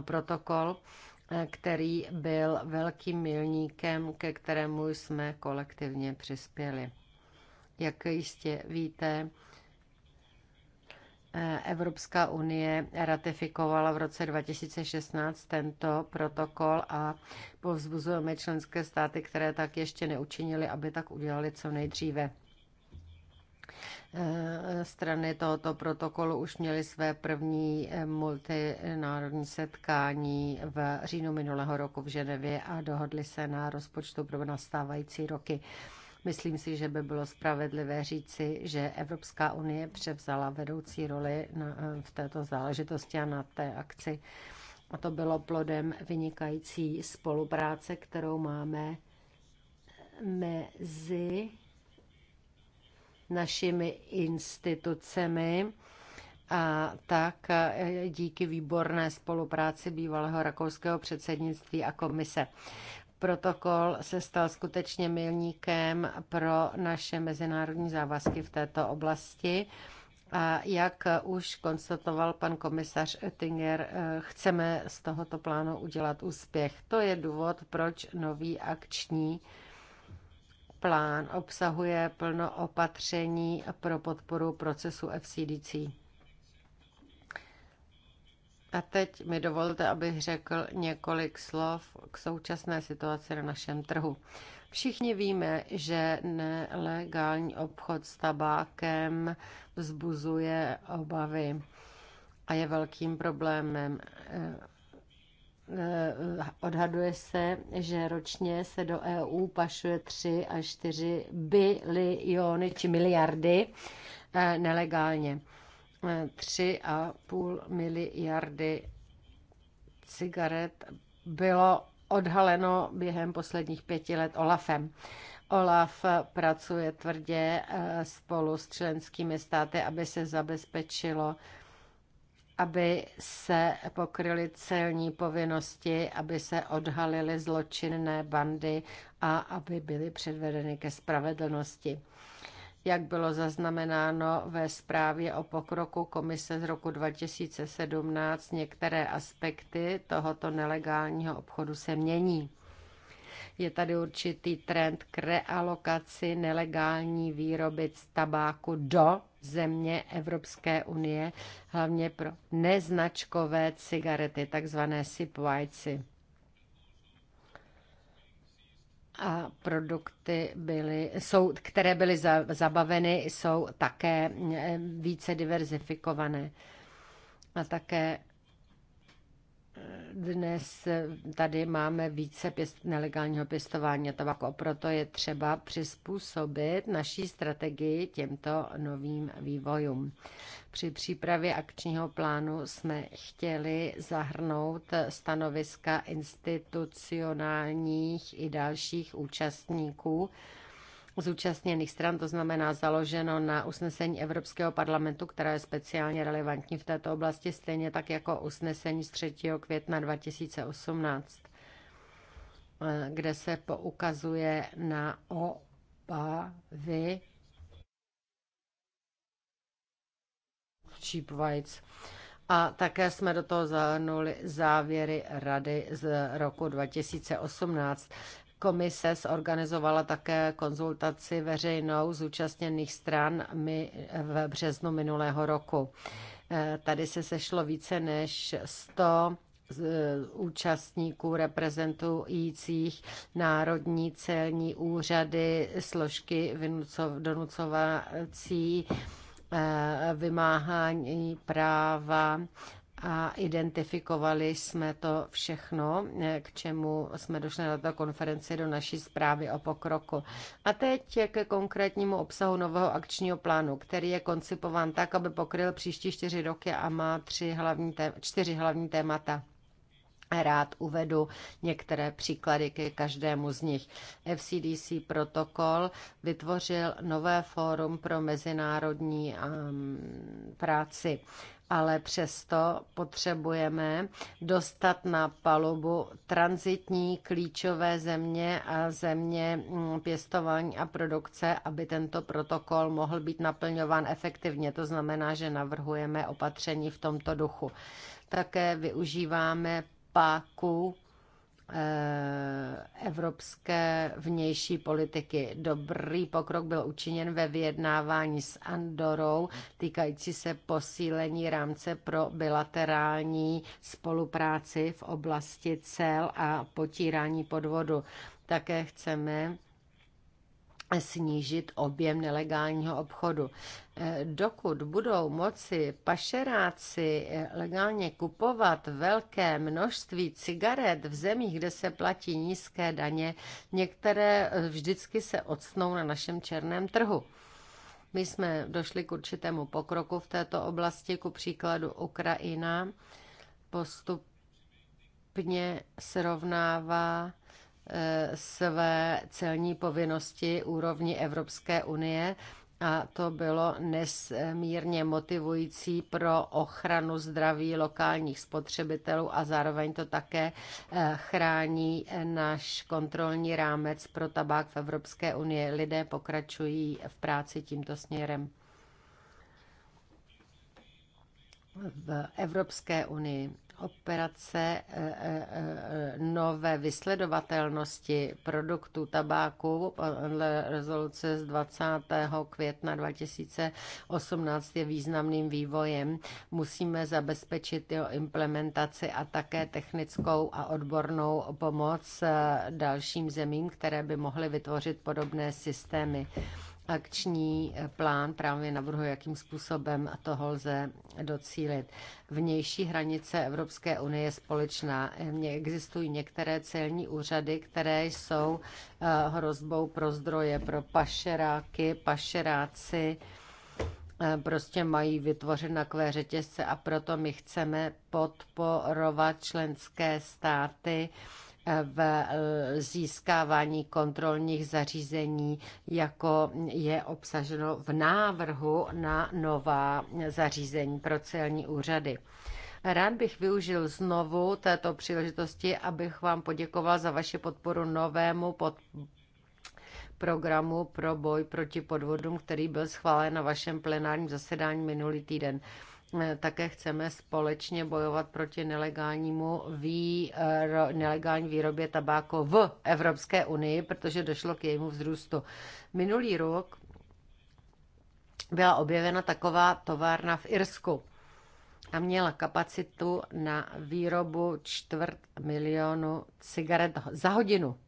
protokol, který byl velkým milníkem, ke kterému jsme kolektivně přispěli. Jak jistě víte, Evropská unie ratifikovala v roce 2016 tento protokol a povzbuzujeme členské státy, které tak ještě neučinili, aby tak udělali co nejdříve. Eh, strany tohoto protokolu už měly své první eh, multinárodní setkání v říjnu minulého roku v Ženevě a dohodly se na rozpočtu pro nastávající roky. Myslím si, že by bylo spravedlivé říci, že Evropská unie převzala vedoucí roli na, eh, v této záležitosti a na té akci. A to bylo plodem vynikající spolupráce, kterou máme mezi našimi institucemi a tak eh, díky výborné spolupráci bývalého rakouského předsednictví a komise. Protokol se stal skutečně milníkem pro naše mezinárodní závazky v této oblasti. A jak už konstatoval pan komisař Oettinger, eh, chceme z tohoto plánu udělat úspěch. To je důvod, proč nový akční plán obsahuje plno opatření pro podporu procesu FCDC. A teď mi dovolte, abych řekl několik slov k současné situaci na našem trhu. Všichni víme, že nelegální obchod s tabákem vzbuzuje obavy a je velkým problémem. Eh, odhaduje se, že ročně se do EU pašuje 3 až 4 biliony či miliardy eh, nelegálně. 3,5 miliardy cigaret bylo odhaleno během posledních pěti let Olafem. Olaf pracuje tvrdě eh, spolu s členskými státy, aby se zabezpečilo, aby se pokryly celní povinnosti, aby se odhalily zločinné bandy a aby byly předvedeny ke spravedlnosti jak bylo zaznamenáno ve zprávě o pokroku komise z roku 2017, některé aspekty tohoto nelegálního obchodu se mění. Je tady určitý trend k realokaci nelegální výroby z tabáku do země Evropské unie, hlavně pro neznačkové cigarety, takzvané sipvajci a produkty, byly, jsou, které byly za, zabaveny, jsou také eh, více diverzifikované. A také dnes tady máme více pěst, nelegálního pěstování tabaku, proto je třeba přizpůsobit naší strategii těmto novým vývojům. Při přípravě akčního plánu jsme chtěli zahrnout stanoviska institucionálních i dalších účastníků, zúčastněných stran, to znamená založeno na usnesení Evropského parlamentu, které je speciálně relevantní v této oblasti, stejně tak jako usnesení z 3. května 2018, eh, kde se poukazuje na obavy cheap whites. A také jsme do toho zahrnuli závěry rady z roku 2018. Komise zorganizovala také konzultaci veřejnou zúčastněných stran v březnu minulého roku. Eh, tady se sešlo více než 100 eh, účastníků reprezentujících národní celní úřady, složky donucovací, eh, vymáhání práva a identifikovali jsme to všechno, eh, k čemu jsme došli na této konferenci do naší zprávy o pokroku. A teď ke konkrétnímu obsahu nového akčního plánu, který je koncipován tak, aby pokryl příští čtyři roky a má tři hlavní téma, čtyři hlavní témata. Rád uvedu některé příklady ke každému z nich. FCDC protokol vytvořil nové fórum pro mezinárodní ehm, práci ale přesto potřebujeme dostat na palubu transitní klíčové země a země mm, pěstování a produkce, aby tento protokol mohl být naplňován efektivně. To znamená, že navrhujeme opatření v tomto duchu. Také využíváme páku Eh, evropské vnější politiky. Dobrý pokrok byl učiněn ve vyjednávání s Andorou týkající se posílení rámce pro bilaterální spolupráci v oblasti cel a potírání podvodu. Také chceme snížit objem nelegálního obchodu. Eh, dokud budou moci pašeráci eh, legálně kupovat velké množství cigaret v zemích, kde se platí nízké daně, některé eh, vždycky se odsnou na našem černém trhu. My jsme došli k určitému pokroku v této oblasti, ku příkladu Ukrajina postupně srovnává své celní povinnosti úrovni Evropské unie a to bylo nesmírně motivující pro ochranu zdraví lokálních spotřebitelů a zároveň to také eh, chrání náš kontrolní rámec pro tabák v Evropské unii. Lidé pokračují v práci tímto směrem. v Evropské unii operace e, e, e, nové vysledovatelnosti produktů tabáku podle rezoluce z 20. května 2018 je významným vývojem. Musíme zabezpečit jeho implementaci a také technickou a odbornou pomoc dalším zemím, které by mohly vytvořit podobné systémy akční eh, plán právě navrhuje, jakým způsobem toho lze docílit. Vnější hranice Evropské unie je společná. Existují některé celní úřady, které jsou eh, hrozbou pro zdroje, pro pašeráky, pašeráci, eh, prostě mají vytvořit takové řetězce a proto my chceme podporovat členské státy v získávání kontrolních zařízení, jako je obsaženo v návrhu na nová zařízení pro celní úřady. Rád bych využil znovu této příležitosti, abych vám poděkoval za vaši podporu novému pod programu pro boj proti podvodům, který byl schválen na vašem plenárním zasedání minulý týden. Eh, také chceme společně bojovat proti nelegálnímu výro, nelegální výrobě tabáku v Evropské unii, protože došlo k jejímu vzrůstu. Minulý rok byla objevena taková továrna v Irsku a měla kapacitu na výrobu čtvrt milionu cigaret za hodinu.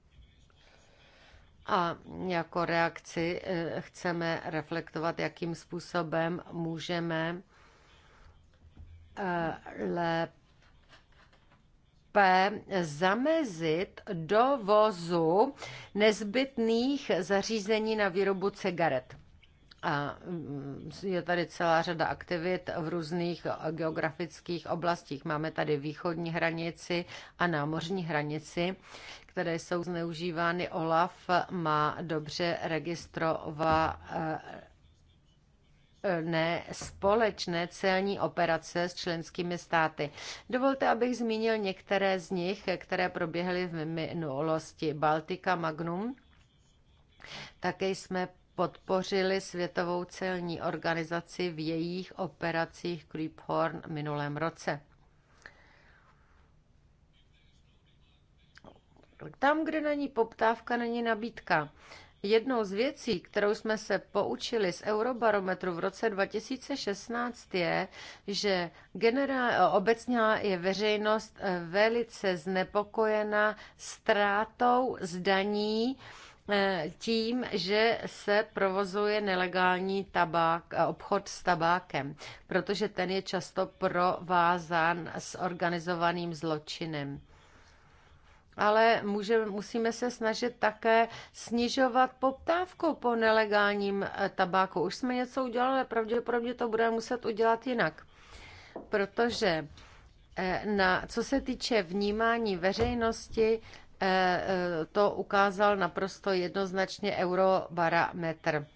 A jako reakci eh, chceme reflektovat, jakým způsobem můžeme lépe zamezit dovozu nezbytných zařízení na výrobu cigaret. A mm, je tady celá řada aktivit v různých geografických oblastích. Máme tady východní hranici a námořní hranici, které jsou zneužívány. OLAF má dobře registrovat ne společné celní operace s členskými státy. Dovolte, abych zmínil některé z nich, které proběhly v minulosti. Baltica Magnum. Také jsme podpořili Světovou celní organizaci v jejich operacích Creephorn minulém roce. Tam, kde není poptávka, není nabídka. Jednou z věcí, kterou jsme se poučili z Eurobarometru v roce 2016, je, že generál, obecně je veřejnost eh, velice znepokojena ztrátou zdaní eh, tím, že se provozuje nelegální tabák, eh, obchod s tabákem, protože ten je často provázán s organizovaným zločinem ale může, musíme se snažit také snižovat poptávku po nelegálním eh, tabáku. Už jsme něco udělali, ale pravděpodobně to budeme muset udělat jinak, protože eh, na, co se týče vnímání veřejnosti, eh, to ukázal naprosto jednoznačně eurobarometr.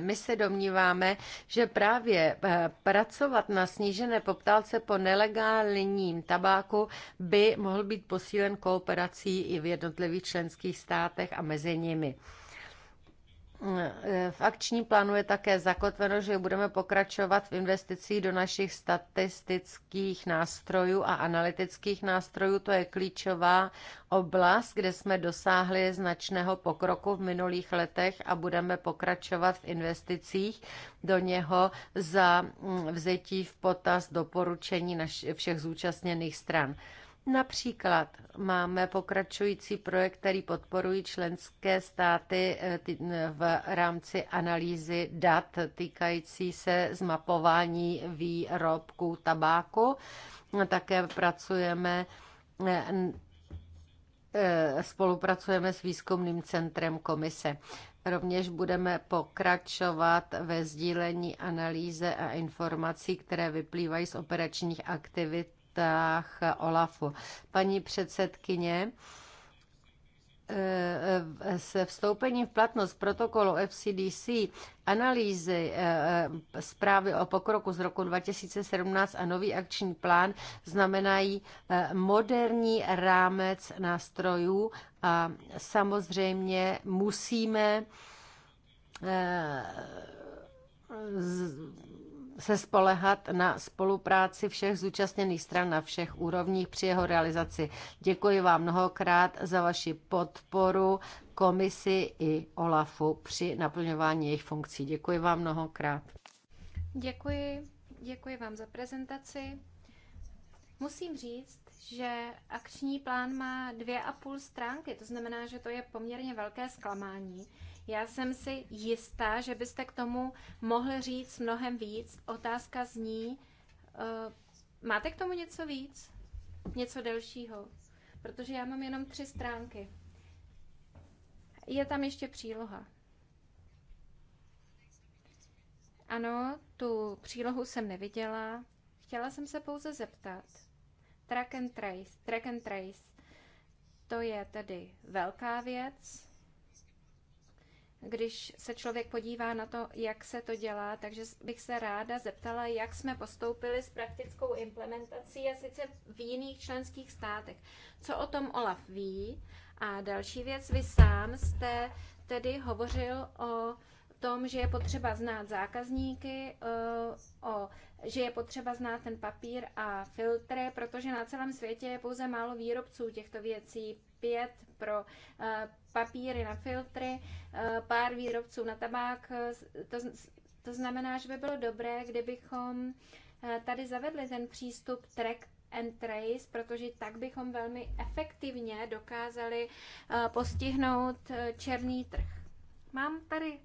My se domníváme, že právě eh, pracovat na snížené poptávce po nelegálním tabáku by mohl být posílen kooperací i v jednotlivých členských státech a mezi nimi. V akčním plánu je také zakotveno, že budeme pokračovat v investicích do našich statistických nástrojů a analytických nástrojů. To je klíčová oblast, kde jsme dosáhli značného pokroku v minulých letech a budeme pokračovat v investicích do něho za mm, vzetí v potaz doporučení všech zúčastněných stran. Například máme pokračující projekt, který podporují členské státy eh, eh, v rámci analýzy dat týkající se zmapování výrobků tabáku. Také pracujeme eh, spolupracujeme s výzkumným centrem komise. Rovněž budeme pokračovat ve sdílení analýze a informací, které vyplývají z operačních aktivit cestách OLAFu. Paní předsedkyně, eh, eh, se vstoupením v platnost protokolu FCDC analýzy eh, zprávy o pokroku z roku 2017 a nový akční plán znamenají moderní rámec nástrojů a samozřejmě musíme se spolehat na spolupráci všech zúčastněných stran na všech úrovních při jeho realizaci. Děkuji vám mnohokrát za vaši podporu komisi i OLAFu při naplňování jejich funkcí. Děkuji vám mnohokrát. Děkuji, děkuji vám za prezentaci. Musím říct, že akční plán má dvě a půl stránky, to znamená, že to je poměrně velké zklamání. Já jsem si jistá, že byste k tomu mohli říct mnohem víc. Otázka zní, uh, máte k tomu něco víc? Něco delšího? Protože já mám jenom tři stránky. Je tam ještě příloha. Ano, tu přílohu jsem neviděla. Chtěla jsem se pouze zeptat. Track and trace, track and trace. To je tedy velká věc, když se člověk podívá na to, jak se to dělá, takže bych se ráda zeptala, jak jsme postoupili s praktickou implementací a sice v jiných členských státech. Co o tom Olaf ví? A další věc, vy sám jste tedy hovořil o tom, že je potřeba znát zákazníky, eh, o, že je potřeba znát ten papír a filtry, protože na celém světě je pouze málo výrobců těchto věcí pět pro eh, papíry na filtry, eh, pár výrobců na tabák. Eh, to, to znamená, že by bylo dobré, kdybychom tady zavedli ten přístup track and trace, protože tak bychom velmi efektivně dokázali postihnout černý trh. Mám tady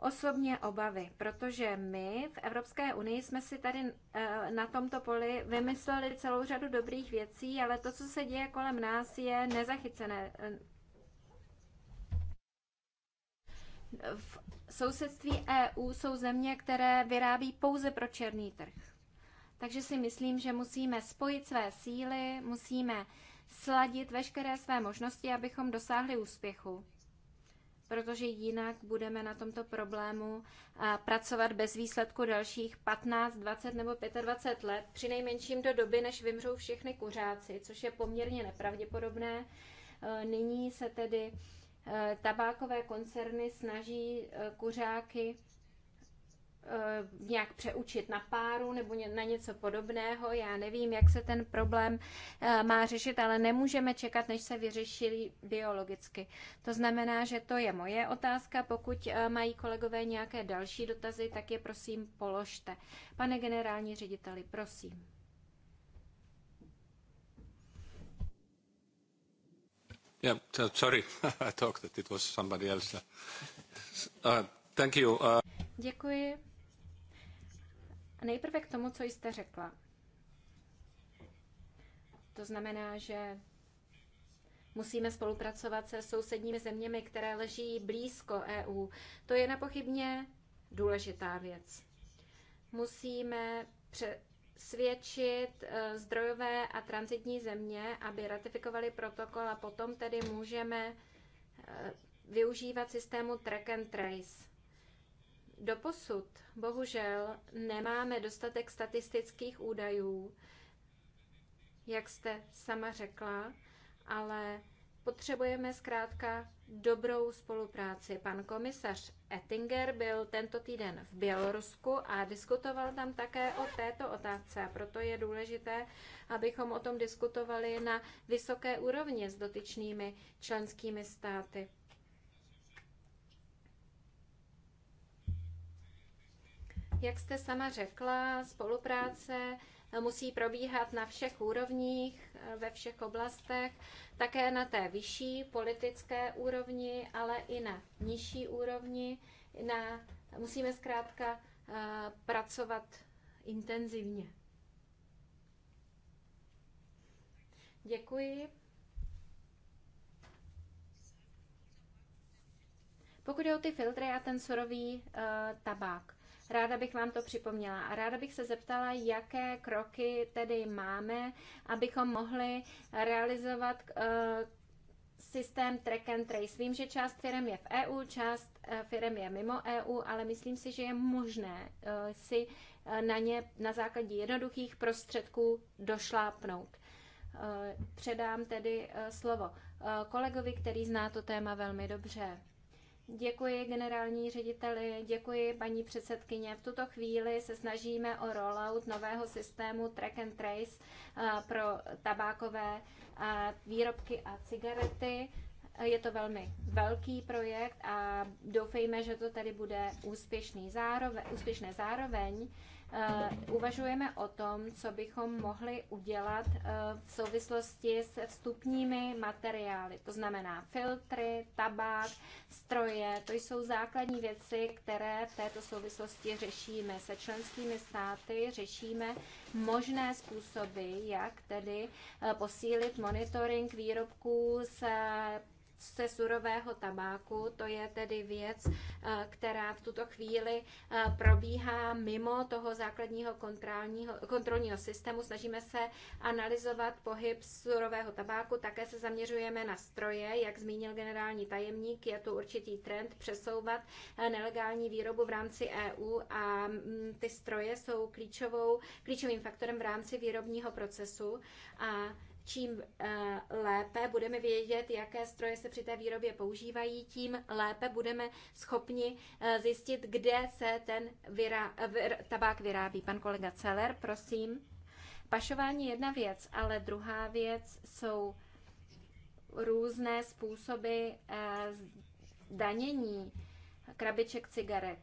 osobně obavy, protože my v Evropské unii jsme si tady eh, na tomto poli vymysleli celou řadu dobrých věcí, ale to, co se děje kolem nás, je nezachycené. V sousedství EU jsou země, které vyrábí pouze pro černý trh. Takže si myslím, že musíme spojit své síly, musíme sladit veškeré své možnosti, abychom dosáhli úspěchu protože jinak budeme na tomto problému eh, pracovat bez výsledku dalších 15, 20 nebo 25 let, při nejmenším do doby, než vymřou všechny kuřáci, což je poměrně nepravděpodobné. Eh, nyní se tedy eh, tabákové koncerny snaží kuřáky Eh, nějak přeučit na páru nebo na něco podobného. Já nevím, jak se ten problém eh, má řešit, ale nemůžeme čekat, než se vyřeší biologicky. To znamená, že to je moje otázka. Pokud eh, mají kolegové nějaké další dotazy, tak je prosím položte. Pane generální řediteli, prosím. Yeah, sorry, I thought that it was somebody else. Uh, thank you. Uh... Děkuji. Nejprve k tomu, co jste řekla. To znamená, že musíme spolupracovat se sousedními zeměmi, které leží blízko EU. To je nepochybně důležitá věc. Musíme přesvědčit eh, zdrojové a transitní země, aby ratifikovali protokol a potom tedy můžeme eh, využívat systému track and trace. Doposud bohužel nemáme dostatek statistických údajů, jak jste sama řekla, ale potřebujeme zkrátka dobrou spolupráci. Pan komisař Ettinger byl tento týden v Bělorusku a diskutoval tam také o této otázce. A proto je důležité, abychom o tom diskutovali na vysoké úrovni s dotyčnými členskými státy. Jak jste sama řekla, spolupráce musí probíhat na všech úrovních, ve všech oblastech, také na té vyšší politické úrovni, ale i na nižší úrovni. Na, musíme zkrátka eh, pracovat intenzivně. Děkuji. Pokud jde o ty filtry a ten surový uh, tabák, Ráda bych vám to připomněla a ráda bych se zeptala, jaké kroky tedy máme, abychom mohli realizovat eh, systém track and trace. Vím, že část firm je v EU, část eh, firm je mimo EU, ale myslím si, že je možné eh, si na ně na základě jednoduchých prostředků došlápnout. Předám tedy slovo kolegovi, který zná to téma velmi dobře. Děkuji generální řediteli, děkuji paní předsedkyně. V tuto chvíli se snažíme o rollout nového systému track and trace eh, pro tabákové eh, výrobky a cigarety. Eh, je to velmi velký projekt a doufejme, že to tady bude úspěšný zároveň, úspěšné zároveň. Eh, uvažujeme o tom, co bychom mohli udělat eh, v souvislosti s vstupními materiály. To znamená filtry, tabák, stroje. To jsou základní věci, které v této souvislosti řešíme se členskými státy. Řešíme možné způsoby, jak tedy eh, posílit monitoring výrobků s ze surového tabáku. To je tedy věc, eh, která v tuto chvíli eh, probíhá mimo toho základního kontrolního, systému. Snažíme se analyzovat pohyb surového tabáku, také se zaměřujeme na stroje, jak zmínil generální tajemník, je tu určitý trend přesouvat eh, nelegální výrobu v rámci EU a mm, ty stroje jsou klíčovou, klíčovým faktorem v rámci výrobního procesu. A čím eh, lépe budeme vědět, jaké stroje se při té výrobě používají, tím lépe budeme schopni eh, zjistit, kde se ten vyrá, tabák vyrábí. Pan kolega Celer, prosím. Pašování je jedna věc, ale druhá věc jsou různé způsoby eh, danění krabiček cigaret.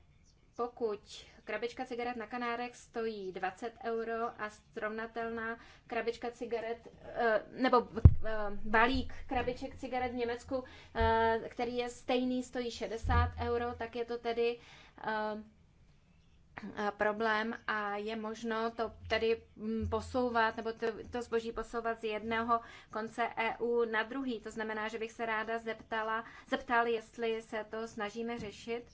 Pokud krabička cigaret na Kanárech stojí 20 euro a srovnatelná krabička cigaret, eh, nebo eh, balík krabiček cigaret v Německu, eh, který je stejný, stojí 60 euro, tak je to tedy problém a je možno to tedy mm, posouvat, nebo to, to zboží posouvat z jednoho konce EU na druhý. To znamená, že bych se ráda zeptala, zeptal, jestli se to snažíme řešit.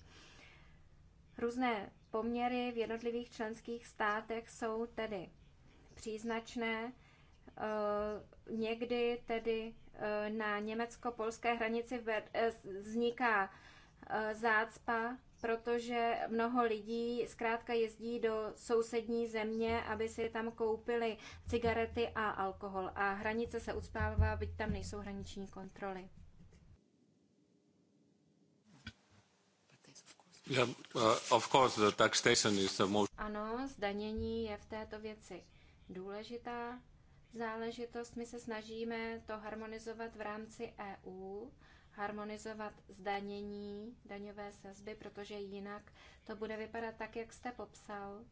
Různé poměry v jednotlivých členských státech jsou tedy příznačné. E, někdy tedy e, na německo-polské hranici e, vzniká zácpa, protože mnoho lidí zkrátka jezdí do sousední země, aby si tam koupili cigarety a alkohol. A hranice se ucpává, byť tam nejsou hraniční kontroly. Uh, ano, zdanění je v této věci důležitá záležitost. My se snažíme to harmonizovat v rámci EU, harmonizovat zdanění, daňové sazby, protože jinak to bude vypadat tak, jak jste popsal.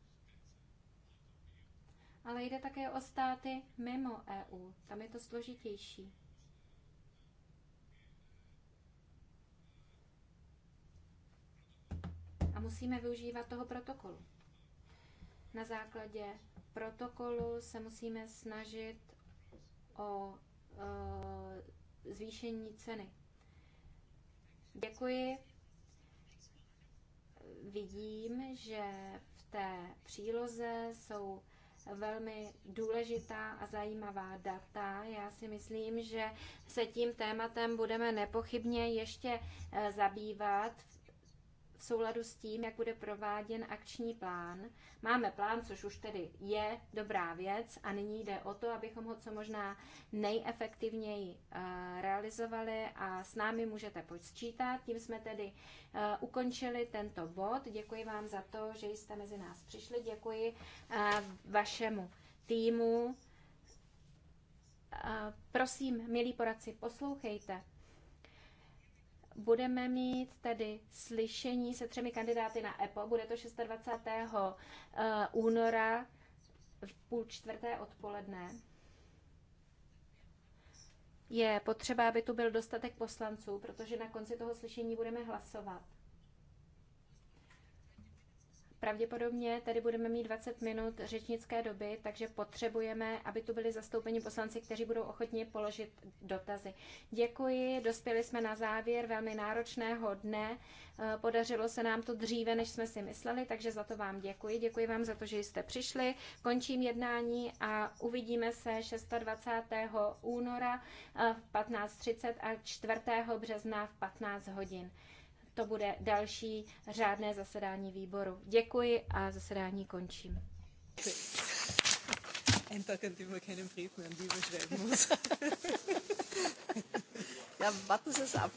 Ale jde také o státy mimo EU, tam je to složitější. musíme využívat toho protokolu. Na základě protokolu se musíme snažit o e, zvýšení ceny. Děkuji. Vidím, že v té příloze jsou velmi důležitá a zajímavá data. Já si myslím, že se tím tématem budeme nepochybně ještě e, zabývat v souladu s tím, jak bude prováděn akční plán. Máme plán, což už tedy je dobrá věc a nyní jde o to, abychom ho co možná nejefektivněji eh, realizovali a s námi můžete počítat. Tím jsme tedy eh, ukončili tento bod. Děkuji vám za to, že jste mezi nás přišli. Děkuji eh, vašemu týmu. Prosím, milí poradci, poslouchejte budeme mít tedy slyšení se třemi kandidáty na EPO. Bude to 26. Eh, února v půl čtvrté odpoledne. Je potřeba, aby tu byl dostatek poslanců, protože na konci toho slyšení budeme hlasovat. Pravděpodobně tady budeme mít 20 minut řečnické doby, takže potřebujeme, aby tu byli zastoupeni poslanci, kteří budou ochotni položit dotazy. Děkuji, dospěli jsme na závěr velmi náročného dne. Eh, podařilo se nám to dříve, než jsme si mysleli, takže za to vám děkuji. Děkuji vám za to, že jste přišli. Končím jednání a uvidíme se 26. února eh, v 15.30 a 4. března v 15 hodin to bude další řádné zasedání výboru. Děkuji a zasedání končím. Ein Tag, an dem man keinen Brief mehr an Liebe schreiben muss. ja, warten Sie es ab.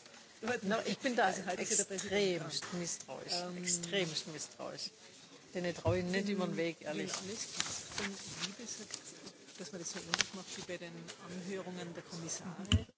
No, ich bin da also halt extremst misstrauisch. Ähm, extremst misstrauisch. Denen traue nicht über den Weg, ehrlich. Wenn dass man das so ähnlich macht wie bei den Anhörungen der Kommissare. Mhm